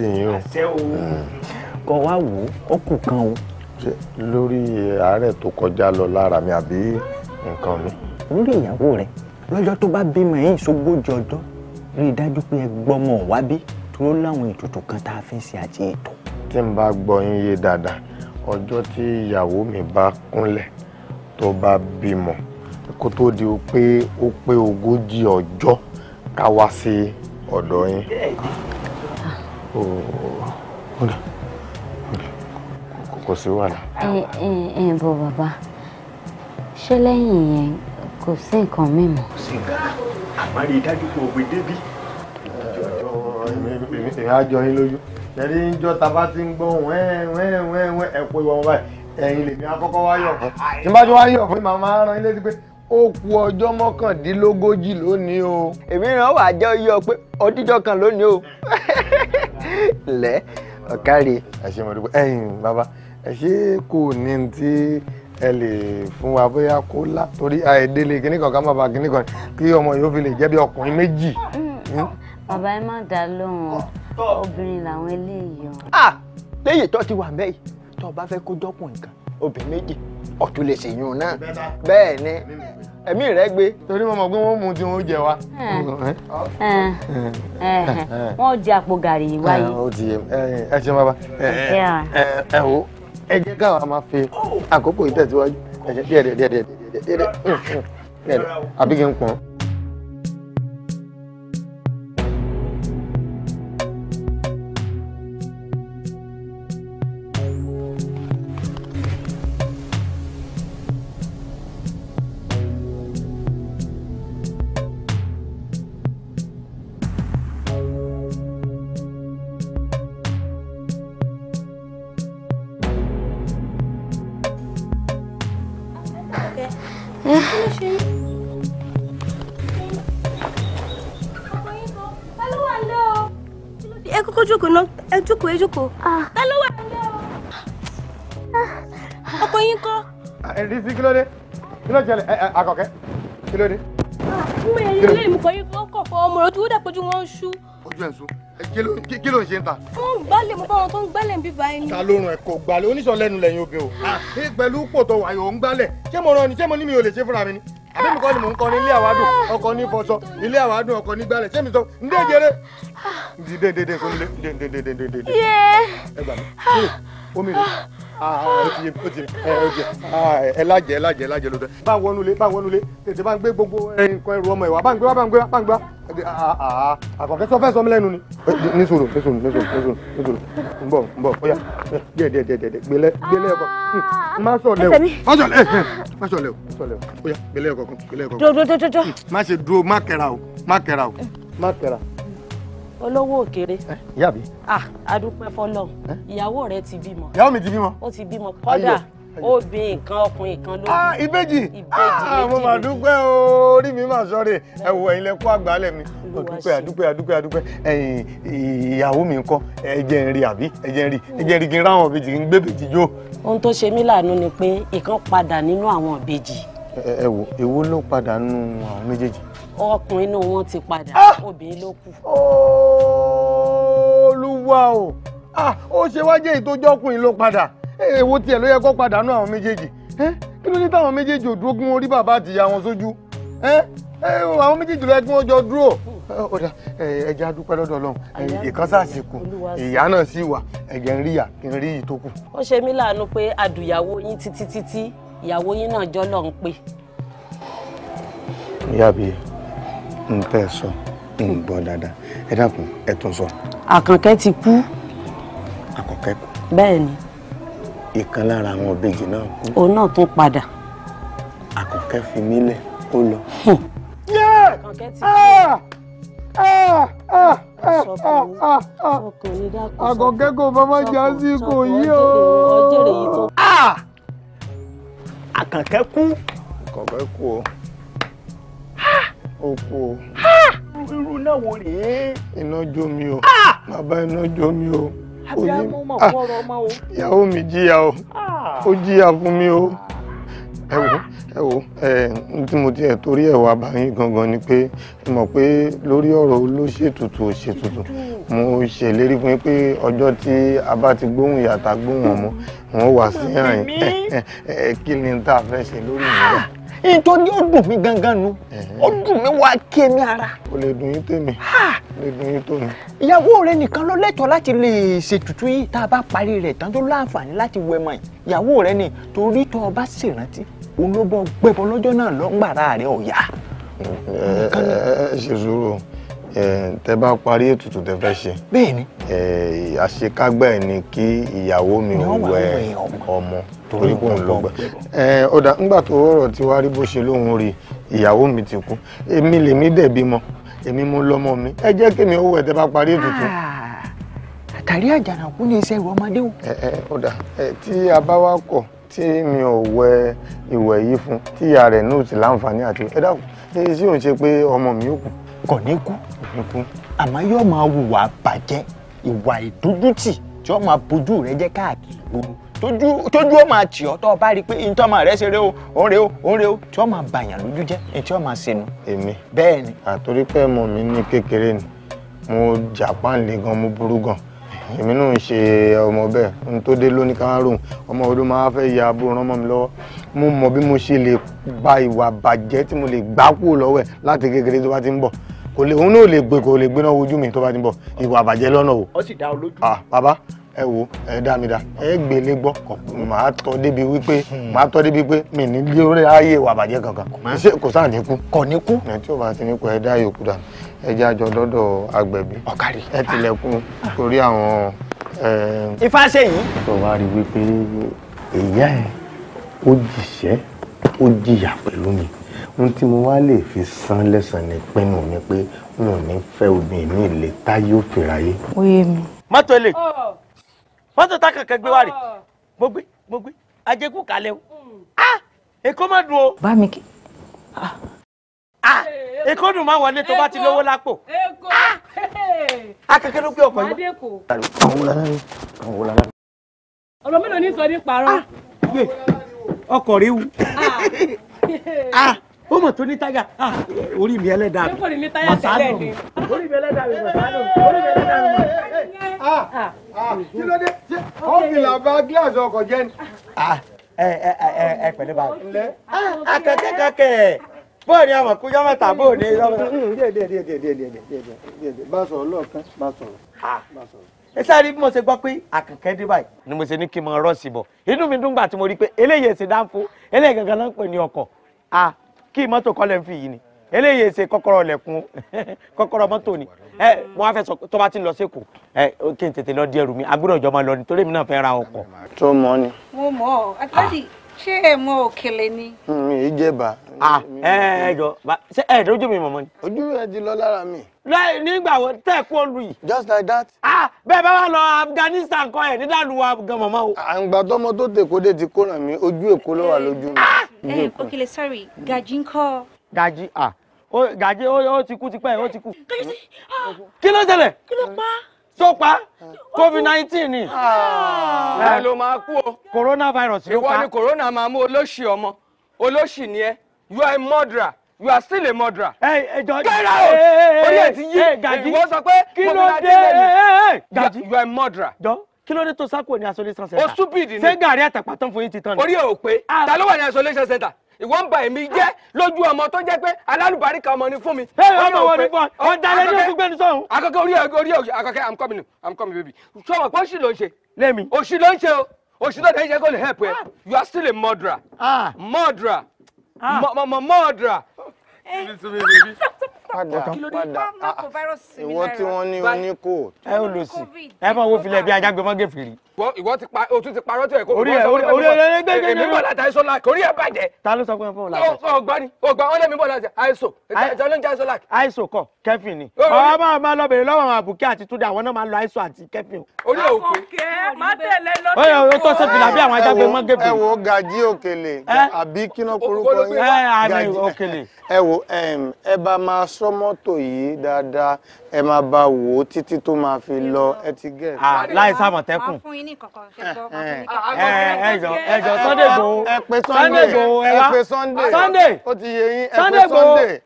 tì yín o kọ wá wò ó kù kan o. lórí àárẹ̀ tó kọjá lọ lára mi àbí nǹkan mi. lórí ìyàwó rẹ lọ́jọ́ tó bá bímọ ẹ̀yìn sógbójì ọjọ́ rí i dájú pé ẹ gbọ́mọ wá bí dúró láwọn ètùtù kan tá a fẹ́ ṣe àti ètò. tí n bá gbọ́ yín yé dáadáa ọjọ́ tí ìyàwó mi bá kúnlẹ̀ tó bá bímọ kó tó di pé ó pé ogójì ọjọ́ ká wá sí ọ̀dọ̀ yín ọ̀dà kò sí wàhálà. ẹ ẹ ẹ bọ bàbá ṣé lẹ́yìn yẹn kò sí nǹkan mi mọ́. àmọ́ rí i dájú pé òwe débí. èmi yín lójú ṣẹ́ni ìjọ ta bá ti ń gbọ́ wẹ́ẹ́wẹ́ẹ́wẹ́ ẹ̀pọ̀ ìwọ̀n báyìí ẹ̀yin lèmi àkọ́kọ́ wá yọ̀ tí n bá tún wá fún mi màá rán ilé ti pé ó ku ọjọ́ mọ́kàndínlógójì lónìí o. èmi náà wà á jẹ́ oyè ọ pé ọdíjọ́ kan lónìí o. lẹ́ ọ̀kárí. ẹ ṣe mo dúpẹ́ ẹ̀yin bàbá ẹ ṣe kò ní ti ẹ lè fún wa bóyá kó lá torí àìdélé kíní kan ká má ba kíní kan kí ọmọ yóò fi lè jẹ́ bí ọkùnrin méjì. Mm. bàbá ẹ má dá lóhùn obìnrin làwọn eléyìí ah léyìí tó ti wà mẹ́yìí tó o bá fẹ́ kó jọ́kùnrin kan obìnrin méjì ọ̀tún lè ṣèyún náà bẹ́ẹ̀ ni ẹ̀mí rẹ̀ gbé torí mo mọ̀ pé wọ́n mú tí wọ́n jẹ wa. wọ́n jẹ àpò gàrí wáyé. ẹ ṣe bàbá ẹ wo ẹ jẹ́ káwa máa fi àkókò ìtẹ̀síwájú ẹ jẹ́ díẹ̀ díẹ̀ díẹ̀ díẹ̀ díẹ̀ díẹ̀ àbí kí n pọ̀n. jókòó ẹ ah. jókòó. ta ló wà nílé o. Ah. ọkọ yín kọ́. Ah, ẹ̀rí sí kí ló dé kí ló jẹlẹ àkọ́kẹ́ kí ló dé. mo yẹ ilé ìmùkọ́ yìí wọ́n kọ̀ fọ́ ọmọ rẹ̀ tó dà pójú wọn ń ṣú. ojú ẹ̀ ń ṣú kí ló ń ṣe ń ta. fún gbálẹ̀ mo bá wọn tó ń gbálẹ̀ ń bí báyìí ni. ta ló ràn ẹ kò gbálẹ̀ oníṣọ́ lẹ́nu lẹ́yìn obìnrin o. pẹ̀lú pòtò àyò ń gbálẹ̀ ṣé mo ràn ni ṣé mo ní mi ò lè ṣe fúnra mi ni àbí mi kọ́ ni mò ń kọ́ ní ilé àwádùn ọkọ ní fọṣọ ilé àwádùn ọkọ ní gbálẹ̀ ṣé mi sọ ń déjere dìde dìde kò ní lé dìde dìde dìde dìde ẹ gbà mí omi rẹ ẹ lájẹ ẹ lájẹ ẹ lájẹ ló dé. bá ń wọnú ilé bá ń wọnú ilé tètè bá ń gbé gbogbo nǹkan ẹrù ọmọ ìwà bá ń gbé wá bá ń gbé wá bá ń gbé wá. àkànfẹ́ sọ fẹ́ sọ mi lẹ́nu ni. ní sùúrù ní sùúrù ní sùúrù ní sùúrù ń bọ̀ ń bọ̀ bóyá díẹ̀ díẹ̀ díẹ̀ díẹ̀ gbélé gbélé ẹ̀kọ́ má sọ lẹ́ o má sọ lẹ́ má sọ lẹ́ o má sọ bóyá gbélé ẹ̀kọ́ kan gbélé ẹ̀kọ́ olówó òkèrè. Eh, ìyá mi. ah adúpẹ́ fọlọ́ eh? ìyàwó rẹ ti bímọ. ìyàwó mi ti bímọ. ó ti bímọ kọ́dà ó bí nǹkan ọkùnrin kan ló bí. ah ìbejì ah mo mà dúpẹ́ o orí mi mà sọ́ọ̀rẹ́ ẹ wò ẹ̀yin lẹ kó àgbálẹ̀ mi adúpẹ́ adúpẹ́ adúpẹ́ adúpẹ́ ẹ̀yin ìyàwó mi ńkọ́ ẹ jẹ́ n rí àbí ẹ jẹ́ n rí ẹ jẹ́ n rí kí n ráwọn ìbejì ń gbé bèjì jó. ohun tó ṣe mí láàánú ni pé ìkan padà nínú àwọn ìbejì. ẹ ẹ wo èwo ló padà nínú àwọn méjèèjì ọkùnrin inú wọn ti padà ah! obìnrin ló kù. olúwa o ah, ó ṣe wá jẹ́ ìtòjọ́kùnrin ló padà eh, èwo tiẹ̀ ló yẹ kó padà nú àwọn méjèèjì eh, kí ló ní táwọn méjèèjì ò dúró gún orí bàbá àtìyá wọn sójú eh, àwọn méjèèjì ló yẹ kí wọ́n jọ dúró ọ̀dà ẹ̀jẹ̀ adúpẹ́ lọ́dọ̀ ọlọ́run ìkọ́sàsìkò ìyá náà sì wà ẹ̀jẹ̀ ń ríyà kí n rí yìí tó kù. ó ṣe mí láàánú pé àdùyàwó yín títí títí ìyàwó yín náà jọ́ lọ́n pé. ìyá àbíyẹ n tẹ́ sọ n gbọ́ dáadáa ẹ dákun ẹ tún sọ. àkànkẹ́ ti kú. àkànkẹ́ kú. bẹ́ẹ̀ ni. ìkan lára àwọn ìbejì náà kú. òun náà tún padà. àkànkẹ́ fi mí lẹ̀ ó lọ. àkànkẹ́ ti kú ah! ah! ah! àkọ́kẹ́ kò bá jà sí kò yí o. àkànkẹ́ kú. àkànkẹ́ kú o. Òpó. Irú náà wo rèé? Iná jó mi o. Bàbá iná jó mi o. Abiyamọ mọ̀ fọ́rọ̀ ah! ọmọ o. Ìyàwó mi jìyà o. Ó jìyà fún mi o. Ẹ wo ẹ wo ẹ tí mo tiẹ̀ torí ẹ̀ wá báyìí gangan ni pé mo mọ̀ pé lórí ọ̀rọ̀ olóṣètùtù òṣètùtù mo ṣèlérí fún yín pé ọjọ́ tí a bá ti gbóhùn ìyàtà gbóhùn ọmọ wọn wà sí àyìn kí ni tá a fẹ́ ṣe lórí ìyàtà nítorí ó dùn mí gangan nu ó dùn mí wá ké mi ara. o lè dùn yín tèmi lè dùn yín tòun. ìyàwó rẹ nìkan ló lẹ́tọ̀ọ́ láti lè ṣètùtù yìí tá a bá parí rẹ̀ tán tó láǹfààní láti wẹ̀ mọ́ ìyàwó rẹ ni torí tó o bá ṣèrántí òun ló bọ́ lọ́jọ́ náà lọ́ngbàrá rẹ̀ ọ̀yà. ẹ ẹ ẹ ṣe sùúrù tẹ bá parí ètùtù tẹ fẹ́ ṣe. bẹ́ẹ̀ni. àṣekágbá ni kí ìyàwó mi ò wẹ ọmọ torí kò ń lọgbà. ó dà ńgbà tó rọrọ tí wàá rí bó ṣe mi ti kú èmi lèmi dẹ̀ bímọ èmi mú lọ́mọ mi ẹ jẹ́ kémi ó wẹ̀ tẹ bá parí ètùtù ah, àtàrí ní iṣẹ́ tí a bá wá tí mi ò wẹ yìí fún tí àti ẹ dákun ṣé ṣe pé ọmọ mi ò kù. kò ní kú àmọ́ yóò máa hùwà bàjẹ́ ìwà ìdójútì tí ó máa bójú rẹ jẹ́ káàkiri gbòòrò tójú ó máa tì ọ́ tó o bá rí i pé ntọ́ máa rẹ́ ṣeré o ó rẹ o ó rẹ o tí ó máa bàyàn lójú jẹ́ ntí ó máa ṣẹnu. èmi bẹ́ẹ̀ ni. pé mo mi ní kékeré ni mo jàpá ńlẹ gan mo burú gan èmi náà ń ṣe ọmọ bẹ́ẹ̀ n tó dé lóní kárùn ọmọ ọdún máa fẹ́ ya abúrò rán mi lọ́wọ́ mo mọ bí mo ṣe lè ba ìwà bàjẹ́ tí mo lè gbá kúrò lọ́wọ́ ẹ̀ láti kékeré tó bá ti ń bọ̀ kò lè òun náà lè gbé kò lè gbéná wojú mi tó bá ti ń bọ̀ ìwà bàjẹ́ lọ́nà o. ó sì dá olójú. ah bàbá ẹ wo ẹ dá mi dá ẹ gbélé gbọ́ màá tọ́ débi wípé màá tọ́ débi pé mi ní lórí ayé wà bàjẹ́ kankan kò sáà ní kú. kò ní kú. ẹ tí o bá ti ní kú ẹ dá yòókù dànù ẹ jẹ́ àjọ lọ́dọ̀ agbẹ̀bí ẹ tilẹ̀kùn torí àwọn. ifá ṣe yìí. sọ wá rí wípé ìyá ẹ ó jìṣẹ́ ó jìyà pẹ̀lú mi ohun tí mo wá lè fi san lẹ́sàn-án ni pinnu mi pé n ò ní fẹ́ obìnrin ní ilé táyé ó fèrè ayé. mi. mọ́tò lè. Oh mọ́tò tákàn kan gbé wá rè ah. mo gbé mo gbé ajẹ́kù kalẹ̀ o hmm. ah èkó má dùn o. bá mi kí. ah, ah èkó dùn má wọlé tó bá ti lówó lápò ah. ah akẹ́kẹ́ ló gbé ọkọ̀ yìí. àwọn wòlá lára àwọn wòlá lára. ọ̀rọ̀ mélòó ní sọ ní parọ́. ọkọ̀ rí wu ah ó mọ̀ tó ní táyà ah, orí mi ẹlẹ́dàá mi màsánù orí mi ẹlẹ́dàá mi màsánù orí mi ẹlẹ́dàá mi màsánù. Ah, ah, kí ló dé ṣé ọ́fìlà bá gíláàsì ọkọ̀ jẹ́ ni. ẹ ẹ ẹ ẹ pẹ̀lú bá a. akẹ́kẹ́ kakẹ́ bóò ni àmọ̀ kú yọ mẹ́ta bóò ni yọ mẹ́ta. Hmm, díẹ̀ díẹ̀ díẹ̀ díẹ̀ díẹ̀ díẹ̀ bá sọ̀rọ̀ lọ́ọ̀kan bá sọ̀rọ̀ bá sọ̀rọ̀ ẹ sáré bí mo ṣe gbọ́ pé àkànkẹ́ dé báyìí ni mo ṣe ní kí n mọ rọ́ọ̀sì bọ̀ inú mi dùn gbà tí mo rí i pé eléyìí ẹ̀sìn dáńfó eléyìí gangan náà ń pè ní ọkọ̀ a kí mọ́tò kọ́lẹ̀ ń fi yìí ni eléyìí ṣe kọ́kọ́rọ́ lẹ̀kùn kọ́kọ́rọ́ mọ́tò ni ẹ mo wá fẹ́ sọ tó bá ti lọ sẹ́kọ̀ọ́ ẹ kí n tètè lọ di ẹrù mi agbọ́dọ̀ jọ máa lọ nítorí mi náà fẹ́ ra ọkọ̀. tó mọ ni. mo mọ àtàdì ṣé ẹ mọ òkèlè ni. èyí jẹ́ bá. ẹ ẹ jọ ṣé ẹ dojú mi mọ̀mọ́ ni. ojú rẹ ti lọ lára mi. láì nígbà wo tẹ́ ẹ kú olú yìí. just like that. ah bẹ́ẹ̀ bá wà lọ Afghanistan kọ́ ẹ̀ nídàlú wa gan mọ̀mọ́ o. àǹgbà tọmọ tó tèkó dé ti kó ràn mí ojú èkó ló wà lójú mi. òkèlè sorry gàjí ń kọ́. gàjí ah gàjí ó ti kú tipẹ́ ó ti kú. kí ló ṣẹlẹ̀. kí ló pa tó pa ah. covid nineteen ni. Ah. Ah. ẹ ló máa kú o. coronavirus ló pa. ìwọ ni corona máa mú olóṣì ọmọ olóṣì ni ẹ you are a murderer you are still a murderer. ẹ ẹ jọ get out orí ẹ ti yí ìwọ sọ pé covid nineteen lè you are a murderer. jọ kí ló dé tó sákò ní isolation center. o stupid ni. ṣé gàrí àtàpà tán fún yín ti tán ni. orí ẹ ò pé ta ló wà ní isolation center ìwọ ń ba èmi jẹ́ lójú ọmọ tó jẹ́ pé alálùbáríkà ọmọ ni fún mi. ọmọ wọn ni fún ọ ọ̀dàlẹ̀ ní oṣù gbẹ́ni sọ̀hún. akọkẹ orí ẹ orí ẹ akọkẹ i'm coming i'm coming baby sọmọ pé òṣì ló ń ṣe. lẹ́mi. òṣì ló ń ṣe o òṣì ló ń ṣe kò lè help ẹ ah. you are still a murderer. murderer murderer padà padà ah, ìwọ tí wọ́n ní oníkò. ẹ ò lò sí ẹ máa wo filẹ̀ bí ajá gbé mọ́gẹ́ fèrè. ìwọ ti pa o tún ti parọ́ tí ẹ̀ kó orí ẹ̀ orí ẹ̀ orí ẹ̀ gbẹ́gbẹ́ èmi bọ̀ láti àìsàn láàkì orí ẹ̀ bàjẹ́. ta ló sọ pé fún un láti. o gbọ́ ni o gbọ́ ọ́n lẹ́mi bọ̀ láti àìsàn ìjà ló ń jẹ́ àìsàn láàkì. àìsàn kọ kẹfìn ni ọwọ́ máa máa lọ bèrè lọ́wọ́ àwọn àbùkẹ́ àti túndé àwọn náà máa lọ àìsàn àti kẹfìn. orí ẹ̀ òkú. má tẹ̀lé lọ́dún. ó yẹ o tó ṣe fìlà bí àwọn ajá gbé mọ́gẹ́ fèrè. ẹ wo gají òkèlè àbí kí sọ mọ́tò yìí dáadáa ẹ máa bá wò ó títí tó máa fi lọ ẹ ti gẹ̀. Ah, láì sàmọ̀tẹ́kùn eh, eh, ẹjọ ẹjọ Sunday Igboho ẹ pè Sunday Igboho ẹ wá Sunday Sunday ó ti yé yín ẹ pè Sunday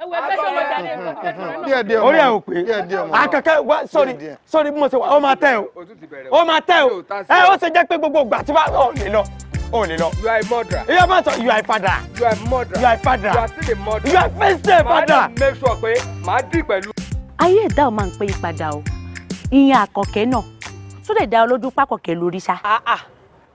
díẹ̀ díẹ̀ ọmọ orí ẹ ò pé akẹkẹ wá sọrí sọrí bí mo ṣe wà ó máa tẹ o ó máa tẹ o ẹ eh, ó ṣe jẹ́ pé gbogbo ìgbà tí wàá lè lọ o lè lọ. you are a murderer. iye bá sọ you are a father. you are a murderer. you are a father. you are still a murderer. you are first day father. máa make sure pé màá dì pẹ̀lú. ayé ẹ̀dá ò máa ń pé ìpadà o ìyẹn àkọ́kẹ́ náà tó lè dá olójú pákọ̀kẹ́ lórí ṣá. Ah, ah.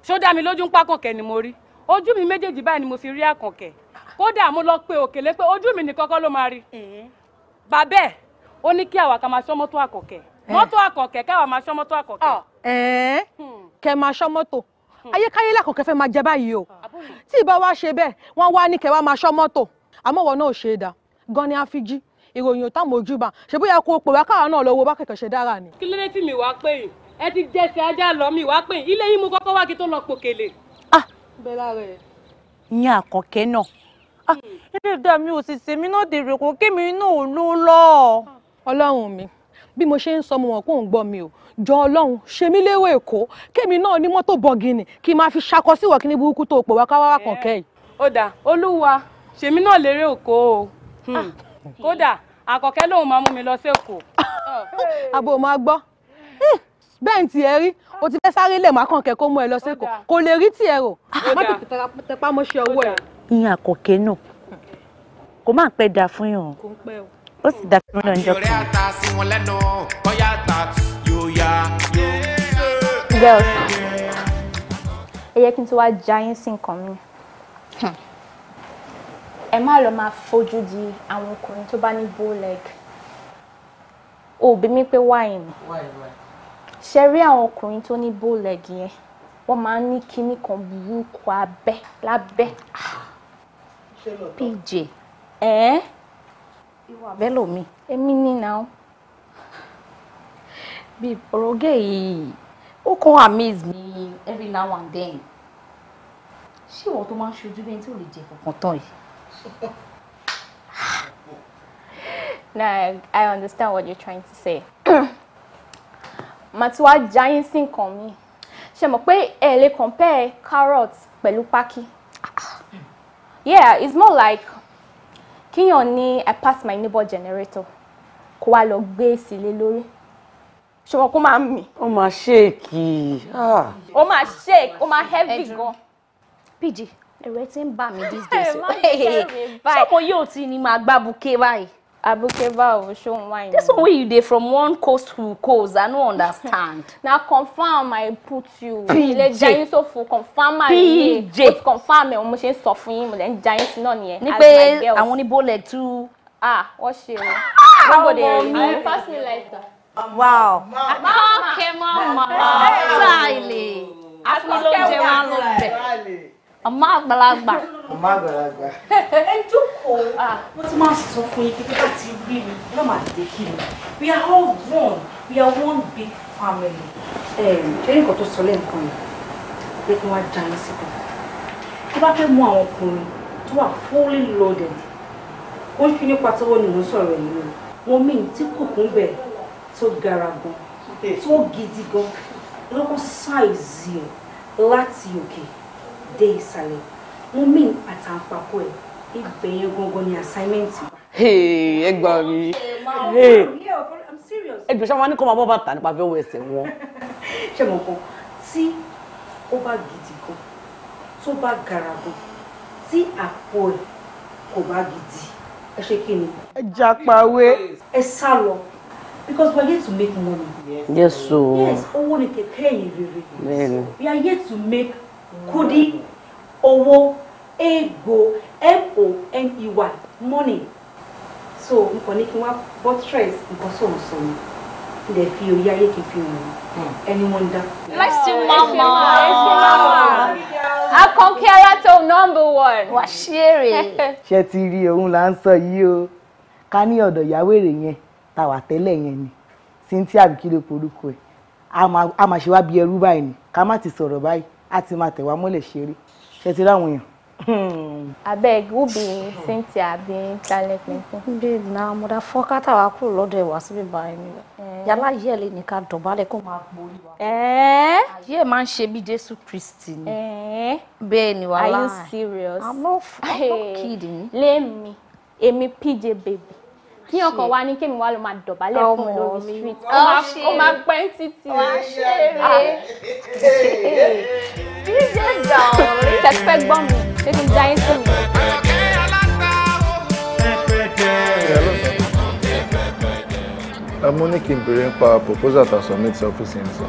ṣó dá mi lójú pákọ̀kẹ́ ni mo rí ojú mi méjèèjì báyìí ni mo fi rí àkànkẹ́ kódà mo lọ pe òkèlè pé ojú mi ni kọ́ ló máa rí. bàbá ẹ̀ ó ní kí àwa ká máa ṣọ́ eh. mọ́tò àkànkẹ́ mọ́tò àkànkẹ́ káwa máa ṣọ́ mọ́tò àkànkẹ́. ẹ ẹ hmm. kẹ máa ṣọ́ mọ́tò ayékáyé lákòókè fẹ́ máa jẹ báyìí o ah. tí ìbá wa ṣe bẹ́ẹ̀ wọ́n wá ní kẹwàá máa ṣọ́ mọ́tò àmọ́ wọn náà ṣe é dá gan ni a fi jí ìròyìn ò táwọn ojú bá ṣe bóyá kó o pè wá káwọn náà lọ́wọ́ bá kẹ̀kẹ́ ṣe dára ni. kí ló dé tí mi wá pè yín ẹ ti jẹsẹ ajá lọ mi wá pè yín ilé yín mo kọ́kọ́ wá kí tó lọ pòkèlè. ah bẹ́ẹ̀ lára ẹ̀. ìyẹn àkànkẹ́ náà ah eré hmm. ìdá mi ò sì sèmi náà dèrè kó kémi náà ò ló lọ. Ah. ọlọ́run mi bí mo ṣe ń sọ mo mọ̀ pé òun gbọ́ mi o jọ ọlọ́run ṣe mí léwé èkó kémi náà ní mọ́tò bọ̀gìnì kí n máa fi ṣakọ sí ìwọ̀kí burúkú tó pè wá ká wá kàn yìí. ó dà olúwa ṣèmi náà lérè òkó o hmm. kódà àkọ́kẹ́ lòun máa mú mi lọ sí àbò máa gbọ́ hmm. bẹ́ẹ̀ ti ẹ rí o ti fẹ́ sáré lẹ̀ máa kàn kó mú ẹ lọ sí kò lè rí tiẹ̀ rò má tètè tẹpá mọ́ṣẹ́ owó ẹ̀. ìyẹn àkọ́kẹ́ náà kò máa pẹ́ da fún yàn. kò ń pẹ́ o ó sì dàbí rúnà ọjọ́ kan. girls ẹ yẹ kí n tó wá jayín sí nǹkan mi hmm. ẹ má lọ máa fojú di àwọn ọkùnrin tó bá ní bow leg ó bí mi pé wáìn ṣe rí àwọn ọkùnrin tó ní bow leg yẹn wọ́n máa ń ní kinní kan burúkú abẹ́ lábẹ́ pj ẹ̀ẹ́. Eh? ìwà bẹ́lò mi èmi ní now bí ọ̀rọ̀gẹ́ yìí ó kàn amaze me every now and then ṣé ìwọ tó máa ń ṣojú bẹ́ẹ̀ tí ò lè jẹ kankan tán yìí. now I, understand what you're trying to say. màá ti wá jáyín sí nǹkan mi ṣe mọ̀ pé ẹ lè compare carrot pẹ̀lú pákí. Ah, ah. yeah it's more like kíyàn ní i pass my neighbor generator kó wá lọ gbé èsì lé lórí ṣùgbọ́n kó máa ń mì. ó máa ṣèkì. Ah. ó máa ṣèkì ó máa heavy gan. pidgey ẹ̀rọ ẹ ti ń bà mí these days o ṣé kò yóò ti ní máa gbá buké báyìí abukeba of wine. This one way you dey from one coast to coast, I no understand. na confirm I put you. PJ. jẹun so fún confirm I PJ. O ti confirm ẹ̀ o mo ṣe ń sọ fún yín mo lẹ́ ń jẹun sí náà nìyẹn. Ní pé àwọn oníbó lẹ̀ tú. Ah, wọ́n ṣe o. Ah! Gbogbo de mi. Pass me lighter. Wow. Má ọkẹ́ mọ́ mọ́. Táàlì. Àfi ló ń jẹ wá lọ bẹ̀ ọmọ àgbàlagbà. ọmọ àgbàlagbà. ẹ jókòó mo ti máa sọ fún yín pé láti rí mi ló máa dé kí mi we are all one we are one big family. ẹ ṣé nǹkan tó sọ lẹ́ẹ̀kan yìí pé kí wọ́n á já yín síbẹ̀ tí bá fẹ́ mú àwọn ọkùnrin tó wà fully loaded ó ń fi nípa tọwọ́ ni mò ń sọ̀rọ̀ yìí o wọ́n mí tí kòkó ń bẹ̀ tó gara gan tó gidi gan lọ́kọ̀ sáìzì ẹ̀ láti òkè. Okay dé ìsàlẹ̀ mo mí àtàǹpàkò ẹ̀ ibẹ̀ yẹn gangan ni assignment wa. ẹ gbà mí ẹ jọ ṣáwọn anìkọ́ máa bọ́ bàtà nípa fẹ́ wọ ẹsẹ̀ wọn. ṣé mo kọ tí ó bá gidi gan tó bá gara tí àpò ẹ̀ kò bá gidi ẹ ṣe kí ni. ẹ jàpàwé. ẹ sá lọ because we are here to make money. yes, yes so. yes owó ni kẹkẹ yìí rere. bẹ́ẹ̀ni. we are here to make kudi owo, ego money money so nǹkan ní kí wọ́n buttress nǹkan sọ̀rọ̀ sọ̀rọ̀ ilẹ̀ fi oyè ayé kì í fi hàn hmm. ẹni wọ́n ń dá. láti mama akọ́kẹ́ alátọ̀ number one wà ṣeré. ṣé ti rí òun là ń sọ yìí o ká ní ọ̀dọ̀ ìyáwèrè yẹn tá wà tẹ́lẹ̀ yẹn ni cynthia abikile porúkọ ẹ̀ a máa ṣe wá bí ẹrú báyìí ni ká má ti sọ̀rọ̀ báyìí a máa tẹ̀wá mọ́lẹ̀ ṣeré ṣe ti ráwọn èèyàn. abeg who be cynthia abi talent person. babe na motherfucker tàwa kúrò lọ́dọ̀ ẹ̀ wá síbí báyìí mi yàrá yìí lè ní ká dọ̀bálẹ̀ kó máa gbórí wa. Eh? ayé máa ń ṣe bí jésù kristi ni. Eh? bẹ́ẹ̀ ni wàhálà are you serious. i'm not, I'm not kidding. lẹ́mi èmi pj baby kí ọkọ wa ní kémi wa ló máa dọ̀bálẹ̀ fún mi lórí street ó máa pẹ́ títì rẹ̀ ṣeré díje dàn ṣẹpẹ́ gbọ́n mi ṣé kí n dá yín sí mi. mo ní kí n béèrè nípa proposal to submit office in sọ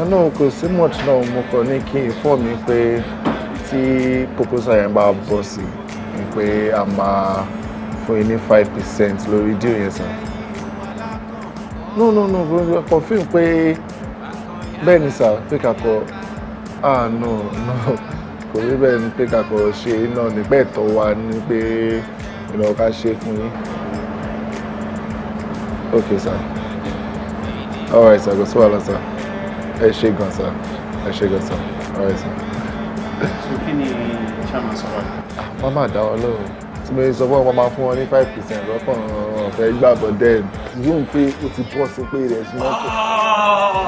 àná kò sí much náà mo kàn ní kí n fọ́ mi pé proposal yẹn bá bọ́ sí i pé fún yín ní five percent lórí díò yẹn sàn. no no no Confirm, fi hàn pé bẹ́ẹ̀ ni sà pé kakọ ah no no kò rí bẹ́ẹ̀ ni pé kakọ ṣe náà nígbà ẹ̀tọ́ wa ni pé ìnáwó ká ṣe fún yín. okay sir all right sir kò sí wàhálà sir ẹ ṣe gan sir ẹ ṣe gan sir all right sir. so kí ni chairman sọ wá. Ah, mama dáwọ́ lóhùn mo ṣe sọ fún ọmọ máa fún wọn ní five percent lọ́kàn ọ̀fẹ́ gbàgbọ́ dẹ́n ìwé ń pé ó ti bọ́ sí pé rẹ̀ sí mọ́tò.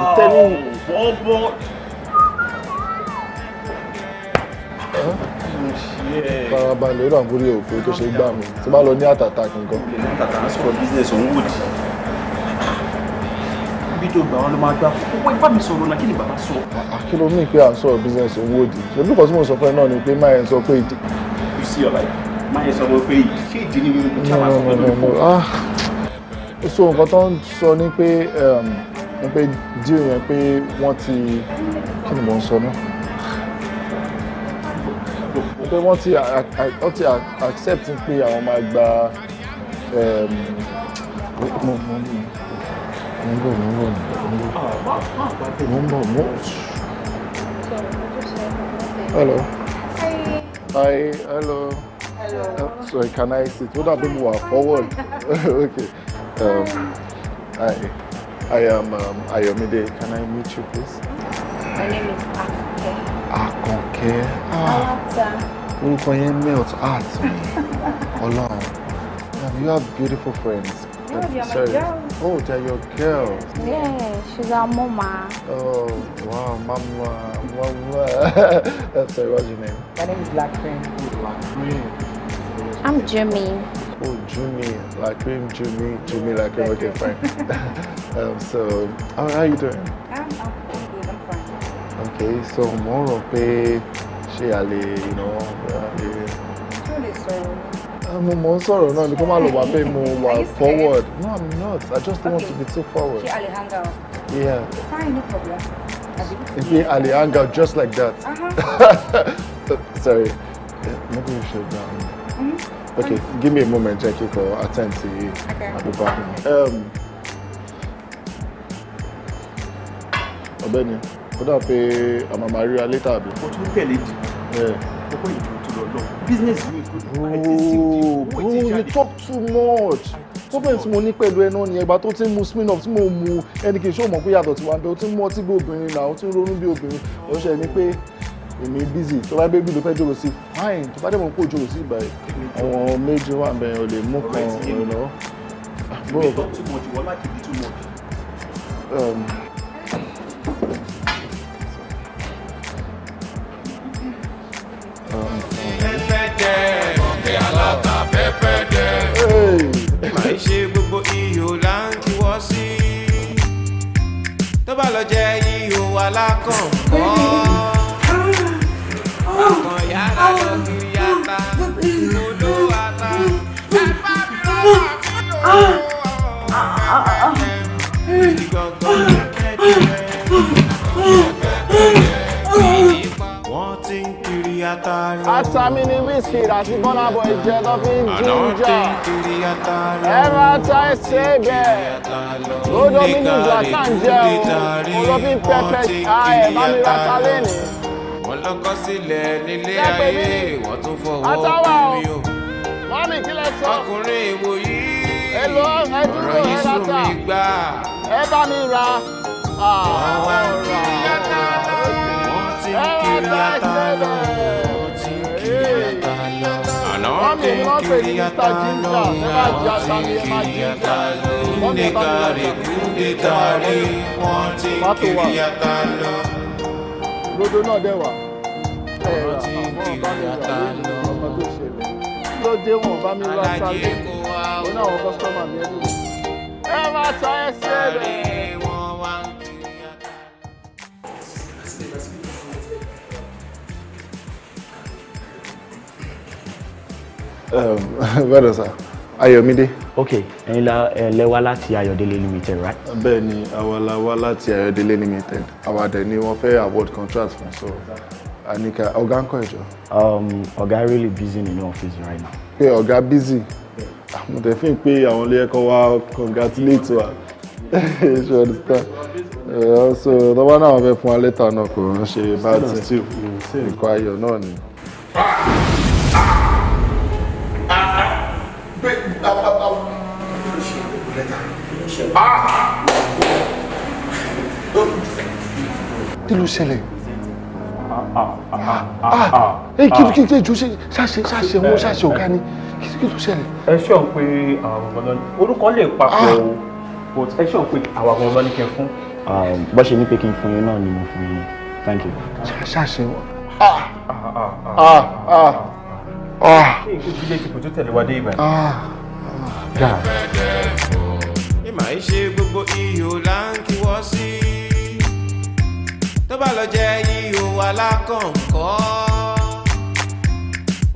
ìtẹ́lẹ̀ ah, wọ́n bọ́. farabalẹ̀ ó ràn òfin tó ṣe gbà mí tí bá lọ ní àtàtà kankan. àtàtà sọ̀rọ̀ business òun wò di fídíò gbà wọn ló máa gbà owó ipá mi náà kí ni bàbá sọ. akérò pé à ń sọ̀rọ̀ business owó òdì ṣe bí sọ fún ẹ náà ni pé máa ń sọ pé. you see your life máa sọ wọn pé yìí ṣé ìdí ni mi ò ṣàwọn sọ wọn lórí fún. so nǹkan tó ń sọ ni pé ni pé díò yẹn pé wọ́n ti kí ni mò ń sọ náà pé wọ́n ti wọ́n ti accept pé àwọn máa gba mo ń bọ̀ mo ń bọ̀ hello hi hello. Uh, sorry, can I sit? Ó dàbí mo wà forward. okay. Um, I, I am um, Ayomide. Can I meet you, please? My name is Akonke. Akonke. Ah. Alata. Orúkọ yẹn melt heart me. Ọlọ́run. You have beautiful friends. No, they are Sorry. my girls. Oh, they are your girls. Yeah, she's our mama. Oh, wow, mama, mama. Sorry, what's your name? My name is Black Queen. Black Queen. I'm Jimmy. Oh, Jimmy, like him, Jimmy, Jimmy, like him. Okay, fine. um, so, how are you doing? I'm, I'm good. I'm fine. Okay, so more of a ṣe àlè ìná àlè. ṣé o lè sọ̀rọ̀ mi. Ah, mo mọ̀ ń sọ̀rọ̀ náà ni kó forward no i'm not i just don't okay. want to be too forward. ṣé àlè hang out. yeah. fine no problem. ìpè àlè hang out just like that. Uh -huh. sorry maybe you should. Um, Okay, give me a moment, check it or attend to you. Okay. Um, ọ̀gbẹ́ni kó dà pé àmà máa rí alẹ́ tàbí. o tún tẹ̀lé di ọkọ ìjọ tó lọ business yìí kò dùn you talk too much problem tí mo ní pẹ̀lú ẹ náà ni mu spin off tí mo mu ẹnì kì í ṣó mọ̀ pé yàtọ̀ tiwa èmi busy tó bá bébí ló fẹ́ jókòó sí fine tó bá dẹ̀ mọ̀ kó jókòó sí ìbàrẹ̀ àwọn méjì wà bẹ̀rẹ̀ ò lè mú kan ìrànlọ́wọ́. bro you talk too much you like too much. Um, máa um, ṣe gbogbo ihò là ń kíwọ́ sí tó bá lọ jẹ́ ihò alákàn asami ni Wizkid àti Burna Boy jẹ́ tó fi ń jíjà ẹ̀rọ ata ẹsẹ̀ bẹ́ẹ̀ ó dominic blackman jẹ́ o ó lọ fi pẹpẹ ayẹ bami rata lẹ́nu. wọ́n lọ́kọ sílẹ̀ nílé ayé wọ́n tún fọwọ́ kú o mọ́mí kí lẹ sọ ọkùnrin ìwò yìí ọ̀rọ̀ yìí sùn mí gbà ẹ bá mi ra àwọn ọ̀rọ̀ àwọn ọ̀rọ̀ ẹ wá bá ẹ Àná mi wọ́n pè ní Mr. Ginger, ẹ má jẹ́ ata ni ẹ má ginger. Kúndé kárì kúndé kárì wọ́n ti kiri ata lọ. Rodo náà dẹ̀ wá. Wọ́n ti kiri ata lọ. Ló dé wọn bá mi lọ sáré. Ó náà wọ́n kọ́sítọ́mà mi ẹ́ dùn. Ẹ má ta ẹsẹ̀ rẹ̀. bẹ́ẹ̀ um, sà ayọ̀mídé. ok ẹ̀yin la ẹ lẹ́wà láti ayọ̀délé limited right. bẹ́ẹ̀ ni àwa la wá láti ayọ̀délé limited àwa dẹ̀ ni wọ́n fẹ́ award contract fún so anika ọ̀gá ń kọ́ ẹ̀jọ́. Um, ọ̀gá really busy nínú ọ́fíìsì right now. pé ọ̀gá busy mo tẹ̀ fi ń pé àwọn ilé ẹ̀kọ́ wa congratulate wa ṣe understand so tọ́wọ́ náà fẹ́ fún wa lẹ́tà náà kò ń ṣe bá ti tí nǹkan ayọ̀ náà ni. Ah! Ah! kí ló ṣẹlẹ̀ ẹ kí kí kí ju ṣàṣe ṣàṣe wọn ṣàṣe ọ̀gá ni kí ló ṣẹlẹ̀. ẹ ṣọ́ pé àwọn ọmọ lọ́nà orúkọ lè papọ̀ ah! o but ẹ ṣọ́ pé àwọn ọmọ lọ́nà kẹ fún. Um, bó ṣe ní pé kí n fún yín náà ni mo fún yín thank you. ṣàṣe wọn. kí n kú jíjẹ́ ti kò tó tẹ̀lé wa dé ibà. Ah, ah máa ṣe gbogbo ihò là ń kí wọ́n sí tó bá lọ jẹ́ ihò alákọ̀ọ́kọ́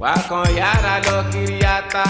wà á yára lọ kiri ata.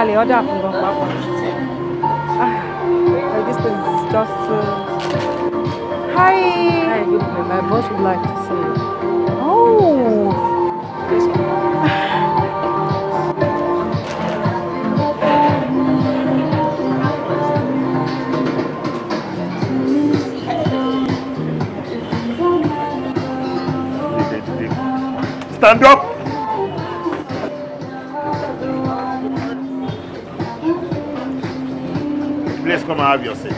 la lè ọ́dà fún gan ah this thing is just Uh... hi. hi good morning my boss would like to see you. oh. Stand up! come and have your seat.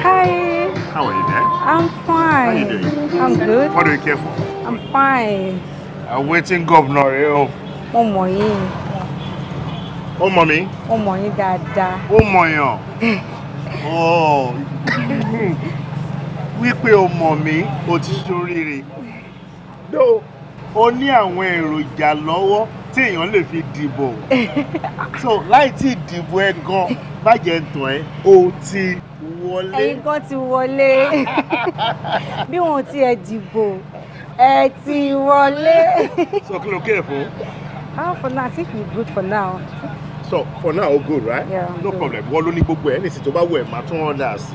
Hi. How are you there? I'm fine. How are you doing? I'm good. What do you care for? I'm fine. I'm waiting, Governor. Eh, oh. Oh, oh, mommy. Oh, mommy. Oh, mommy, dada. Oh, mommy. Oh. Wípé o mommy, mí, o ti ṣoríire. Dóò ó ní àwọn èròjà lọ́wọ́ tí èèyàn lè fi dìbò so láì tí ì dìbò ẹ gan bàjẹ́ tọ̀ ẹ́ o ti wọlé. ẹ̀yin kan ti wọlé bí wọn ti ẹ dìbò ẹ ti wọlé. so kí ló kẹ́ ẹ̀ fún. ah for now i think we good for now so for now all good right yeah, no good. problem wọ́n ló ní gbogbo ẹ̀ nísìsiyìí tó bá wù ẹ́ máa tún ọ̀dà sí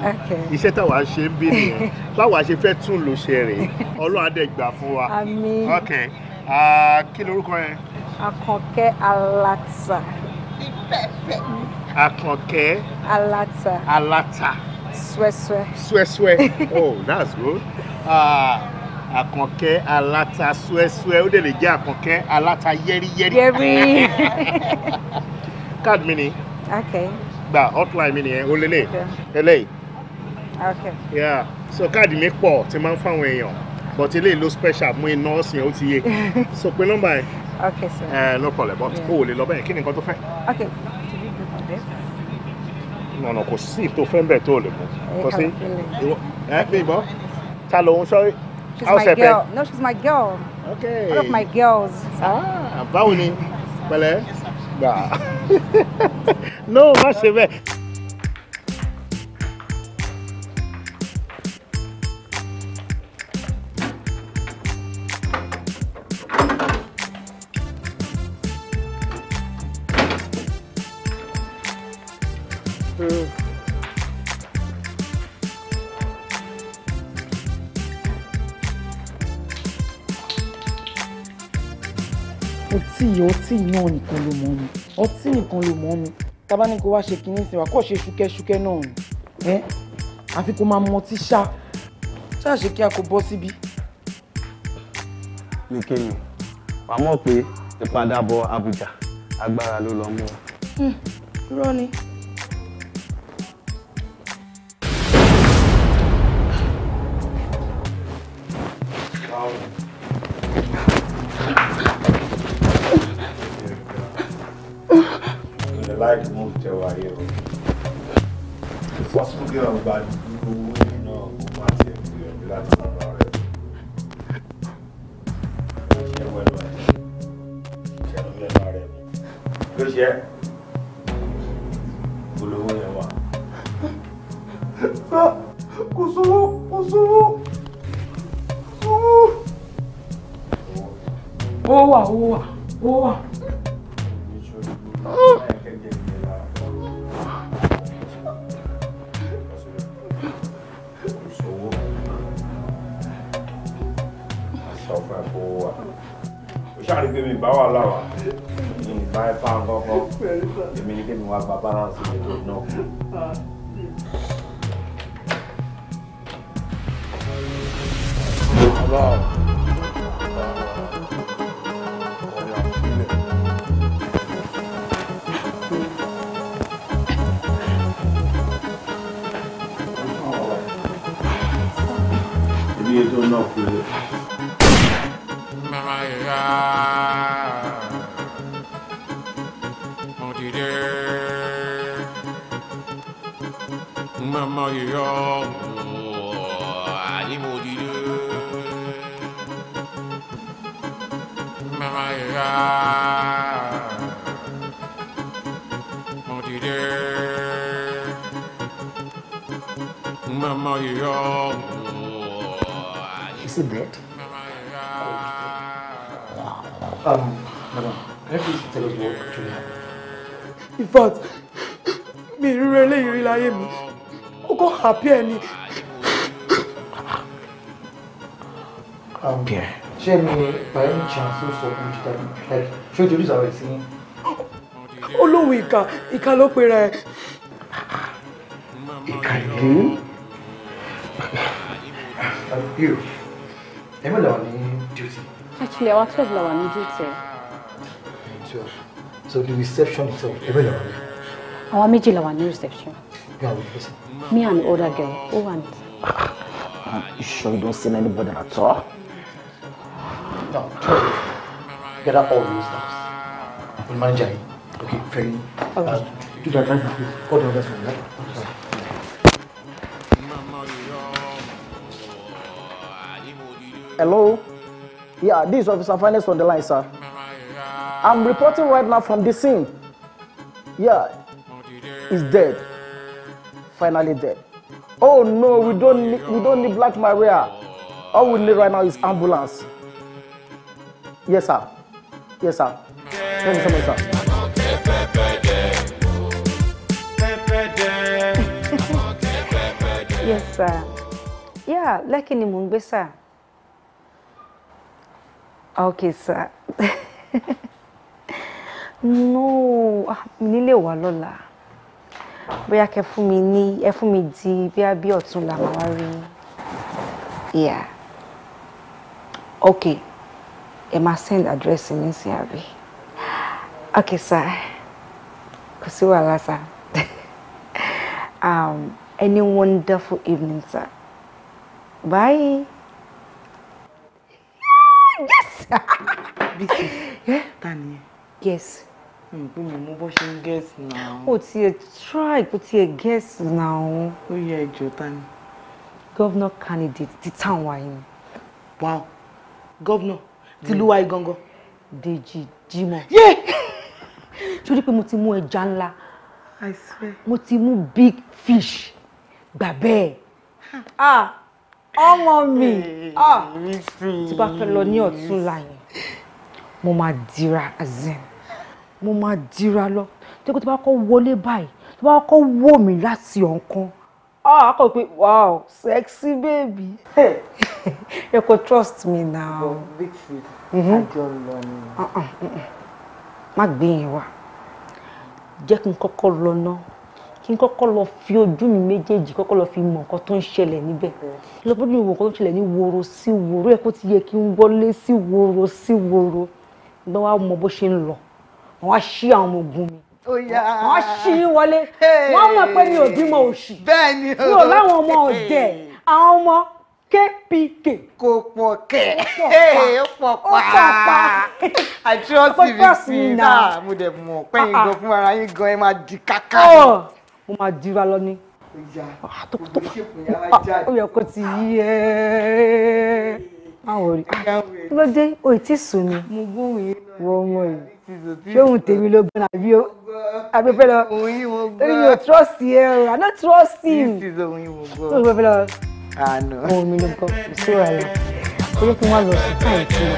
i iṣẹ́ táwa ṣe ń bí nìyẹn báwa ṣe fẹ́ tún lò ṣe rè ọlọ́run adé gbà fún wa ok kí lorúkọ yẹn. Àkànkẹ́ Aláta. Àkànkẹ́. Aláta. Aláta. Swẹ́swẹ́. Swẹ́swẹ́ oh that's good. Uh, àkànkẹ́ alata suẹ́suẹ́ ó dẹ̀ lè jẹ́ àkànkẹ́ aláta yẹ́rìyẹ́rì. yẹ́rì card mini. okay. gba hotline mini. nìyẹn o lélẹ̀ eléyìí. okay. yeah so card mi pọ̀ tí máa ń fáwọn èèyàn but eléyìí ló special mú iná ọ̀sìn ó ti yé so pé nọ́mbà yẹn. okay sir. ẹ uh, eh, no problem but o ò lè lọ bẹ́ẹ̀ kí ni nǹkan tó fẹ́. okay to be good for this. ọ̀nà kò sí ìtò fẹ́ bẹ́ẹ̀ tó lè mú kò sí ẹ eh, bí ìbọn ta ló ń sọ. She's my girl. No, she's my girl. Okay. One of my girls. Ah, báwo ni? Pẹ̀lẹ́ gbà no má ṣe bẹ́ẹ̀. ọtí náà nìkan ló mọ̀ ọ́nu ọtí nìkan ló mọ̀ ọ́nu tábà ní kó wá ṣe kinní sí wa kó ṣe ṣúkẹ́ṣúkẹ́ náà ni ẹ àfi kó máa mọtí ṣá ṣáà ṣe kí a kó bọ́ síbí. ní kéèyàn wà á mọ̀ pé ìpadàbọ̀ Àbújá agbára ló lọ mú wa. Hmm, irọ́ ni. Wow. like move to wá yẹ o possible girl gba dúró owó iná o máa ti ẹ̀ gbìyànjú láti máa bá rẹ̀ o ṣe wẹ́n lọ ṣe ló mẹ́fà rẹ̀ mi ló ṣe olówó yẹn wà. Ah, kò sówó kò sówó ah. àpò wa ó ṣàrí pé mi bá wà láwà mi bá ẹ pa nǹkan kan èmi ní kémi wá gba balance mi tó náà. Wow ìhà. Is he dead? Um, madam, can you please tell us what actually happened? In fact, me rí rẹ léyìí rí láyé happy ẹ ni. Um, ṣé mi by any chance ló sọ fún jíjà bí? Like, ṣé o ti olùsàwọ̀ ẹ̀ sí yín? Olóhùn ìka, ìka ló pera ẹ. Ìka ìlú? You, ẹ mọ̀ actually our twelve la wà it date. twelve so the reception itself ẹgbẹ́ la wà ní. àwa méjì la wà reception. Yeah, are me and older girl who want. you sure you don't see anybody at all. No. Get up all these staffs We'll manage it. okay very. All right. do that right now Go call the others from Hello. Yeah, this is Officer Finest on the line, sir. I'm reporting right now from the scene. Yeah, he's dead. Finally dead. Oh no, we don't need, we don't need Black Maria. All we need right now is ambulance. Yes, sir. Yes, sir. Thank you so much, sir. yes, sir. Yeah, Lekki ni mò ń sir. Okay, sir. no, ah, nílé wa lọ́la. Bóyá kẹ́ fún mi ní ẹ fún mi di bóyá bí ọ̀tún la máa wá Yeah. Okay. Ẹ máa send address mi sí àbí. Okay, sir. Kò sí wàhálà, sir. um, any wonderful evening, sir. Bye bísí ta ni guess. pé mi mú bó ṣe ń guess náà. o tiẹ̀ try kó tiẹ̀ guess náà. ó yẹ ẹjọ́ ta ni. governor candidate ti town wa yìí. wow governor ti lúwa mm. yìí gangan. Dèjì Jímọ̀. torí pé mo ti mú ẹja ńlá mo ti mú big fish gbà bẹ́ẹ̀. ah ọmọ mi ah, tí bá fẹ́ lọ ní ọ̀tún láyìn mo máa dira zen mo máa dira lọ tó kó tó bá kọ́ wọlé báyìí tó bá kọ́ wò mí láti ọ̀kan ah kò wow sexy baby ẹ kò trust me now. big food àjọ lọ ni. Uh-uh, má gbé yẹn wá jẹ́ kí n kọ́kọ́ lọ náà kí n kọ́kọ́ lọ fi ojú mi méjèèjì kọ́kọ́ lọ fi mọ nǹkan tó ń ṣẹlẹ̀ níbẹ̀ lọ́pọ̀jù mi wò nǹkan tó ń ṣẹlẹ̀ ní woro sí woro ẹ̀ kó ti yẹ kí n wọlé sí woro sí woro ìgbà wa mọ bó ṣe ń lọ wọn á ṣí àwọn ogun mi wọn á ṣí wọlé wọn á mọ̀ pé mi ò bímọ òṣì mi ò láwọn ọmọ ọ̀dẹ̀ àwọn ọmọ kpk. kò pọ̀ kẹ̀ ó pọ̀ pa àti ọ̀sìn mi sí i náà ah, mo dẹ̀ mọ̀ pẹ́yìn ah, ah. gan fún ara yín gan ẹ máa di kákà. Oh mo máa dira lọ ni. Ah, ah, ó yẹ kó ti yí ẹ máwọn rí ah, kí ló dé sùn ni wọ ọmọ yìí ṣé òun tèmi ló gbọ́n àbí o àbí fẹ́ lọ torí mi ò ẹ o i no trust him tó ń fẹ́ lọ ohun mi ló gbọ́ sí wàhálà ó yẹ kí wọ́n lọ sí káàkiri.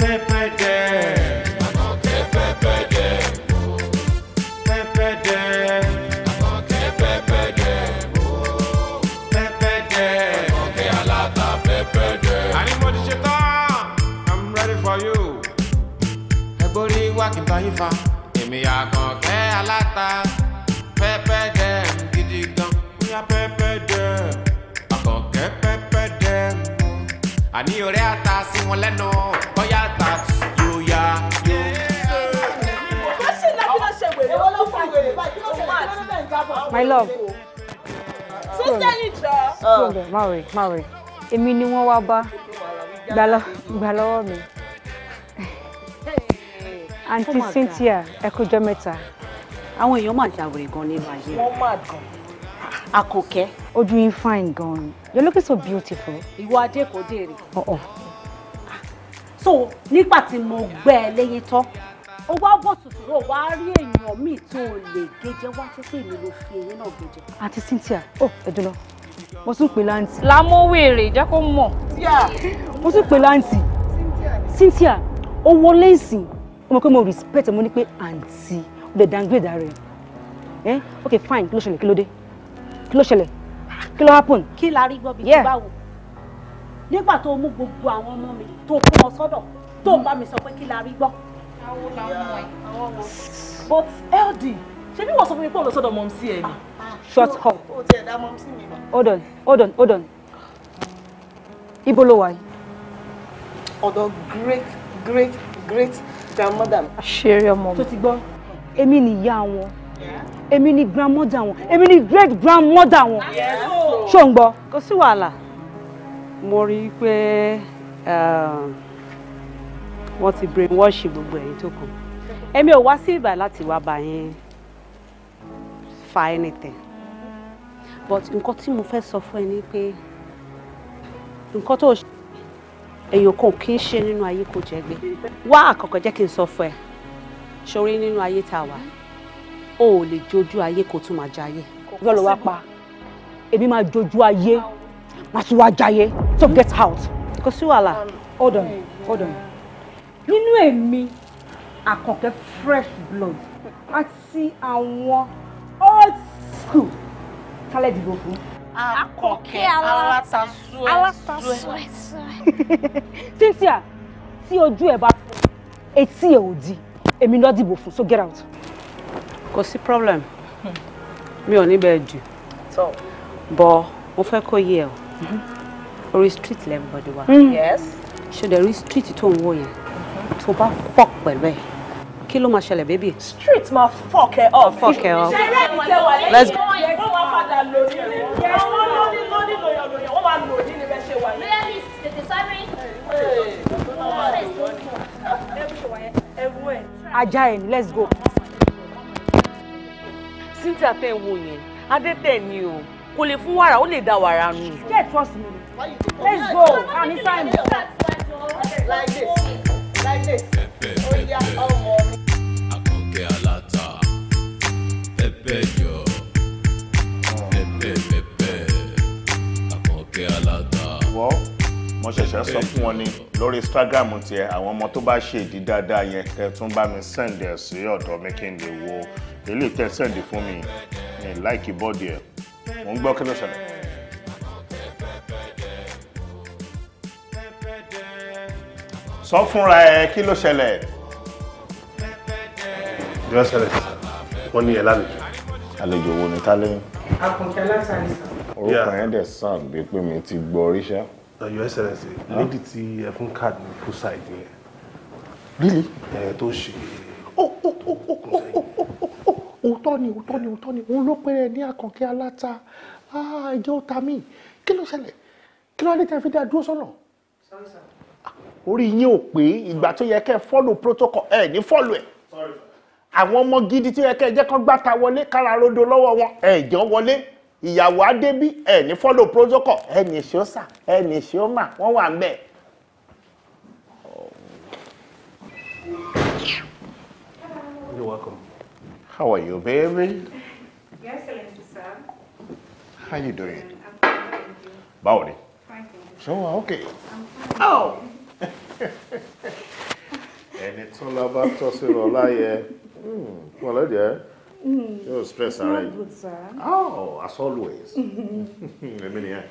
pẹpẹ dẹ. driver. èmi àkànkẹ́ aláta pẹ́pẹ́ dẹ́m gidi gan. bóyá pẹ́pẹ́ dẹ́m àkànkẹ́ pẹ́pẹ́ dẹ́m. àní ọ̀rẹ́ ata sí wọn lẹ́nu bóyá ta yóò ya My love. Sísẹ́ni jọ. Má wẹ̀ má wẹ̀. Èmi ni wọ́n wá bá. Gbà lọ́wọ́ mi àǹtí Cynthia ẹ kújọ́ mẹ́ta. àwọn èèyàn máa jáwèrè gan ní báyìí. wọ́n máa gan. àkànkẹ́. ojú yín fine gan you're looking so beautiful. ìwọ adé kò dèrè. ọ̀ọ̀. so nígbà tí mo gbẹ́ ẹ lẹ́yìn tán ó wá bọ̀ tùtùrọ̀ wá rí èèyàn míì tó o lè gẹ́jẹ́ wá sí sí èmi ló fi èyí náà gẹ́jẹ́. àti Cynthia ó oh, ẹjọ lọ mo tún pè láǹtì. lámúwèrè jẹ́ kó mọ̀. mo tún pè láǹtì Cynthia owó lẹ́sìn mọ̀ pé mo respect mo ní pé àǹtí ó lè downgrade ara ẹ̀ eh? ok fine kí ló ṣẹlẹ̀ kí ló dé kí ló ṣẹlẹ̀ kí ló happen. kí la rí gbọ́bi tó bá wò nígbà tó mú gbogbo àwọn ọmọ mi tó kó wọn sọ́dọ̀ tó bá mi sọ pé kí la rí gbọ́. but ld ṣé bí wọ́n sọ fún mi pé òun lọ sọ́dọ̀ mọ̀ sí ẹ̀ ni. shut up. hold on hold on hold on ibo ló wà yìí. ọ̀dọ̀ great great great grandmother Share your ọmọ mi. tó ti gbọ́ èmi ni ìyá wọn èmi ni grandmother wọn èmi ni great grandmother wọn ṣó ń gbọ́. kò sí wàhálà mo rí i pé um, wọ́n ti brainwash gbogbo ẹ̀yin to kù èmi ò wá sí ìgbà láti wá bá yín fa anything but nǹkan tí mo fẹ́ sọ fún ẹ ni pé nǹkan tó èèyàn kan kì í ṣe nínú ayé kò jẹgbẹ́ wá àkọ́kọ́ jẹ́ kí n sọ fún ẹ ṣorí nínú ayé tá a wà o ò lè jojú ayé kó tún máa jayé. yọ̀ọ́ ló wá pa èmi máa jojú ayé máa tún wá jayé so get out. kò sí wàhálà. Um, hold on hold on nínú èmi àkànkẹ́ fresh blood àti àwọn old school kálẹ̀ dìbò fún a kọ̀kẹ́ alátasú ẹ̀. Cynthia tí ojú ẹ bá fọ etí ẹ ò di èmi ló dìbò fún so get out. kò sí problem mi ò níbẹ̀ jù bọ mo fẹ́ kó yé ẹ o orí street lẹ́nu bọ́dé wa ṣe dẹ̀ rí street tó ń wò yẹn tó bá fọ́ pẹ̀lú ẹ̀ kí ló máa ṣẹlẹ̀ bébì. street ma fuck ẹ up. fuck ẹ up. ṣẹlẹ̀ ní tẹwà lẹ́yìn let's go. wọ́n máa padà lórí rẹ̀ wọ́n lórí lórí lórí lórí wọ́n máa lòdì ní bẹ́ẹ̀ ṣe wà yẹn. bóyá tètè sáré. ajá ẹ̀ ní let's go. cynthia tẹ́ ń wo yẹn adé tẹ̀ ni o kò lè fún wàrà ó lè da wàrà nù. jẹ́ trust me let's go àmì sáà mi. like this like this. Oh yeah, oh, oh. ẹ̀bẹ̀yọ̀ ẹ̀bẹ̀bẹ̀bẹ̀ àkànkẹ́ alága. wọ́n mo ṣẹ̀ṣẹ̀ sọ fún wọn ni lórí instagram tiẹ̀ àwọn ọmọ tó bá ṣe ìdí dáadáa yẹn kẹ́ tún bá mi send ẹ̀ sí ọ̀dọ̀ mi kí n lè wo ilé tẹ́ send fún mi ní láìkí bọ́ọ̀dì ẹ̀ mo ń gbọ́ kí ló ṣẹlẹ̀. sọ fúnra ẹ kí ló ṣẹlẹ̀. ìjọba ṣẹlẹ̀ wọ́n ní ẹ̀ lálejò àlejò wo ni tálẹ́yìn. àkùnkẹ́ aláṣàlẹ̀ sàn. orúkọ yẹn dẹ̀ sàn bí pé mi ti gbọ́ oríṣẹ́. Uh, your excellency lady ti ẹ fún káàdì ní poolside yẹn. líle. ẹ tó ṣe. òótọ́ ni òótọ́ ni òótọ́ ni òun ló pé ẹ ní àkànkẹ́ aláta ah, ẹjọ́ ta mí kí ló ṣẹlẹ̀ kí ló lè tẹ́ fi dá dúró sọ́nà. Ah, orí yín ò pé ìgbà tó yẹ kẹ́ ẹ fọ́lù protocol ẹ ní fọ́lù ẹ̀. sorry àwọn ọmọ gidi tí ẹkẹ jẹ́ kán gbàtà wọlé kára rodo lọ́wọ́ wọn ẹ̀jọ́ wọlé ìyàwó adébí ẹ̀ ní follow protocol ẹ̀ ní ṣọ́sà ẹ̀ ní ṣọ́mà wọ́n wà ń bẹ̀. You're welcome. How are you, baby? Yes, Excellency, sir. How you doing? I'm fine, thank you. Báwo ni? Fine, So, okay. Oh! Ẹni tó lọ bá tọ́ sí lọ láyé. Hmm, well, there. Mm. You're stressed, all right? good, sir. Oh, as always. Let me hear.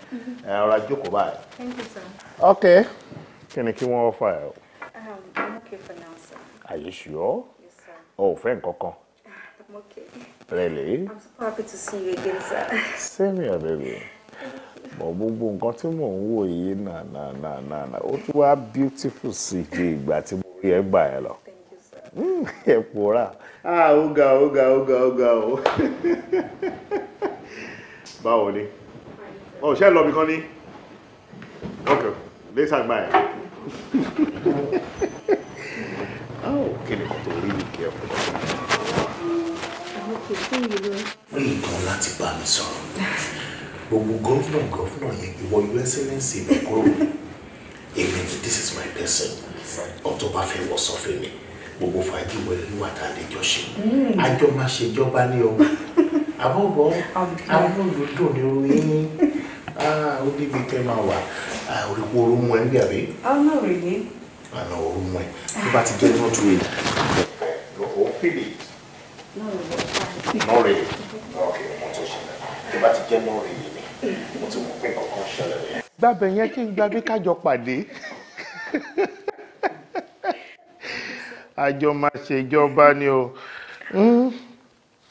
Uh, all right, jókòó báyìí. Thank you, sir. Okay. Can I keep one file? Um, I'm okay for now, sir. Are you sure? Yes, sir. Oh, fẹ́ nǹkankan. I'm okay. Really? I'm so happy to see you again, sir. Same here, ah, baby. Mo gbogbo nǹkan na na na na na. náà náà náà náà ó tún wá beautiful sí ju ìgbà tí mo rí ẹ gbà ẹ lọ ẹ pòórá. Ah, ga ó ga ó ga ó ga ó. báwo ni ọ ṣe lọ bìkan ní ok later bye. báwo kí ni kò tó rí ní kí ẹ pọ̀. nǹkan láti bá mi sọ̀rọ̀ gbogbo gọ́fúnà gọ́fúnà yẹn ìwọ usansc mi kúrò èmi this is my person ọtọ́ bá fẹ́ wọ sọ fún mi gbogbo fàájì wẹ̀rẹ̀ ní wàtá àlejò ṣe mm. àjọ máa ṣèjọba ní ọmọ àbọ̀bọ̀ amúlùdùn ní oyin ó níbi tẹ́ máa wà òrìpò ah, orú mú ẹ ń bí àbí. ọ̀nà òrìlé. ọ̀nà òrú mú ẹ tó bá ti jẹ́ ní wọ́n tún rè lọ́wọ́ pèlè. nọ́ọ̀rì ọ̀kẹ́ mo tún ṣẹlẹ̀ tó bá ti jẹ́ nọ́ọ̀rì yìí ni mo ti mọ̀ pé nǹkan kan ṣẹlẹ̀ rẹ̀. gbàbẹ̀ yẹn kí n gbàgbé kájọ pàdé. àjọ máa ṣèjọba ni o hmm?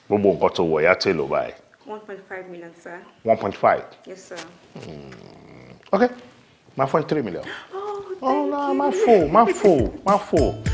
gbogbo nǹkan tó wọ̀ ya tẹ̀ ló báyìí. one point five million sir. one point five. yes sir. Hmm. okay máa fún three million. oh thank oh, nah, you. máa fò máa fò máa fò.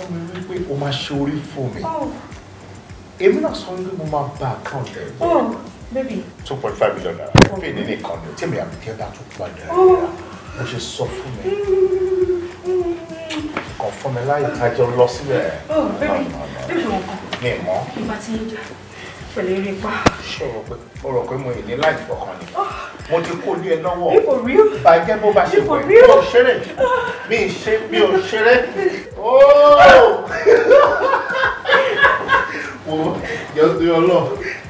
fún mi wípé o máa ṣe orí fún mi oh. èmi náà sọ wípé mo máa bá àkáǹtì ẹ̀ oh, bẹ́ẹ̀ two point five million naira oh. fèè nínú ìkànnì tí èmi àbí kẹ́ńtà tó padà rẹ̀ mo ṣe sọ fún mi mm-hmm. kàn fún mi láyé ìtajà lọ sílẹ̀ mi mọ́. ìgbà tí ń jà pẹ̀lú eré pa. ṣé o rò pé o rò pé mo ní láì fọkàn ni mo ti kó lé ẹ lọ́wọ́ bàjẹ́ bó bá ṣe wẹ̀ mi ò ṣeré mi ò ṣeré. yọ lọ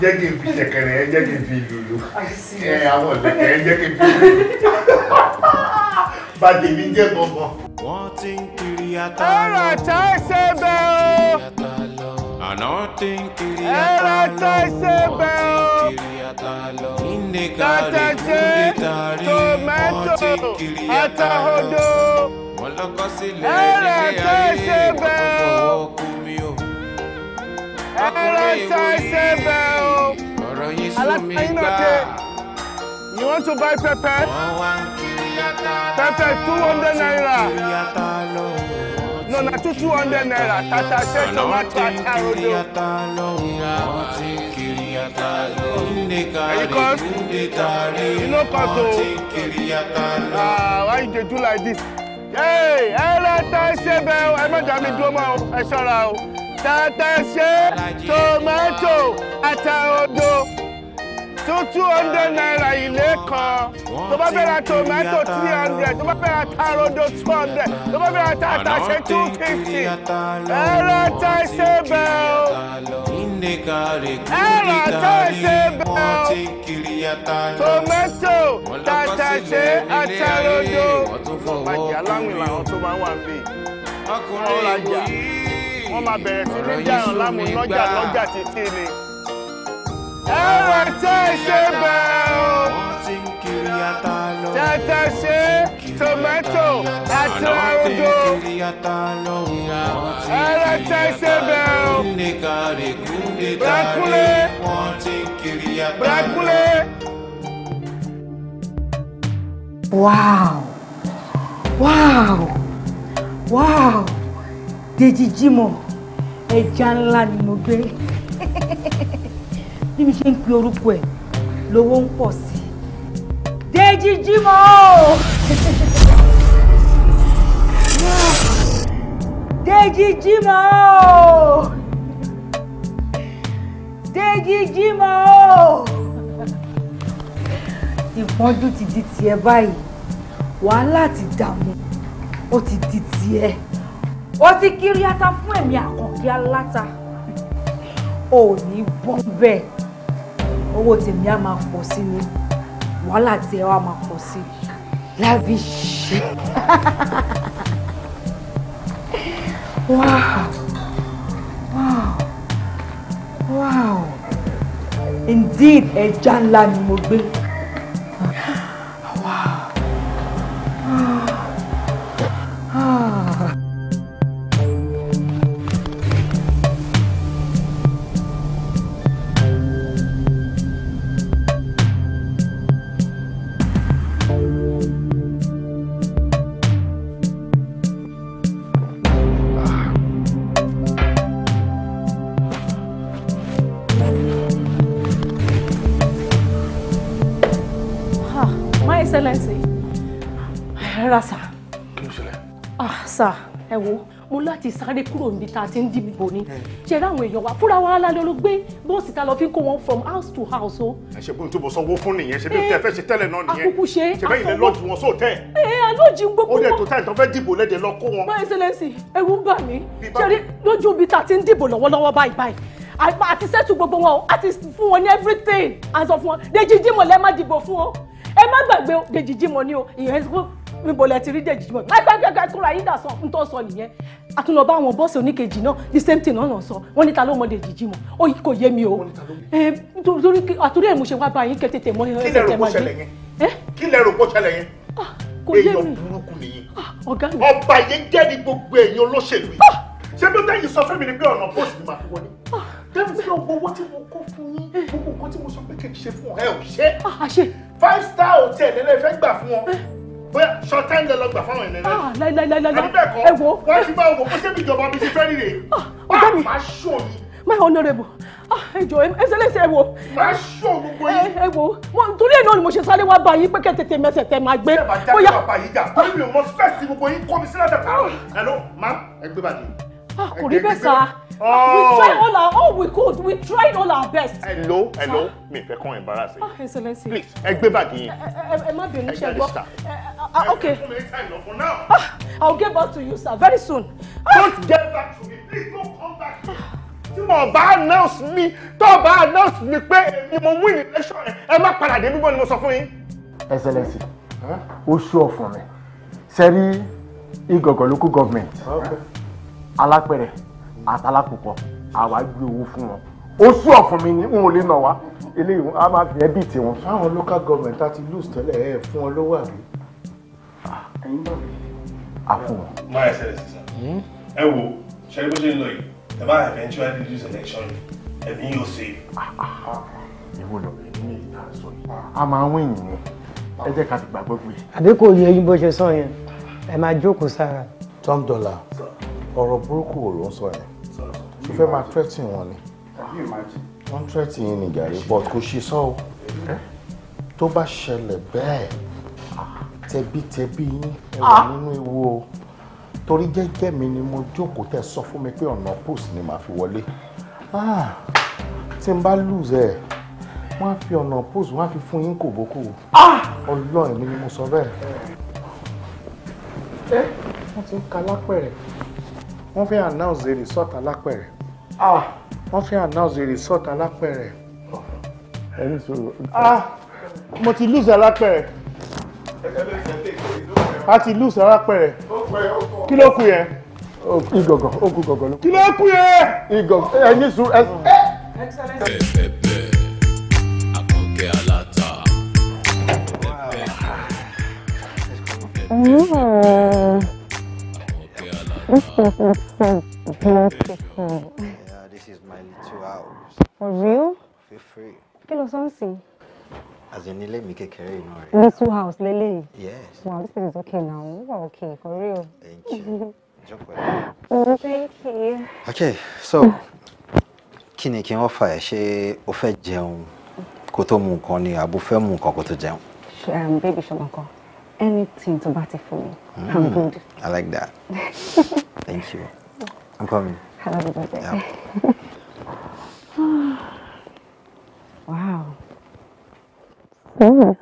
jẹ́ kí n fi ṣẹ̀kẹ̀rẹ̀ ẹ jẹ́ kí n fi lùlù ẹ àwọn ṣẹ̀kẹ̀rẹ̀ ẹ jẹ́ kí n fi lùlù bá tèmi jẹ́ gbọ̀ngàn. wọ́n ti ń kiri ata lọ ẹ̀rọ ta ẹsẹ̀ bẹ́ o àná ti ń kiri ata lọ ẹ̀rọ ta ẹsẹ̀ bẹ́ o tàtàṣe tòmẹ́tò àtàhodo ẹ̀rọ ta ẹsẹ̀ bẹ́ o ẹlẹ́sẹ̀ẹsẹ̀ bẹ́ẹ̀ o alákẹ́yìn náà tẹ you want to buy pepper pepper two hundred naira no not two two hundred naira tata ṣe tomato àti àròjọ. you kan you know come oh. to ah why you do like this. ẹlẹ́sẹ̀ẹsẹ̀ bẹ́ẹ̀ o ẹ má jà mí dúró mọ́ ẹ ṣọ́ra o tàtàṣé tomato àtàodo tún two hundred naira ilé kan tó bá fẹ́ ra tòmátò three hundred tó bá fẹ́ ra tàrodo two hundred tó bá fẹ́ ra tàtàṣé two fifty ẹ̀rọ tàṣé bẹ́ẹ̀ o ẹ̀rọ tàṣé bẹ́ẹ̀ o tòmátò tàtàṣé àtàrodo bàjẹ́ aláwìn làwọn tó máa wà ń ọkùnrin yìí wọ́n máa bẹ̀rẹ̀ sí ní dáràn láàmú lọ́jà lọ́jà títí ni. ẹ̀wẹ̀ tẹ́ ṣe bẹ́ẹ̀ o tẹ́tẹ́ ṣe tòmẹ́tò àti ẹ̀rọ̀dọ̀ ẹ̀wẹ̀ tẹ́ ṣe bẹ́ẹ̀ o brakule brakule. Wow! Wow! Wow! Dèjì Jímọ̀ ẹja ńlá ni mo gbé bí mi ṣe ń pe orúkọ ẹ̀ lówó ń pọ̀ sí i Dèjì Jímọ̀ o Dèjì Jímọ̀ o Dèjì Jímọ̀ o ìpọ́njú ti di tiẹ̀ báyìí wàhálà ti dààmú ó ti di tiẹ̀ ó ti kiri ata fún ẹ̀mí àkàndé aláta ò ní bọ́ bẹ́ẹ̀ owó tèmi á máa pọ̀ sí ni wàhálà tí ẹ wá máa pọ̀ sí lábí ṣe. wow wow wow indeed ẹja ńlá ni mo gbé. sà ẹ wo mo láti sáré kúrò níbi tá a ti ń dìbò ni ṣe ráwọn èèyàn wa fúnra wa lálẹ́ ló gbé bọ́ọ̀sì ta lọ fi kó wọn from house to house o. ẹ ṣe bóun tó bọ sanwó fún nìyẹn ṣe bí o tẹ fẹ́ ṣe tẹ́lẹ̀ náà nìyẹn akuku ṣe ṣe bẹ́ẹ̀ ilẹ̀ lọ́ọ̀jù wọn sóòtẹ́. ẹ ẹ alóòjì ń gbogbo wọn. ó lè tó táyì tó fẹ́ dìbò lẹ́dẹ̀ lọ kó wọn. My ṣẹlẹ̀sì ẹ̀rù ń bà mí ṣeré lójú ibi tá a ti ń dìbò lọ́wọ́lọ́wọ́ báyìí báyìí àti sẹ́tù gbogbo wọn o àti fún wọn everything àti sọ fún wọn Dèjì Jímọ̀ lẹ́ẹ̀ má dìbò fún o ẹ má gbàgbé o Dèjì Jímọ̀ ni o ìyẹn níbo lẹ ti rí dèjì mọ́ gbẹgbẹgbẹ tó ra yídà sọ n tó sọ nìyẹn àtúnlọ́bá àwọn bọ́ọ̀sì oníkejì náà the same thing náà sọ wọ́n níta ló mọ dèjì jí mọ́ ó yí kò yé mi o torí àtúrí ẹ̀ mo ṣe wá bá yín kẹ́tẹ̀tẹ̀ mọ́ ẹsẹ̀ tẹ̀ máa yé kí lẹ rò kó ṣẹlẹ̀ yẹn ah, kò yé mi èèyàn burúkú nìyí ah, ọba yẹn jẹ́ ní gbogbo èèyàn olóṣèlú ah! ṣé bí tẹ́yìn sọ fẹ́mi ni pé ọ̀nà post ni màá fi wọlé dẹ́mi lọ gbọ́ owó tí mo kó fún yín eh. gbogbo nǹkan tí mo sọ pé kì í ṣe fún ọ ẹ ò ṣe five star hotel lẹ́lẹ́ fẹ́ gbà fún ọ bóyá ṣọtá ń lẹ lọ gbà fáwọn ẹ̀lẹ́ rẹ. Ah, láìláìláìláì àbíbẹ̀kọ wọ́n ti bá ògùn kó ṣébi ìjọba mi ti fẹ́ rírè. Ah, ọ̀gá mi ah, my honourable ẹjọ ẹsẹlẹsẹ wo. máa ṣọ gbogbo yìí. ẹ wo torí ẹ náà ni mo ṣe sáré wá bá yín pé kẹ tètè mẹsẹ tẹ máa gbé. bóyá ẹ bá jáde bàbá yìí jà torí mi ò mọ fẹsí gbogbo yín kọ́ mi sílẹ̀ dàtà. ẹ ló máa ẹ gbé bàdé. kò rí bẹ́ẹ̀ sá. Oh. We tried all our all we could. We tried all our best. Hello, hello. me fẹ́ kàn embarrass yín. Ah, excellence. Please, ẹ gbé báàgì yín. Eh, eh, eh, ẹ má bínú ṣe gbọ́. Ah, okay. Ah, I'll get back to you, sir, very soon. Ah. Don't get back to me. Please don't come back to me. Tí mo bá announce mi, tó bá announce mi pé èmi mo win election ẹ̀, ẹ má padà dé bíbọ́ ni mo sọ fún yín. Excellence, ó ṣú ọ̀fun mi. Ṣé rí igọ̀gọ̀ local government? Alápẹ̀rẹ̀. Okay àtàlákùkọ àwa gbé owó fún wọn ó sú ọ̀fun mi ni n ò lè nà wá eléyìí a máa fi ẹbí tiwọn. fáwọn local government àti lose tẹ́lẹ̀ ẹ̀ fún wọn lówó àbí. ẹyin náà àfún wọn. my excellence sir hmm? ẹ wo ṣe bó ṣe ń lọ yìí ẹ bá eventually lose election yìí ẹbí yóò ṣe. ìwọ lọ rẹ ní èyí tá a sọ yìí a máa ń wẹ̀yìn ni ẹ jẹ́ ká ti gbàgbọ́ pé. àbí kò yẹ yín bó ṣe sọ yẹn ẹ máa jókòó sára. tom dollar ọ̀rọ̀ burúkú wo ló ń sọ yẹn tó fẹ́ máa tẹ́tì wọn ni wọ́n tẹ́tì yín ní gàrí but kò ṣe sọ o eh? tó bá ṣẹlẹ̀ bẹ́ẹ̀ tẹbítẹbí yín ẹ wà ah! nínú ewu o torí jẹ́jẹ́ mi ni mo jókòó tẹ̀ sọ fún mi pé ọ̀nà post ni màá fi wọlé ah! tí n bá lùzẹ̀ wọ́n á fi ọ̀nà post wọ́n á fi fún yín kòbókò ah! ọlọ́ọ̀ mi ni mo sọ bẹ́ẹ̀ eh? wọ́n ti ń kalápẹ̀rẹ̀ wọ́n fẹ́ announce the result alápẹ̀rẹ̀ ah wọ́n fẹ́ announce the result alápẹ̀rẹ̀ ẹni sọ̀rọ̀ ah mo ti lose alápẹ̀rẹ̀ a ti lose alápẹ̀rẹ̀ kí ló kù yẹn igọ̀gọ̀ ó kù gọ̀gọ̀ ló kí ló kù yẹn igọ̀gọ̀ ẹni sọ̀rọ̀ ẹ. bẹ́ẹ̀bẹ́ẹ̀ àkànkẹ́ Yeah, this is my little house. For real? Feel free. Kí ló sọ ń sìn? As in ilé mi kékeré inú rẹ̀. Little house lele. Yes. Wow, this is okay now. You are okay, for real. Thank you. Oh, thank you. Okay, so kí ni kí wọ́n fà ẹ́ ṣé o fẹ́ jẹun kó tó mu nǹkan ni àbò fẹ́ mu nǹkan kó tó jẹun? Um, baby ṣọmọkan, anything tó bá ti fún mi. Mm. i like that. Thank you. I'm coming. Have a good day. Yeah. wow. Mm.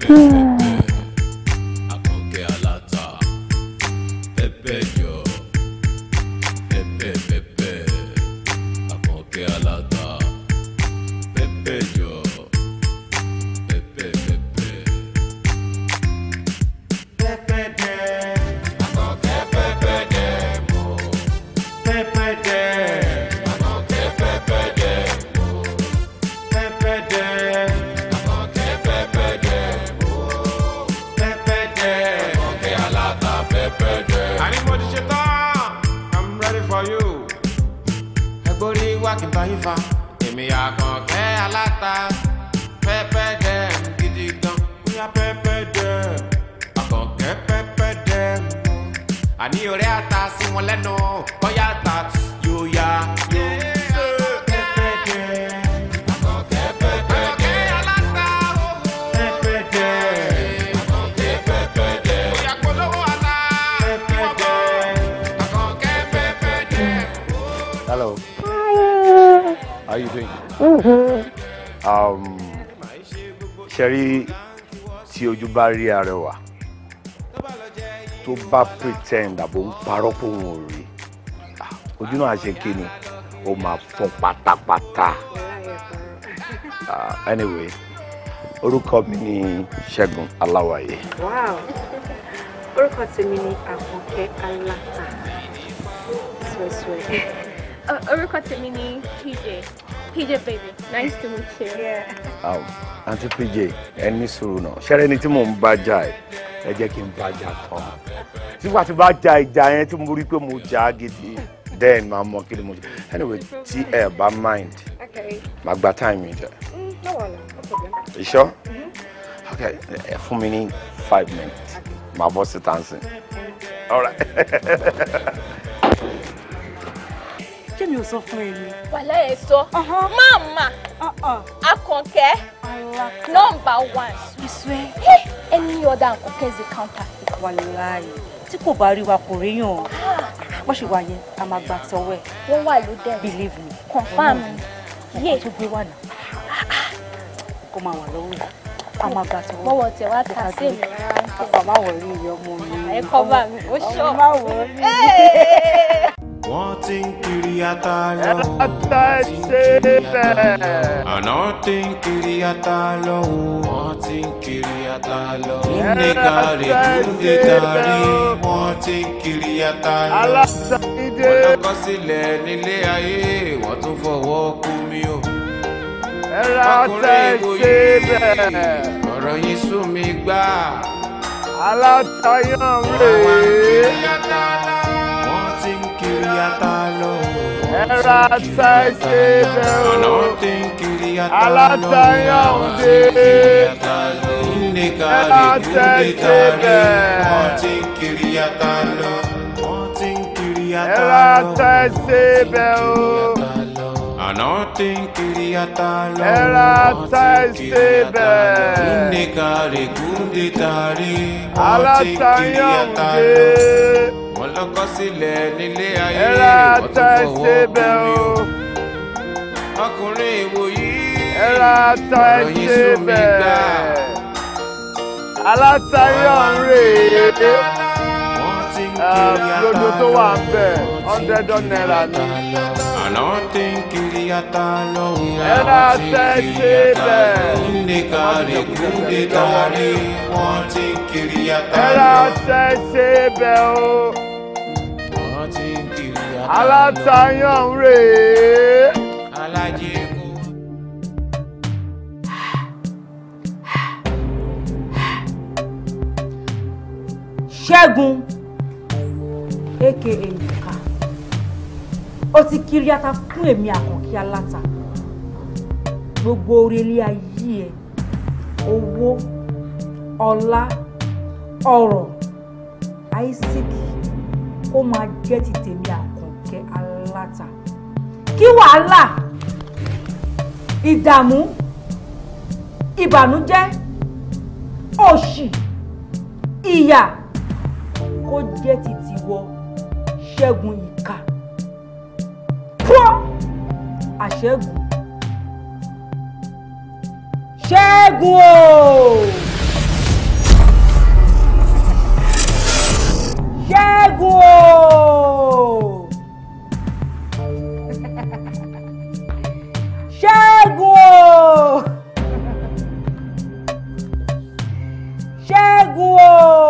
Sad. mi Hello. Hi. How are you doing? Mm-hmm. Um, Sherry, tí ojú bá rí arẹwà tó bá pretend àbò ń parọ́ pò wọ́n rí ojú náà ṣe kí ni ó máa fọ́ pátápátá anyway orúkọ mi ni Ṣẹ́gun Aláwàyè. wow orúkọ tèmi ni Àkànkẹ́ Aláta sweet. orúkọ tèmi ni PJ PJ baby nice to meet you. Yeah. Um, àǹtí péjẹ ẹni sùúrù náà ṣẹ́rẹ́ ni tí mò ń bá jà ẹ̀ ẹ jẹ́ kí n bá jà tán tí wàá bá ja ìjà yẹn tí mo rí pé mo jà á gidi then màá mọ kí ni mo jà anyway tí ẹ bá mind màá gba time mi jẹ. ìṣọ́ mm, mm-hmm. ok ẹ fún mi ní five minutes màá bọ́ sí tansin all right. kémi ò sọ fún ẹ ni. wàhálà ẹ sọ máàmá akànkẹ́ nọ́mbà one. ìṣú ẹ ẹni ọ̀dà àkànkẹ́ ṣe káńtà. wàláyé tí kò bá rí wa kò réyàn ah. bó ṣe wà yẹn a máa gbà tọwọ́ ẹ. wọ́n wà ló dẹ̀. believe me. confam yé ọkọ tó gbé wà náà kó máa wà lọ́wọ́ yìí a máa gbà tọwọ́. bọ́wọ̀ tẹ̀ wá ta sí èmi rárá. àpá máa wọ̀ rí ìyá mi. ẹ kọ́ bá mi ó ṣọ́. ọmọ máa wọ̀ rí. Wanting ti ń kiri ata lọ o wọ́n ti ń kiri ata lọ àná ti ń kiri ata lọ o wọ́n ti ń kiri Wanting lọ túnde kárí túnde kárí wọ́n ti ń kiri ata lọ wọ́n lọ́kọ́ sílẹ̀ nílé ayé wọ́n tún fọwọ́ kú mi o ẹ̀rọ ọ̀tẹ̀ ṣe bẹ́ẹ̀. ọ̀rọ̀ yìí sún mi gbà. alátayán rèé. àwọn akéwì yàtọ̀ náà ẹ̀rọ ata ẹsẹ̀ bẹ́ẹ̀ o alátayọ̀ ọ̀dẹ ẹ̀rọ ata ẹsẹ̀ bẹ́ẹ̀ ẹ̀rọ ata ẹsẹ̀ bẹ́ẹ̀ o. Anotin kiriyatalo. Era taisebe. Kundikari kunditari. Ala tayonde wọ́n ló kọ́ sílẹ̀ nílé ayé wọ́n tó fọwọ́ omi o. ọkùnrin ìwòyí ọ̀rọ̀ yìí sún mi gbà. alátayé ọ̀rẹ́ lódò tó wà ń bẹ̀ hundred naira ni. àná tí ń kiri ata lọ́hùn àwọn tí ń kiri ata lọ́hùn nìkan kúndé tán wọ́n ti ń kiri ata lọ́hùn. ẹ̀rọ tẹ́ ṣe bẹ́ẹ̀ o alátayán rèé. alájẹkọ. ṣẹ́gun aka nìka ó ti kiri ata fún èmi àkànkí aláta gbogbo orílẹ̀ ayé ẹ̀ owó ọlá ọrọ̀ àìsíkì ó máa jẹ́ ti tèmi àkànkẹ́ aláta kí wàhálà ìdààmú ìbànújẹ́ òṣì ìyà kó jẹ́ ti tiwọ ṣẹ́gun ìka pọ́ àṣẹ́gun ṣẹ́gun ooo. Chego! Chego! Chego!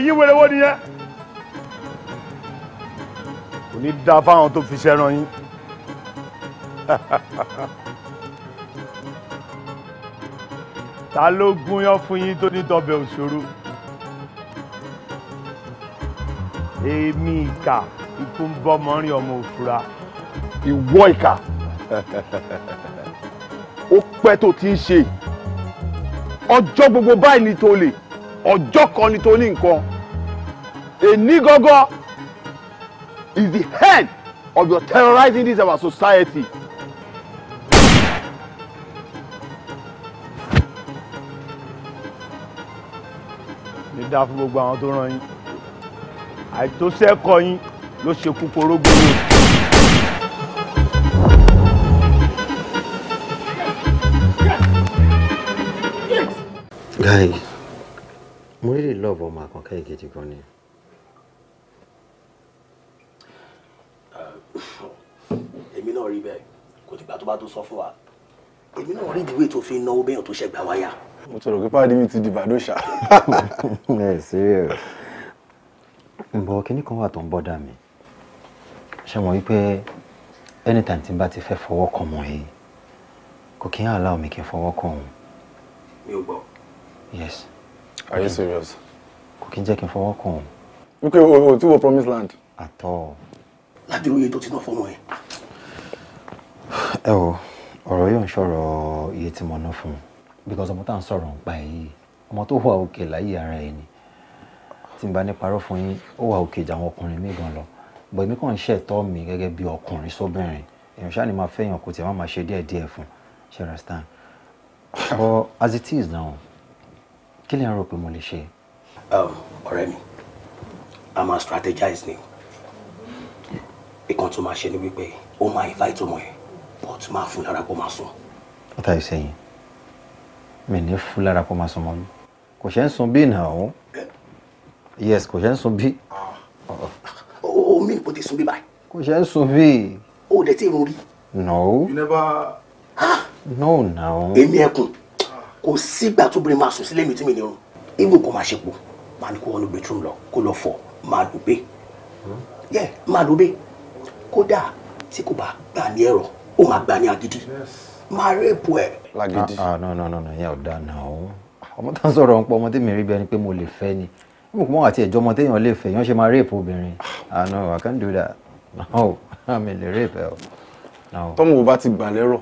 ẹ̀yin wèrè wo nìyẹn kò ní da fáwọn tó fi ṣẹ́ran yín ta ló gúnyán fún yín tó ní tọbẹ̀ òṣòro èmi ìkà ikú ń bọ́ mọ́rin ọmọ òfura. ìwọ ìkà ó pẹ́ tó ti ń ṣe ọjọ́ gbogbo báyìí ni tó lè ọjọ́ kan ni tó ní nǹkan èní gọ́gọ́ is the head of your terrorizing this our society. ní dá fún gbogbo àwọn tó ràn yín àìtóṣẹ́kọ̀ yín ló ṣekú porógbó yín. Guy, lọ́ọ̀bù ọmọ àkànkẹ́ ìkejì gan ni. èmi náà rí bẹ́ẹ̀ kò dìgbà tó bá tó sọ fún wa èmi náà rí ìdíwé tó fi ń náwó bẹ́yàn tó ṣẹ̀gbà wáyà. mo tọrọ pé páàdì mi ti di bàdóṣà. ǹbọ̀ kínní kan wà tó ń bọ́dà mi ṣe mọ̀ wípé anytime tí n bá ti fẹ́ fọwọ́ kàn mọ́ yìí kò kí n àlá omi kí n fọwọ́ kàn òun. mi ò gbọ́. yes. are you serious kò kí n jẹ́ kí n fọwọ́ kàn. wípé o ti wo promise land. àtọ. ládìrú iye tó ti náà fọmọ ẹ. ẹ o ọ̀rọ̀ yóò ń ṣọ̀rọ̀ iye tí mo ná fún un because ọmọ tá à ń sọ̀rọ̀ nípa ẹ̀ yìí ọmọ tó wà òkè láyé ara ẹ̀ ni tí n bá ní parọ́ fún yín ó wà òkè jà àwọn ọkùnrin mi gan lọ but èmi kàn ń ṣẹ̀tọ́ mi gẹ́gẹ́ bí ọkùnrin sóbìnrin èèyàn ṣáà ni máa fẹ́yàn kò tí a máa máa ṣe díẹ̀ díẹ̀ fún ṣe understand but as it is now kí lè ń rò pé mo lè ṣe Um, ọ̀rẹ́ mi a máa strategize ni ìkan tó máa ṣe ni wípé ó máa invite ọmọ ẹ but máa fún lára kó máa sùn. what are you saying? mi ní fún lára kó máa sùn mọ́ mi kò ṣe ń sun bí ìnà ọ̀hún yes kò ṣe ń sun bí. Ah. o mi kò ti sun bí báyìí. kò ṣe ń sun bí. o ò dẹ̀ tí irun rí. no. you never. Ah! no now. èmi ẹkùn kò sígbà tóbìnrin máa sùn sílé mi tí mi ní irun even kò máa ṣe pò. Man, ní kó wọnú bedroom lọ kó lọ fọ máa lò bẹ́ẹ̀ yẹ máa lò bẹ́ẹ̀ kódà tí kò bá gbà ní ẹ̀rọ ó máa gbà ní agídí máa rẹ́pù ẹ̀. lágídí ah, ah no no no yẹn ò dáa náà o ọmọ tó ń sọ̀rọ̀ ń pọ̀ ọmọ tí mi rí bẹ́ẹ̀ ni pé mo lè fẹ́ ni mo kò mọ̀ àti ẹ̀jọ́ ọmọ téèyàn lè fẹ́ yẹn ṣe máa rẹ́pù obìnrin ah no I can't do that no mi lè rẹ́pù ẹ̀ o. tọ́mọ̀ wo bá ti gbà lẹ́rọ̀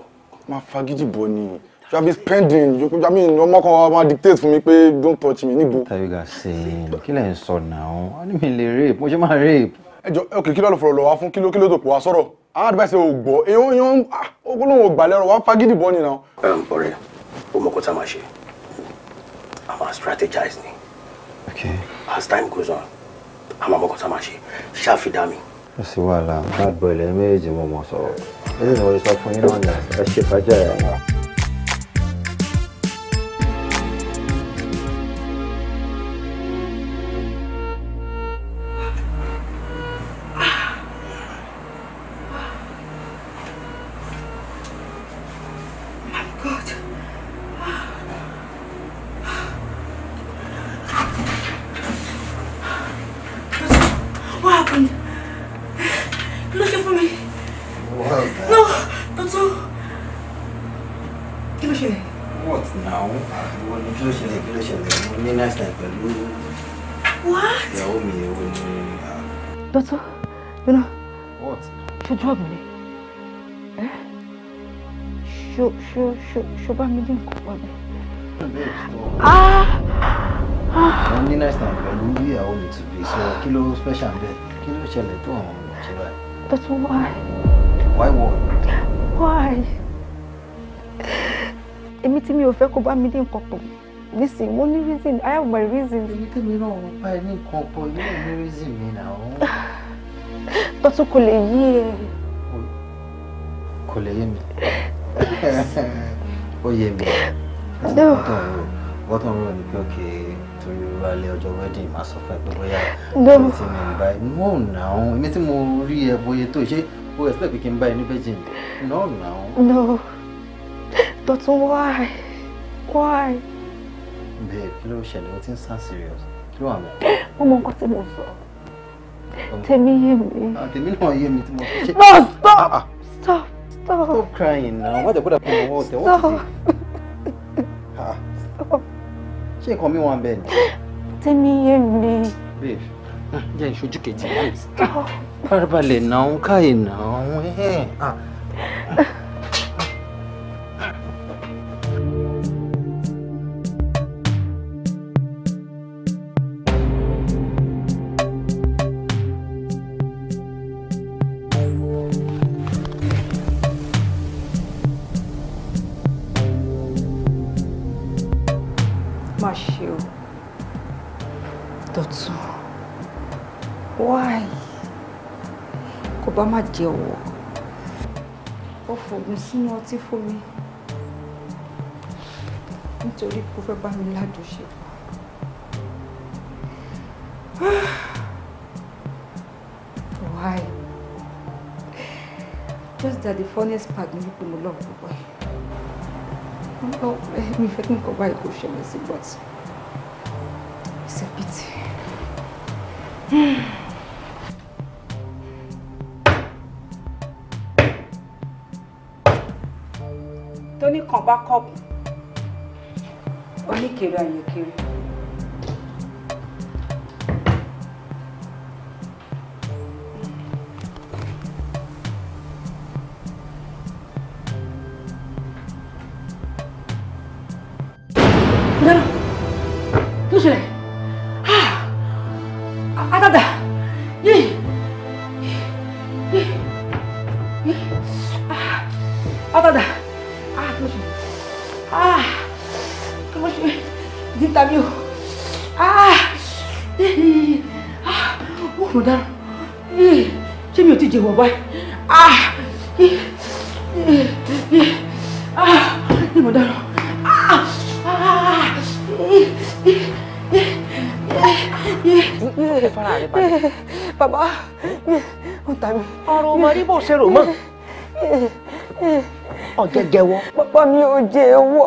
máa fagídí bọ́ ni you have been spending you i mean ọmọ kan ọmọ dictate for me? pé don't touch me Nibu. tayo ga ṣe kí lẹ́yìn sọ náà wọ́n ní mi lè rape mo ṣe máa rape. Okay, jọ ok kí ló lọ fọ̀rọ̀ lọ wá fún kí ló kí ló tó pọ̀ wá sọ̀rọ̀ àwọn advice ò gbọ́ èèyàn èèyàn ogólóhùn ah, ò gbàlẹ́ ọ̀rọ̀ wá fagídì bọ́ ni náà. Um, ọ̀rẹ́ o mọ̀ kó tá a máa ṣe a máa strategize ni as time goes on a máa mọ̀ kó tá a máa ṣe ṣáfidá mi. ó sì wà láà bad boy lẹ́yìn méjèèjì mo mọ̀ sọ̀rọ̀ ẹ sì mọ̀ lè sọ fún yín náà ẹ ṣe fàájà ẹ̀ tí mi ò fẹ́ kó bá mi ní nǹkan pọ̀ nísìnyí mo ní reason I have my reason. èmi tèmi náà wọ́n pa ẹ ní nǹkan pọ̀ yóò ní reason mi náà. tọ́tún kò lè yí ẹ. E. kò lè yé mi ó yé mi wọ́n tó ń rò ní pé òkè torí alẹ́ ọjọ́ wedding máa sọ fún ẹ pé bóyá èmi tí mi ń bá ẹ no now èmi tí mo rí ẹ bóyá tó ṣe o expect pé kí n bá ẹ ní virgin no now. Dọ̀tun why? Why? Babe, kí ló ṣẹlẹ̀? O ti ń serious. Kí ló wà mọ́? Mo mọ nǹkan tí mo sọ. Tèmi yé mi. Ah, tèmi náà yé mi tí mo ṣe. No ah, stop! Ah, stop! Stop! Stop crying now. Wọ́n jẹ́ bọ́dà fún ọwọ́ tẹ̀. Ha? Stop! Ṣé nǹkan mi wà ń bẹ̀ ni? Tèmi yé mi. Babe, jẹ́ ìṣojú kejì. Stop! now, Kai, now, eh? Ah. má jẹ ọ̀wọ́ ó fògùn sínú ọtí fún mi nítorí kó fẹ́ bá mi lájọṣepọ̀ why just that the funniest part ni wípé mo lọ́ọ̀ púpọ̀ mo lọ́ọ̀ mi fẹ́ kí n kọ́ báyìí kó ṣẹlẹ̀ sí gbọ́sọ̀. bákọ̀pù oníkèrè àyẹ̀kèrè kó ṣe rò mọ́ ọjẹ jẹ́wọ́. pápá mi ò jẹ́wọ́.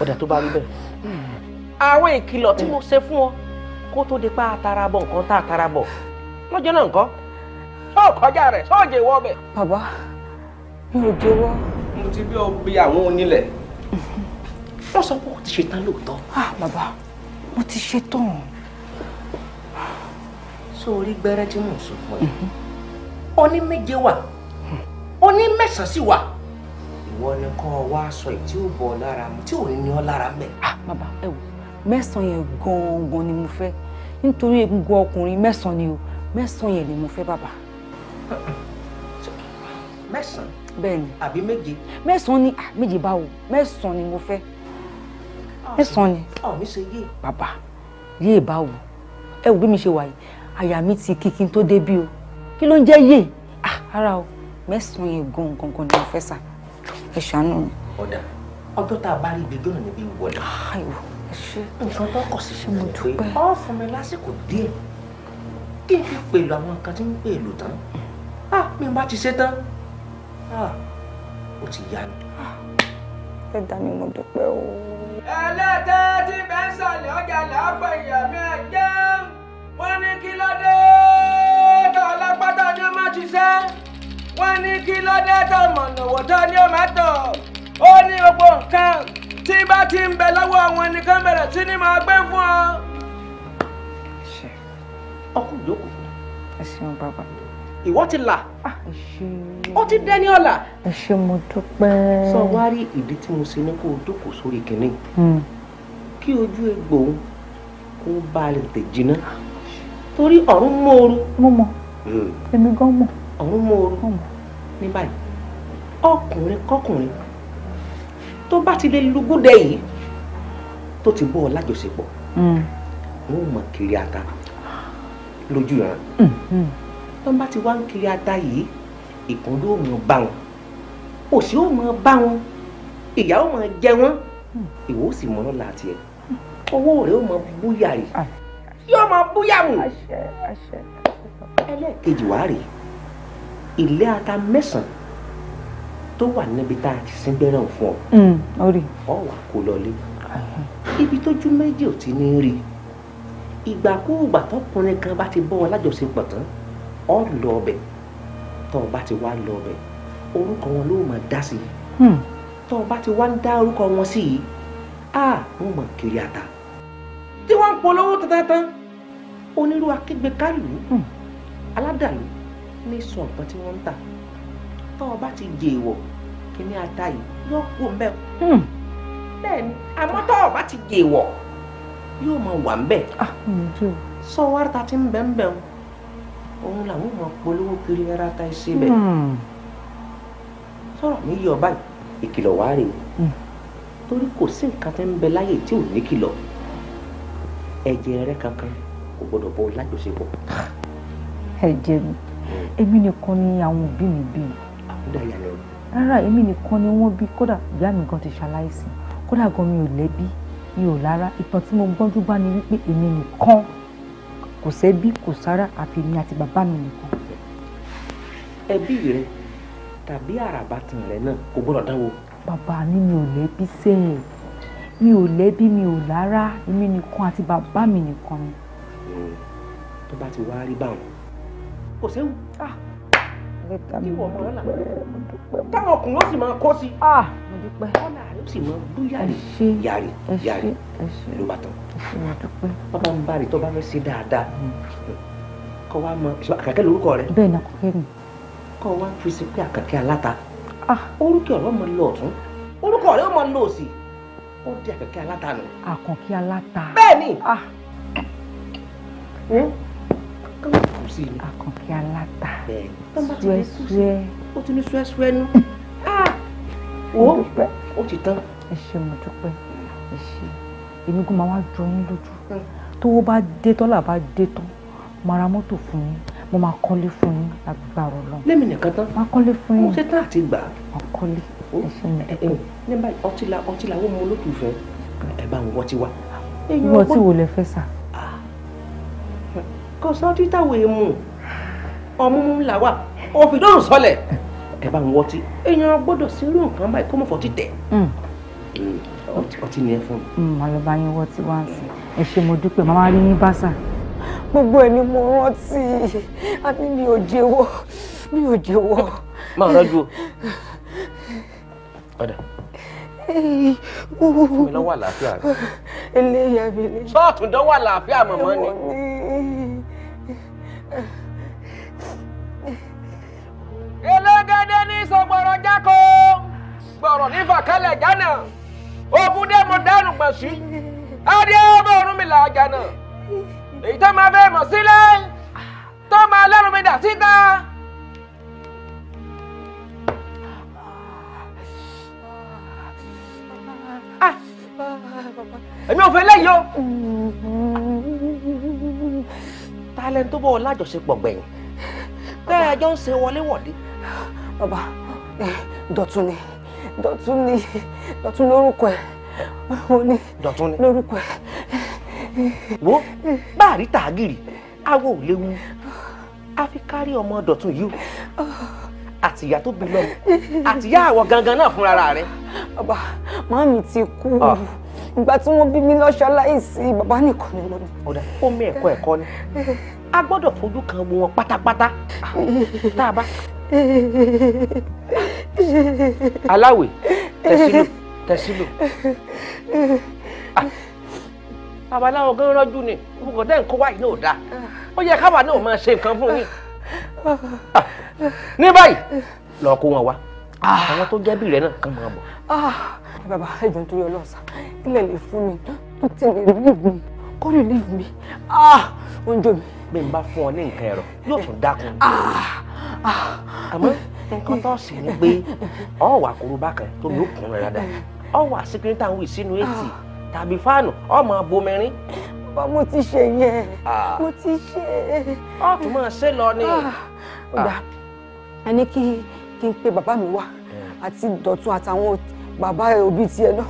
ọ̀dà tó bá rí bẹ́ẹ̀. àwọn ìkìlọ̀ tí mo ṣe fún ọ kó tó di pa àtàràbọ̀ nǹkan tá àtàràbọ̀ lọ́jọ́ náà nǹkan sọ kọjá rẹ sọ jẹ́wọ́ bẹ. bàbá mi ò jẹ́wọ́. mo ti bí ọ bí àwọn onílẹ̀. wọ́n sọ pé o ti ṣetán lóòótọ́. ah bàbá mo ti ṣetán so orí gbẹ́rẹ́ tí mò ń sọ fún ẹ oní méje wà oní mẹ́sàn-án sì wà ìwọ ni kọ́ ọ wá aṣọ yìí tí ó bọ̀ lára mu tí ò ní ní ọ lára mẹ́. Ah, bàbá ẹ wò mẹ́sàn yẹn gan ni mo fẹ́ nítorí egungun ọkùnrin mẹ́sàn-án ni o mẹ́sàn-án yẹn ni mo fẹ́ bàbá. mẹ́sàn-án. bẹ́ẹ̀ ni àbí méje. mẹ́sàn-án ni ah, méje báwo mẹ́sàn ni mo fẹ́ mẹ́sàn ni. ọ̀ mi ṣe yé. bàbá yé báwo ẹ wò bí mi ṣe wà yìí àyà mi ti kí kí n tó débi o kí ló ń jẹ́ yé ah, ara o mẹ́sàn-án yẹn gan gangan ni mo fẹ́ sà ẹ ṣàánú mi. ọ̀dà ọjọ́ tá a bá rí ibi gbọ́dọ̀ níbi ìwọlé. ayiwo ẹ ṣe nǹkan tó kọ̀ sí fún mi pé ọ fún mi lásìkò díẹ̀ kí n fi pèlò àwọn nǹkan tí ń pèlò tán ah mi bá ti ṣe tán ah ó ti yá mi. Ah, ẹ dá mi mo dúpẹ́ o. ẹlẹ́tẹ̀ẹ́ tí bẹ́ẹ̀ sọ̀lẹ̀ ọjà ìyá mi ẹ̀ jẹun wọ́n ní kí ló dé tó alápátá ni ó máa ṣiṣẹ́ wọ́n ní kí ló dé tó mọ̀nà wòtọ́ ni ó máa tọ̀ ó ní gbogbo nǹkan tí bá ti ń bẹ lọ́wọ́ àwọn ẹnìkan bẹ̀rẹ̀ sí ni máa gbé fún ọ. ọkùnrin jókòó. ẹ ṣeun bàbá. ìwọ ti là. Ah, ó ti dẹni ọ̀la. ẹ ṣe mo dúpẹ́. sọ wá rí ìdí tí mo ṣe ní kó o jókòó sórí kìnìún hmm. kí ojú egbò ń bá lè tè jiná torí ọ̀run mòoru. mo mọ̀ hmm. èmi gan mọ̀. ọ̀run mòoru ní báyìí ọkùnrin kọkùnrin tó bá ti lè lugúdẹ yìí tó ti bọ́ ọ lájọṣepọ̀ wọn hmm. ò mọ̀ kiri ata lójú ìran hmm, tó bá ti wá ń kiri ata yìí ìkúndó mọ bá wọn òsì ó mọ bá wọn ìyá ó jẹ wọn ìwọ ó sì mọ lọ́la tiẹ̀ owó rẹ̀ ó mọ yóò máa búyàwó. ẹlẹ́ẹ̀kejì wàá rèé ilé ata mẹ́sàn-án tó wà níbi tá a ti sin gbẹ́ràn fún ọ hmm, ọ wà kó lọlé ibi tójú méjì ò ti ní rí ìgbàkúùgbà tọkùnrin kan bá ti bọ́ ọ lájọṣepọ̀ tán ọ lọ ọbẹ̀ tọ́ ọ bá ti wá lọ ọbẹ̀ orúkọ wọn ló máa dá sí i hmm. tọ́ ọ bá ti wá ń dá orúkọ wọn sí i a wọ́n máa kiri ata tí wọ́n ń polówó tán tán tán onírú akígbe kálù hmm. aládàlú ní sun ọ̀pọ̀ tí wọ́n ń tà tọ́ ọ bá ti jẹ èèwọ̀ kíní ata yìí yóò kú mbẹ́ o hmm. bẹ́ẹ̀ ni àmọ́ tọ́ ọ bá ti jẹ èèwọ̀ yóò máa wà mbẹ́ ah, sọ wárí ta ti ń bẹ́ mbẹ́ òun làwọn máa polówó kiri ẹ̀rá ta ẹsẹ̀ bẹ́ẹ̀ hmm. sọ̀rọ̀ mi yọ báyìí ìkìlọ̀ wá rèé torí kò sí nǹkan tí ń bẹ láyè tí ò ní kìlọ̀ ẹ̀jẹ̀ rẹ kankan kò gbọ́dọ̀ bọ́ lájọṣepọ̀. ẹ jẹ mi hmm. èmi nìkan ni àwọn òbí mi bí. àkúdà ìyá lọ. rárá èmi nìkan ni wọ́n bí kódà ìyá mi gan ti ṣaláìsí kódà gan mi ò lẹ́bí mi ò lára ìtàn tí mo gbọ́njú bá ni wípé èmi nìkan kò sẹ́bí kò sára àfi èmi àti bàbá mi nìkan. ẹbí rẹ tàbí àràbà tìǹlẹ̀ náà kò gbọ́dọ̀ dáwọ́. bàbá mi mi ò lẹ́bí sẹ́yìn mi ò lẹ́bí mi ò lára èmi nìkan àti bàbá mi nìkan ni ni tó bá ti wá rí báwọn kò séwu ah. ìwọ ọmọ ọlá táwọn ọkùnrin ó sì máa kó sí ah, ọlá rẹ ó sì máa bú yàrá yàrá yàrá ló bá tán bàbá ń bá rí tó bá fẹ́ ṣe dáadáa kọ́ wa mọ àkàkẹ́ lórúkọ rẹ bẹ́ẹ̀ ni àkàkẹ́ mi kọ́ wa fi sí pé àkàkẹ́ aláta ah. orúkọ ọ̀rọ̀ mọ lọ ọ̀tún orúkọ ọ̀rẹ́ mọ lọ ó di àkàkẹ́ aláta nù. àkàkẹ́ aláta. bẹ́ẹ̀ ni. Hm? àkànkí aláta suẹ́suẹ́ ó ti ní suẹ́suẹ́ nú wo hmm. ah! ó ti tán. ẹ ṣe mo dúpẹ́ ẹ ṣe èmi gan máa wá jọ yín lójú hmm. tówó bá dé tọ́là bá dé tán mo ra mọ́tò fún yín mo máa kọ́lé fún yín agbára Ọlọ́run. lẹ́mi nìkan tán máa kọ́lé fún yín. mo ṣe tán àti gbà. máa kọ́lé ẹ ṣe mo dúpẹ́. ní báyìí ọtí la ọtí la ó mú olókùn fẹ́ ẹ bá wọn wọ́n ti wá. ìwọ wo lè fẹ́ sà kò sọ títà wo èèmù ọmú mú là wà òfin ló ń sọlẹ̀ ẹ bá ń wọtí èèyàn gbọ́dọ̀ sí irú nǹkan báyìí kó mọ̀ fọ́ títẹ̀ mm. ọtí ni ẹ fún mi. Mm, àlọ́bá yín wọtí wá sí ẹ ṣe mo dúpẹ́ màmá rí yín bá sà. gbogbo ẹ ni mo rántí àní mi ò jẹ́wọ́ mi ò jẹ́wọ́. máa rọ́jú o. ọ̀dà fún mi lọ́wọ́ àlàáfíà rẹ. eléyà mi ni. ṣọ́ọ̀tù dánwò àlàáfíà mọ̀mọ́ ni. elégédé ní sọgbọrọ jákó gbọ̀rọ̀ ní fàkálẹ̀ jánà ogun dé mo dánù pẹ̀sí adé ọmọ ọ̀run mi là jánà èyí tó máa fẹ́ mọ̀ sílẹ̀ tó máa lẹ́rù mi dà síta. kankan èmi ò fẹ́ lẹ́yìn o. ta lẹni tó bọ̀ ọ lájọṣepọ̀ gbẹ̀yìn tẹ́ ẹ jọ ń ṣe wọléwọ̀de. bàbá eh, dọ̀tún ni dọ̀tún ni dọ̀tún lórúkọ ẹ̀ wọ́n ní lórúkọ ẹ̀. wo báàrí tàgìrì awo ò léwu a fi kárí ọmọ dọ̀tún yìí o àtìyá tó bí lọ́mọ àtìyá àwọ̀ gangan náà fúnra rẹ̀. bàbá màmí ti kú. Ah ìgbà tí wọ́n bí mi lọ́ṣọ́ láìsí bàbá nìkan ni lónìí. ọ̀dà omi ẹ̀kọ́ ẹ̀kọ́ ni a gbọ́dọ̀ fojú kan wo wọn pátápátá tá a bá. aláwẹ̀ tẹ̀sílò tẹ̀sílò ah. babaláwo gan rọ́jú ni gbogbo dẹ́n kó wáyé náà dáa ó yẹ káwa náà máa ṣe nǹkan fún yín ah. ní báyìí lọ́ọ́ kó wọn wá ah. àwọn tó jẹ́bi rẹ̀ náà kàn máa bọ̀ bàbá ẹ̀jọ̀ nítorí ọlọ́sà kílẹ̀ lè fún mi tó ti lè leave me kó lè leave me ah oúnjẹ mi. bí n bá fún Ah, ah, nǹkan ẹ̀rọ yóò tún dákun. Ah, ah. àmọ́ nǹkan tó sì ń gbé ọ̀wà kúrúbá kan tó ló kún rẹ̀ dáadáa ọ̀wà síkírítà ń wì sínú ètì ah. tàbí fáànù ọmọ abomirin bá mo ti ṣe yẹn mo ti ṣe. ọ tún máa ṣe lọ ni. ó dà a ní kí kí n pe bàbá mi wá eh. àti Dọ̀tun àtàwọn bàbá òbí tiẹ̀ náà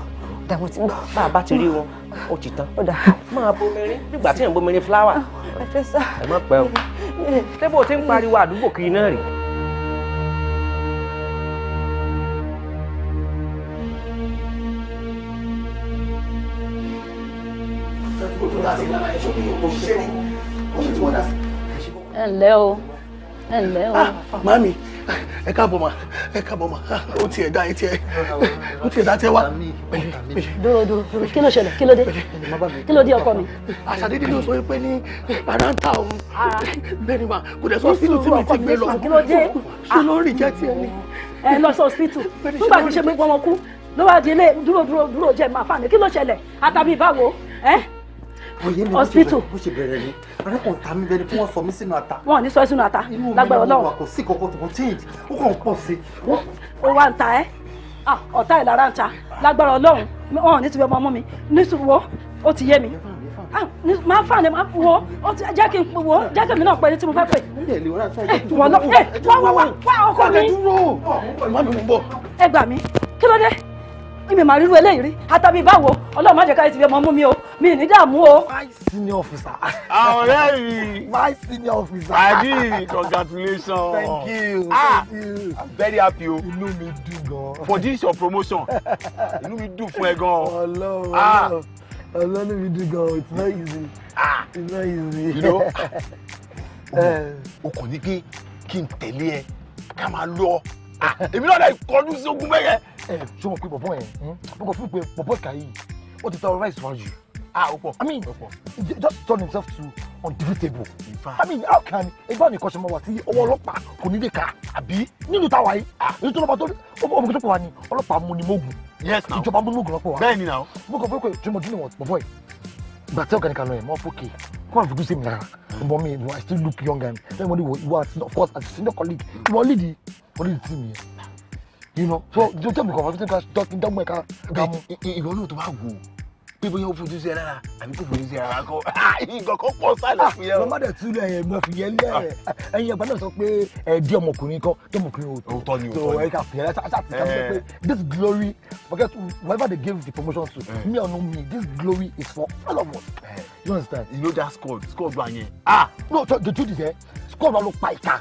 dàmú ti gbọ́. bá a bá ti rí wọn ó ti tán. ó dáa. máa bomirin nígbà tí èèyàn bomirin fúláwà. Ah, ẹ fẹ́ sá. ẹ má pẹ́ o. ṣé bó ń pariwo àdúgbò kiri náà rèé. ẹ ǹlẹ́ o ẹ ǹlẹ́ o. Ah, màmí ẹ káàbọ̀ mà ẹ káàbọ̀ mà ó ti ẹ̀dá ẹ ti ẹ ó ti ẹ̀dá tẹ wá. dúró dúró dúró kí ló ṣẹlẹ̀ kí ló dé kí ló dé ọkọ mi. àṣàdédé ló sọ pé ní parántà òun bẹ́ẹ̀ ni mà kò dẹ̀ sọ sínú tí mi ti gbé lọ ṣé ló rìn jẹ́ tiẹ̀ ni. Ah, ẹ lọ sọ hospital nígbà tí ṣe mi pọ́n wọn kú ló wá di ilé dúró dúró dúró jẹ́ màá fà mí kí ló ṣẹlẹ̀ àtàbí báwo hospital. bó ṣe bẹ̀rẹ̀ ni ọ̀rẹ́ kan ta mi bẹ́ẹ̀ ni fún wọn sọ mí sínú ata. wọn ò ní sọ ẹ sínú ata lágbára Ọlọ́run. inú mi wà kò sí kòkó tó kàn change ó kàn pọ̀ sí. ó wá ń ta ẹ́ ọ̀tá ẹ̀ lára ń ta lágbára Ọlọ́run wọn ò ní ti fi ọmọ ọmọ mi nítorí ó ti yé mi máa fà ní máa wo ó ti jẹ́ kí n wo jẹ́ kí mi náà pẹ́ ní tí mo fẹ́ pè. wọ́n lọ wá wá wá ọkọ mi. ẹ gbà mí kí ló dé mi máa rírú eléyìí rí àtàbí báwo ọlọ́run má jẹ́ ká ti fi ọmọ mú mi o mi ní dààmú o. my senior officer. Ah, ọ̀rẹ́ mi. my senior officer. àdìrí congratulations. thank you. ah thank you. i'm very happy o. inú mi dùn gan. for this your promotion inú mi dùn fún ẹ gan. Ah. ọlọ́run ọlọ́run ọlọ́run mi dùn gan it's not easy. ah it's not easy. you know eh. o kò ní kí n tẹ̀lé ẹ ká máa lọ. Ah, èmi náà dẹ̀ kọjú sí ogun bẹ́ẹ̀ yẹn. ẹ ṣé hmm? mo pe bọ̀bọ̀ yẹn mo kàn fún pé bọ̀bọ̀ kàyí ó ti terrorize wọn jù. ah o pọ i mean he just turned himself to undefeatable. i mean how can ẹgbẹ́ mi kọ́ ṣe máa wà sí ọwọ́ ọlọ́pàá kò ní lè ka àbí nílùú táwa yìí èyí ah, tó lọ́pàá tó ọmọ kí tó pọ̀ wá ní ọlọ́pàá mú ni mógùn. yes na ìjọba mú ni mógùn lọ́pọ̀ wá. bẹ́ẹ̀ ni na. mo kàn fún pé tí mo dín ní wọn bọ̀bọ̀ yìí gbàtẹ́ ọ̀gáníkà lọ yẹn mọ́ fókè come and reduce him now. But I still look young and everybody will, you are, of course, as a senior colleague, you are leading orí ìtì mi yẹn you know so jọ tẹ́bù kọ̀ọ̀fà fún ká dọ́gbọ́n ẹ̀ka dàmú. ìwọ náà tó bá wù ú pé bóyá ó fojú sí ẹ lára àbí kò fojú sí ẹ lára kó nǹkan ah, kan pọ̀ sálẹ̀ ah, fún yẹn o. mọ́mọ́dé tún lẹ̀ ẹ̀ mọ̀ fìyẹn lẹ̀ ah, ẹ̀yin ẹ̀gbọ́n náà sọ pé ẹ̀ di ọmọkùnrin kan di ọmọkùnrin òótọ́. òótọ́ ni òótọ́ ni. ẹ̀ka fìyẹn láti àti àti pé eh. this glory forget whoever they gave the promotion to eh. me or no me this glory is for all of us. Eh. you understand. you know that score score gba yẹn. ah no the truth is eh score ló pa ìka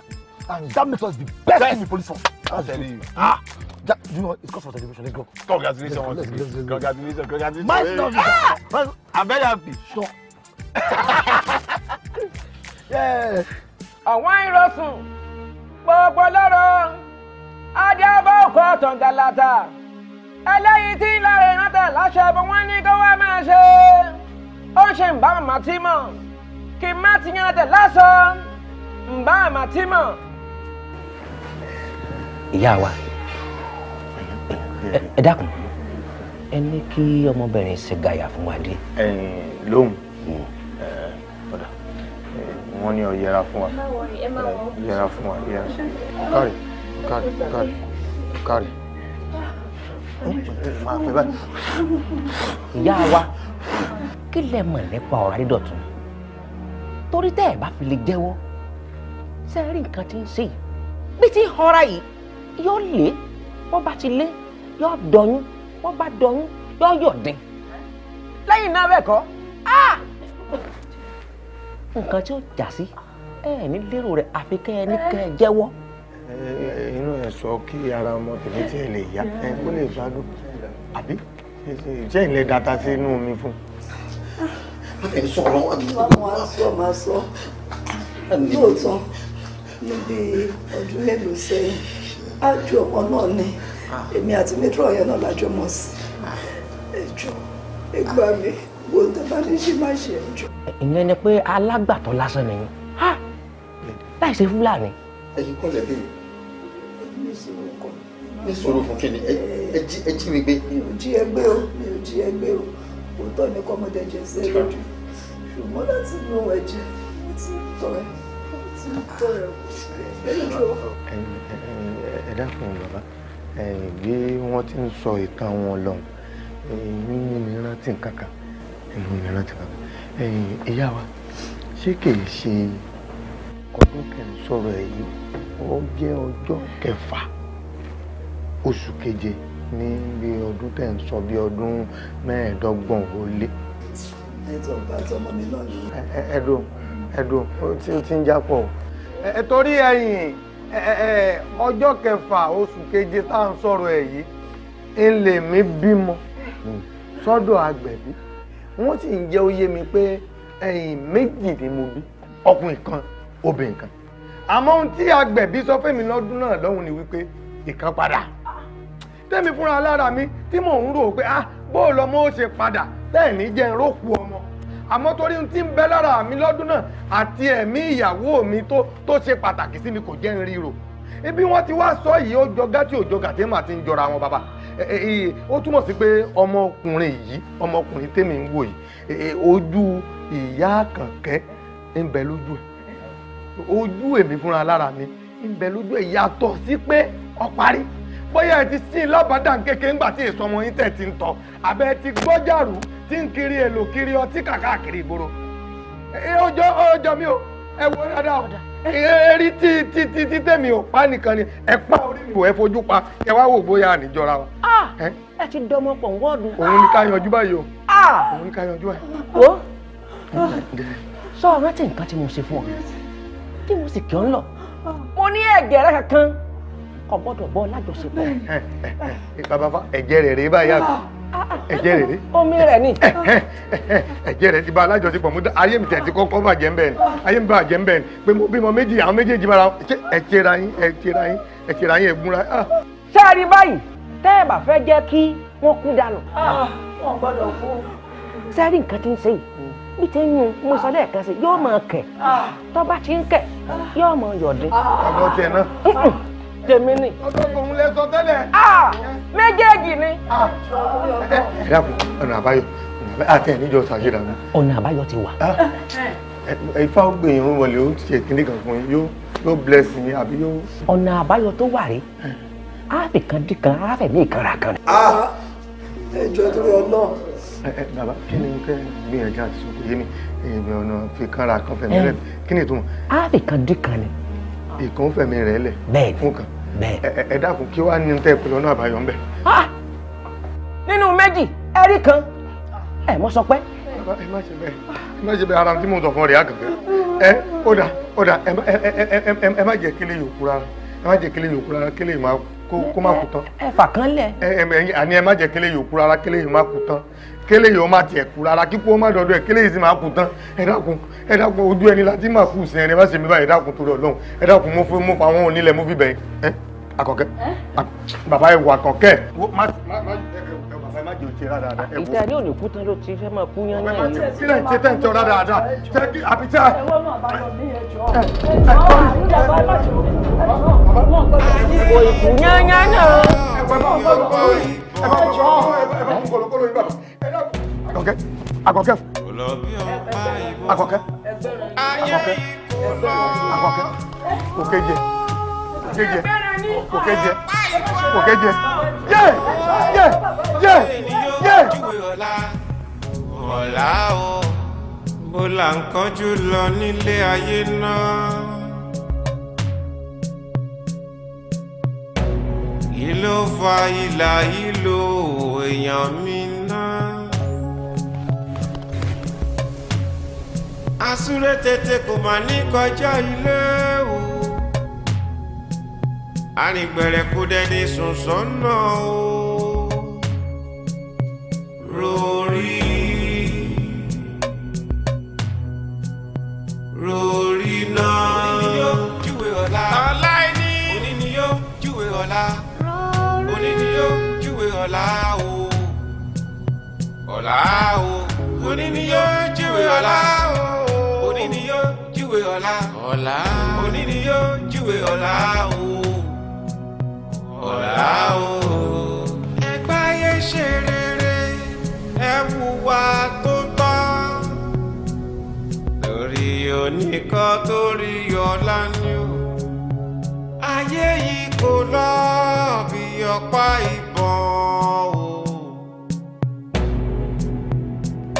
and that makes us the best, best. in the police force. I'm telling you. Ah. That, you know it's cause for celebration. Let's go. Congratulations once again. Congratulations. Congratulations. My stuff. Ah! I'm very happy. Sure. yes. Àwọn ìrọ̀sùn gbogbo lọ́rọ̀ Adébọ̀kọ̀ Tọ̀ǹgàlàtà eléyìí tí ń lára ìrántà láṣẹ bí wọ́n ní kó wá máa ṣe. Ó ń ṣe ń bá màmá tí mọ̀ kí má ti yan tẹ̀ lásán ń bá màmá tí mọ̀ ìyá wa ẹ dákun ẹ ní kí ọmọbìnrin ṣe gàyà fún wa dé. lóhùn hmm. ọ̀dà wọ́n ní ọ yẹra fún wa yẹra fún wa yẹra kárí kárí kárí kárí. ìyá wa kí lẹ mọ̀ nípa ọ̀rọ̀ Adédọ̀tun torí tẹ́ ẹ̀ bá fi lè jẹ́wọ́ sẹ́ẹ̀rì nǹkan tí ń ṣe bí ti ń yìí yóò lé wọ́n bá ti lé yóò dọyún wọ́n bá dọyún yóò yọ̀dín lẹ́yìn náà bẹ́ẹ̀ kọ́ ah! nǹkan tí ó jà sí ẹ ní lérò rẹ̀ àfi kẹ́ ẹ ní eh. kẹ́ ẹ jẹ́wọ́. Eh, eh, inú ẹ sọ kí ara ọmọ tèmi tí ẹ lè yá ẹ kó lè gbádùn àbí ṣé ìlẹ̀ data sí mi fún. Ah. ẹ sọ̀rọ̀ wọn. máa sọ máa sọ lóòótọ́ níbi ọdún mélòó sẹ́yìn àjò ọmọ náà ni ah. èmi àti metro ọ̀yẹ́ náà lájọ mọ̀ sí ẹjọ́ ẹgbà mi wo tó bá ní ṣe má ṣe ẹjọ́. ìyẹn ni pé alágbàtọ́ lásán nìyẹn láì ṣe fúlàní. ẹyin kọ́ lẹ́bí mi ní sọ̀rọ̀ fún kí ni ẹ jí mi gbé. mi ò jí ẹgbẹ́ o mi ò jí ẹgbẹ́ o òótọ́ ni kọ́mọdé jẹ sí ẹ lójú ṣùgbọ́n láti mú ẹ̀jẹ̀ ó ti ń tọ́ ẹ ti ń tọ́ ẹ ah dákun bàbá bí wọ́n ti ń sọ ìtàn wọn lọ ẹ̀yìn mú mi rántí kankan mú mi rántí kankan ìyá wa ṣé kìí ṣe ọdún kẹrin sọ̀rọ̀ ẹ̀ yìí ó jẹ́ ọjọ́ kẹfà oṣù keje ní bí ọdún tẹ̀ ń sọ bí ọdún mẹ́ẹ̀ẹ́dọ́gbọ̀n ó lé. ẹ̀ẹ́dùn ẹ̀ẹ́dùn ó ti ń jápọ̀. ẹ̀ torí ẹ̀yìn ọjọ́ kẹfà oṣù keje tá à ń sọ̀rọ̀ ẹ̀ yìí ń lè mí bímọ sọ́dọ̀ agbẹ̀bí wọ́n sì ń jẹ́ oyé mi pé ẹ̀yìn méjì ni mo bí ọkùnrin kan obìnrin kan àmọ́ ohun tí agbẹ̀bí sọ fẹ́mi lọ́dún náà lọ́hùn ni wípé ìkan padà tẹ́mi fúnra lára mi tí mò ń rò pé ah bó lọmọ ó ṣe padà lẹ́ẹ̀ni jẹ́ ń rókù ọmọ àmọ́ torí n ti ń bẹ lára mi lọ́dún náà àti ẹ̀mí ìyàwó mi tó tó ṣe pàtàkì sí mi kò jẹ́ ríro ibi wọ́n ti wá sọ yìí ó jọ gátí ó jọ gàtí mà ti ń jọra wọn bàbá ó túmọ̀ sí pé ọmọkùnrin yìí ọmọkùnrin tèmi ń wò yìí ojú ìyá kànkẹ́ ń bẹ lójú ẹ̀ ojú èmi fúnra lára mi ń bẹ lójú ẹ̀ yàtọ̀ sí pé ó parí bóyá ẹ ti sin lábàdàn kékeré ńgbà tí èso ọmọ yín tẹ̀ ti ń tọ̀ àbẹ́ ti gbọ́jàrú tí ń kiri èlò kiri ọtí kàkàkiri ìgboro ọjọ́ ọjọ́ mi o ẹ wo dáadáa o eré tí tí tí tí tèmi ò pa nìkan ni ẹ pa orí mi wò ẹ fojú pa ẹ wá wò bóyá àníjọra wa. ẹ ti dọmọ pọ̀ wọ́ọ̀dù. òun ni ká yanjú báyìí o òun ni ká yanjú ẹ. wo sọ ọ rántí nǹkan tí mo ṣe fún ọ tí mo sì kí ọ ń lọ mo ní ẹ̀jẹ̀ rẹ kankan kò gbọ́dọ̀ bọ́ lájọṣepọ̀. bàbá ẹ̀jẹ̀ rẹ̀ rèé báyìí àgbà. Ah ẹ̀jẹ̀ rẹ̀ ni. omi rẹ̀ ni. ẹ̀jẹ̀ rẹ̀ ti ba alájọsípọ̀ mú ayé mi tẹ̀sí kọ́kọ́ bàjẹ́ ńbẹ̀ ni ayé mi bàjẹ́ ńbẹ̀ ni pé mo bímọ méjì àwọn méjèèjì bára ẹ̀jẹ̀ ra yín ẹ̀jẹ̀ ra yín ẹ̀jẹ̀ ra yín ẹ̀gúnra. Ah. ṣé a rí báyìí tẹ́ ẹ bá fẹ́ jẹ́ kí wọ́n kú dànù. Ah, wọn gbọ́dọ̀ fún. sẹ́rí nǹkan ti ń ṣe yìí bí ti ń yun mo sọ lẹ́ẹ̀kan sí yóò máa kẹ̀ ah. tó bá ti ń kẹ̀ yóò máa yọ̀dín. àbọ̀ tiẹ̀ náà tèmi ni. ọdọkùnrin lè sọ tẹ́lẹ̀. méjèèjì ni. ìyàpò ọ̀nà àbáyọ àti ẹ̀níjọ ṣàṣìlá mi. ọ̀nà àbáyọ ti wà. ifá gbìyànjú wọlé ó ṣe kíní kan fún yín yóò bless yín àbí yóò. ọ̀nà àbáyọ tó wà rí áàbì kan dín kan áàfẹ̀mí ìkanra kan. ẹjọ tó yọ náà. bàbá kí ni fẹ́ gbìyànjú àti sọ́kò yé mi èmi ọ̀nà fi kanra kan fẹ̀mí rẹ̀ kí ni ìtumọ̀. áàbì kan dín kan ni. ìkan fẹ̀mí rẹ̀ lẹ̀ fún kan bẹ́ẹ̀. ẹ dákun kí wàá ní tẹ́ ìpè lọ́nà àbáyọ ńbẹ. nínú méjì ẹ̀rí kan ẹ mọ sọ pé. ẹ má ṣe bẹ́ẹ̀ ẹ má ṣe bẹ́ẹ̀ ara tí mo sọ fún rẹ̀ àgàgà ẹ ó dà ó dà ẹ má jẹ́ kílé yòókù rárá ẹ má jẹ́ kílé yòókù rárá kílé máa kó má kú tán. ẹ fà kán lẹ̀. àní ẹ má jẹ́ kílé yòókù rárá kílé má kú tán kélé yìí ó má tiẹ̀ kú rárá kíkú ó má dọ̀dọ̀ ẹ̀ kélé yìí sì máa kú tán ẹ dákun ẹ dákun ojú ẹni láti máa kú sí ẹni ẹ bá ṣe mi báyìí ẹ dákun torí Ọlọ́run ẹ dákun mo fún mo fa àwọn onílẹ̀ mo fi bẹ̀yìn. Àkànkẹ́ bàbá ẹ wò Àkànkẹ́ ìtẹ́ ní òní kú tán ló ti fẹ́ máa kú yán náà yìí. sílẹ̀ ń ṣe tẹ́ ń tẹ́ ọ dáadáa jẹ́ kí àbíjá. ẹ̀wọ́n náà bá lọ bí ẹjọ́ ẹjọ́ àyùdà bá bá ti wọ́n ẹjọ́ kò ìkú yán yán náà. ẹ̀wọ́n bá wọ́n kọ́ ẹ̀wọ́n bá wọ́n kọ́ kólókóló yín bàbá. Àkànkẹ́ Àkànkẹ́ Àkànkẹ́ Àkànkẹ́ Àkànkẹ́ Òkéje kéje kò kéje ye ye ye. yé ọ̀la o mo là ń kánjú lọ nílé ayé náà. ìlò fa ìlà ìlò èèyàn mi náà. asúré tètè kò mà ní kọjá ilé o arìngbẹ̀rẹ̀ kú dẹni sùn sọ́nà o. Rorí rorí náà. Òní ni yóò júwe ọ̀la. Ọ̀la ẹni. Òní ni yóò júwe ọ̀la. Rorí. ni yóò júwe ọ̀la o. Ọ̀la o. Òní ni yóò júwe ọ̀la o. Òní ni yóò júwe ọ̀la. Ọ̀la. Òní ni yóò júwe ọ̀la o ọ̀la o. ẹgbẹ́ ayé ṣe rere ẹ wùwà tó tọ́ lórí oníkan tó rí ọ̀la ni o. ayé yìí kò lọ bí ọ̀pá ìbọn o.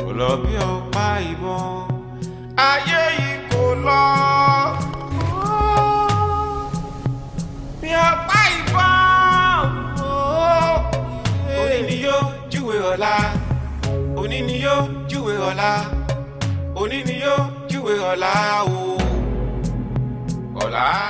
kò lọ bí ọ̀pá ìbọn. ayé yìí kò lọ. Bí ọ̀la òní ni yóò júwe ọ̀la òní ni yóò júwe ọ̀la o ọ̀la.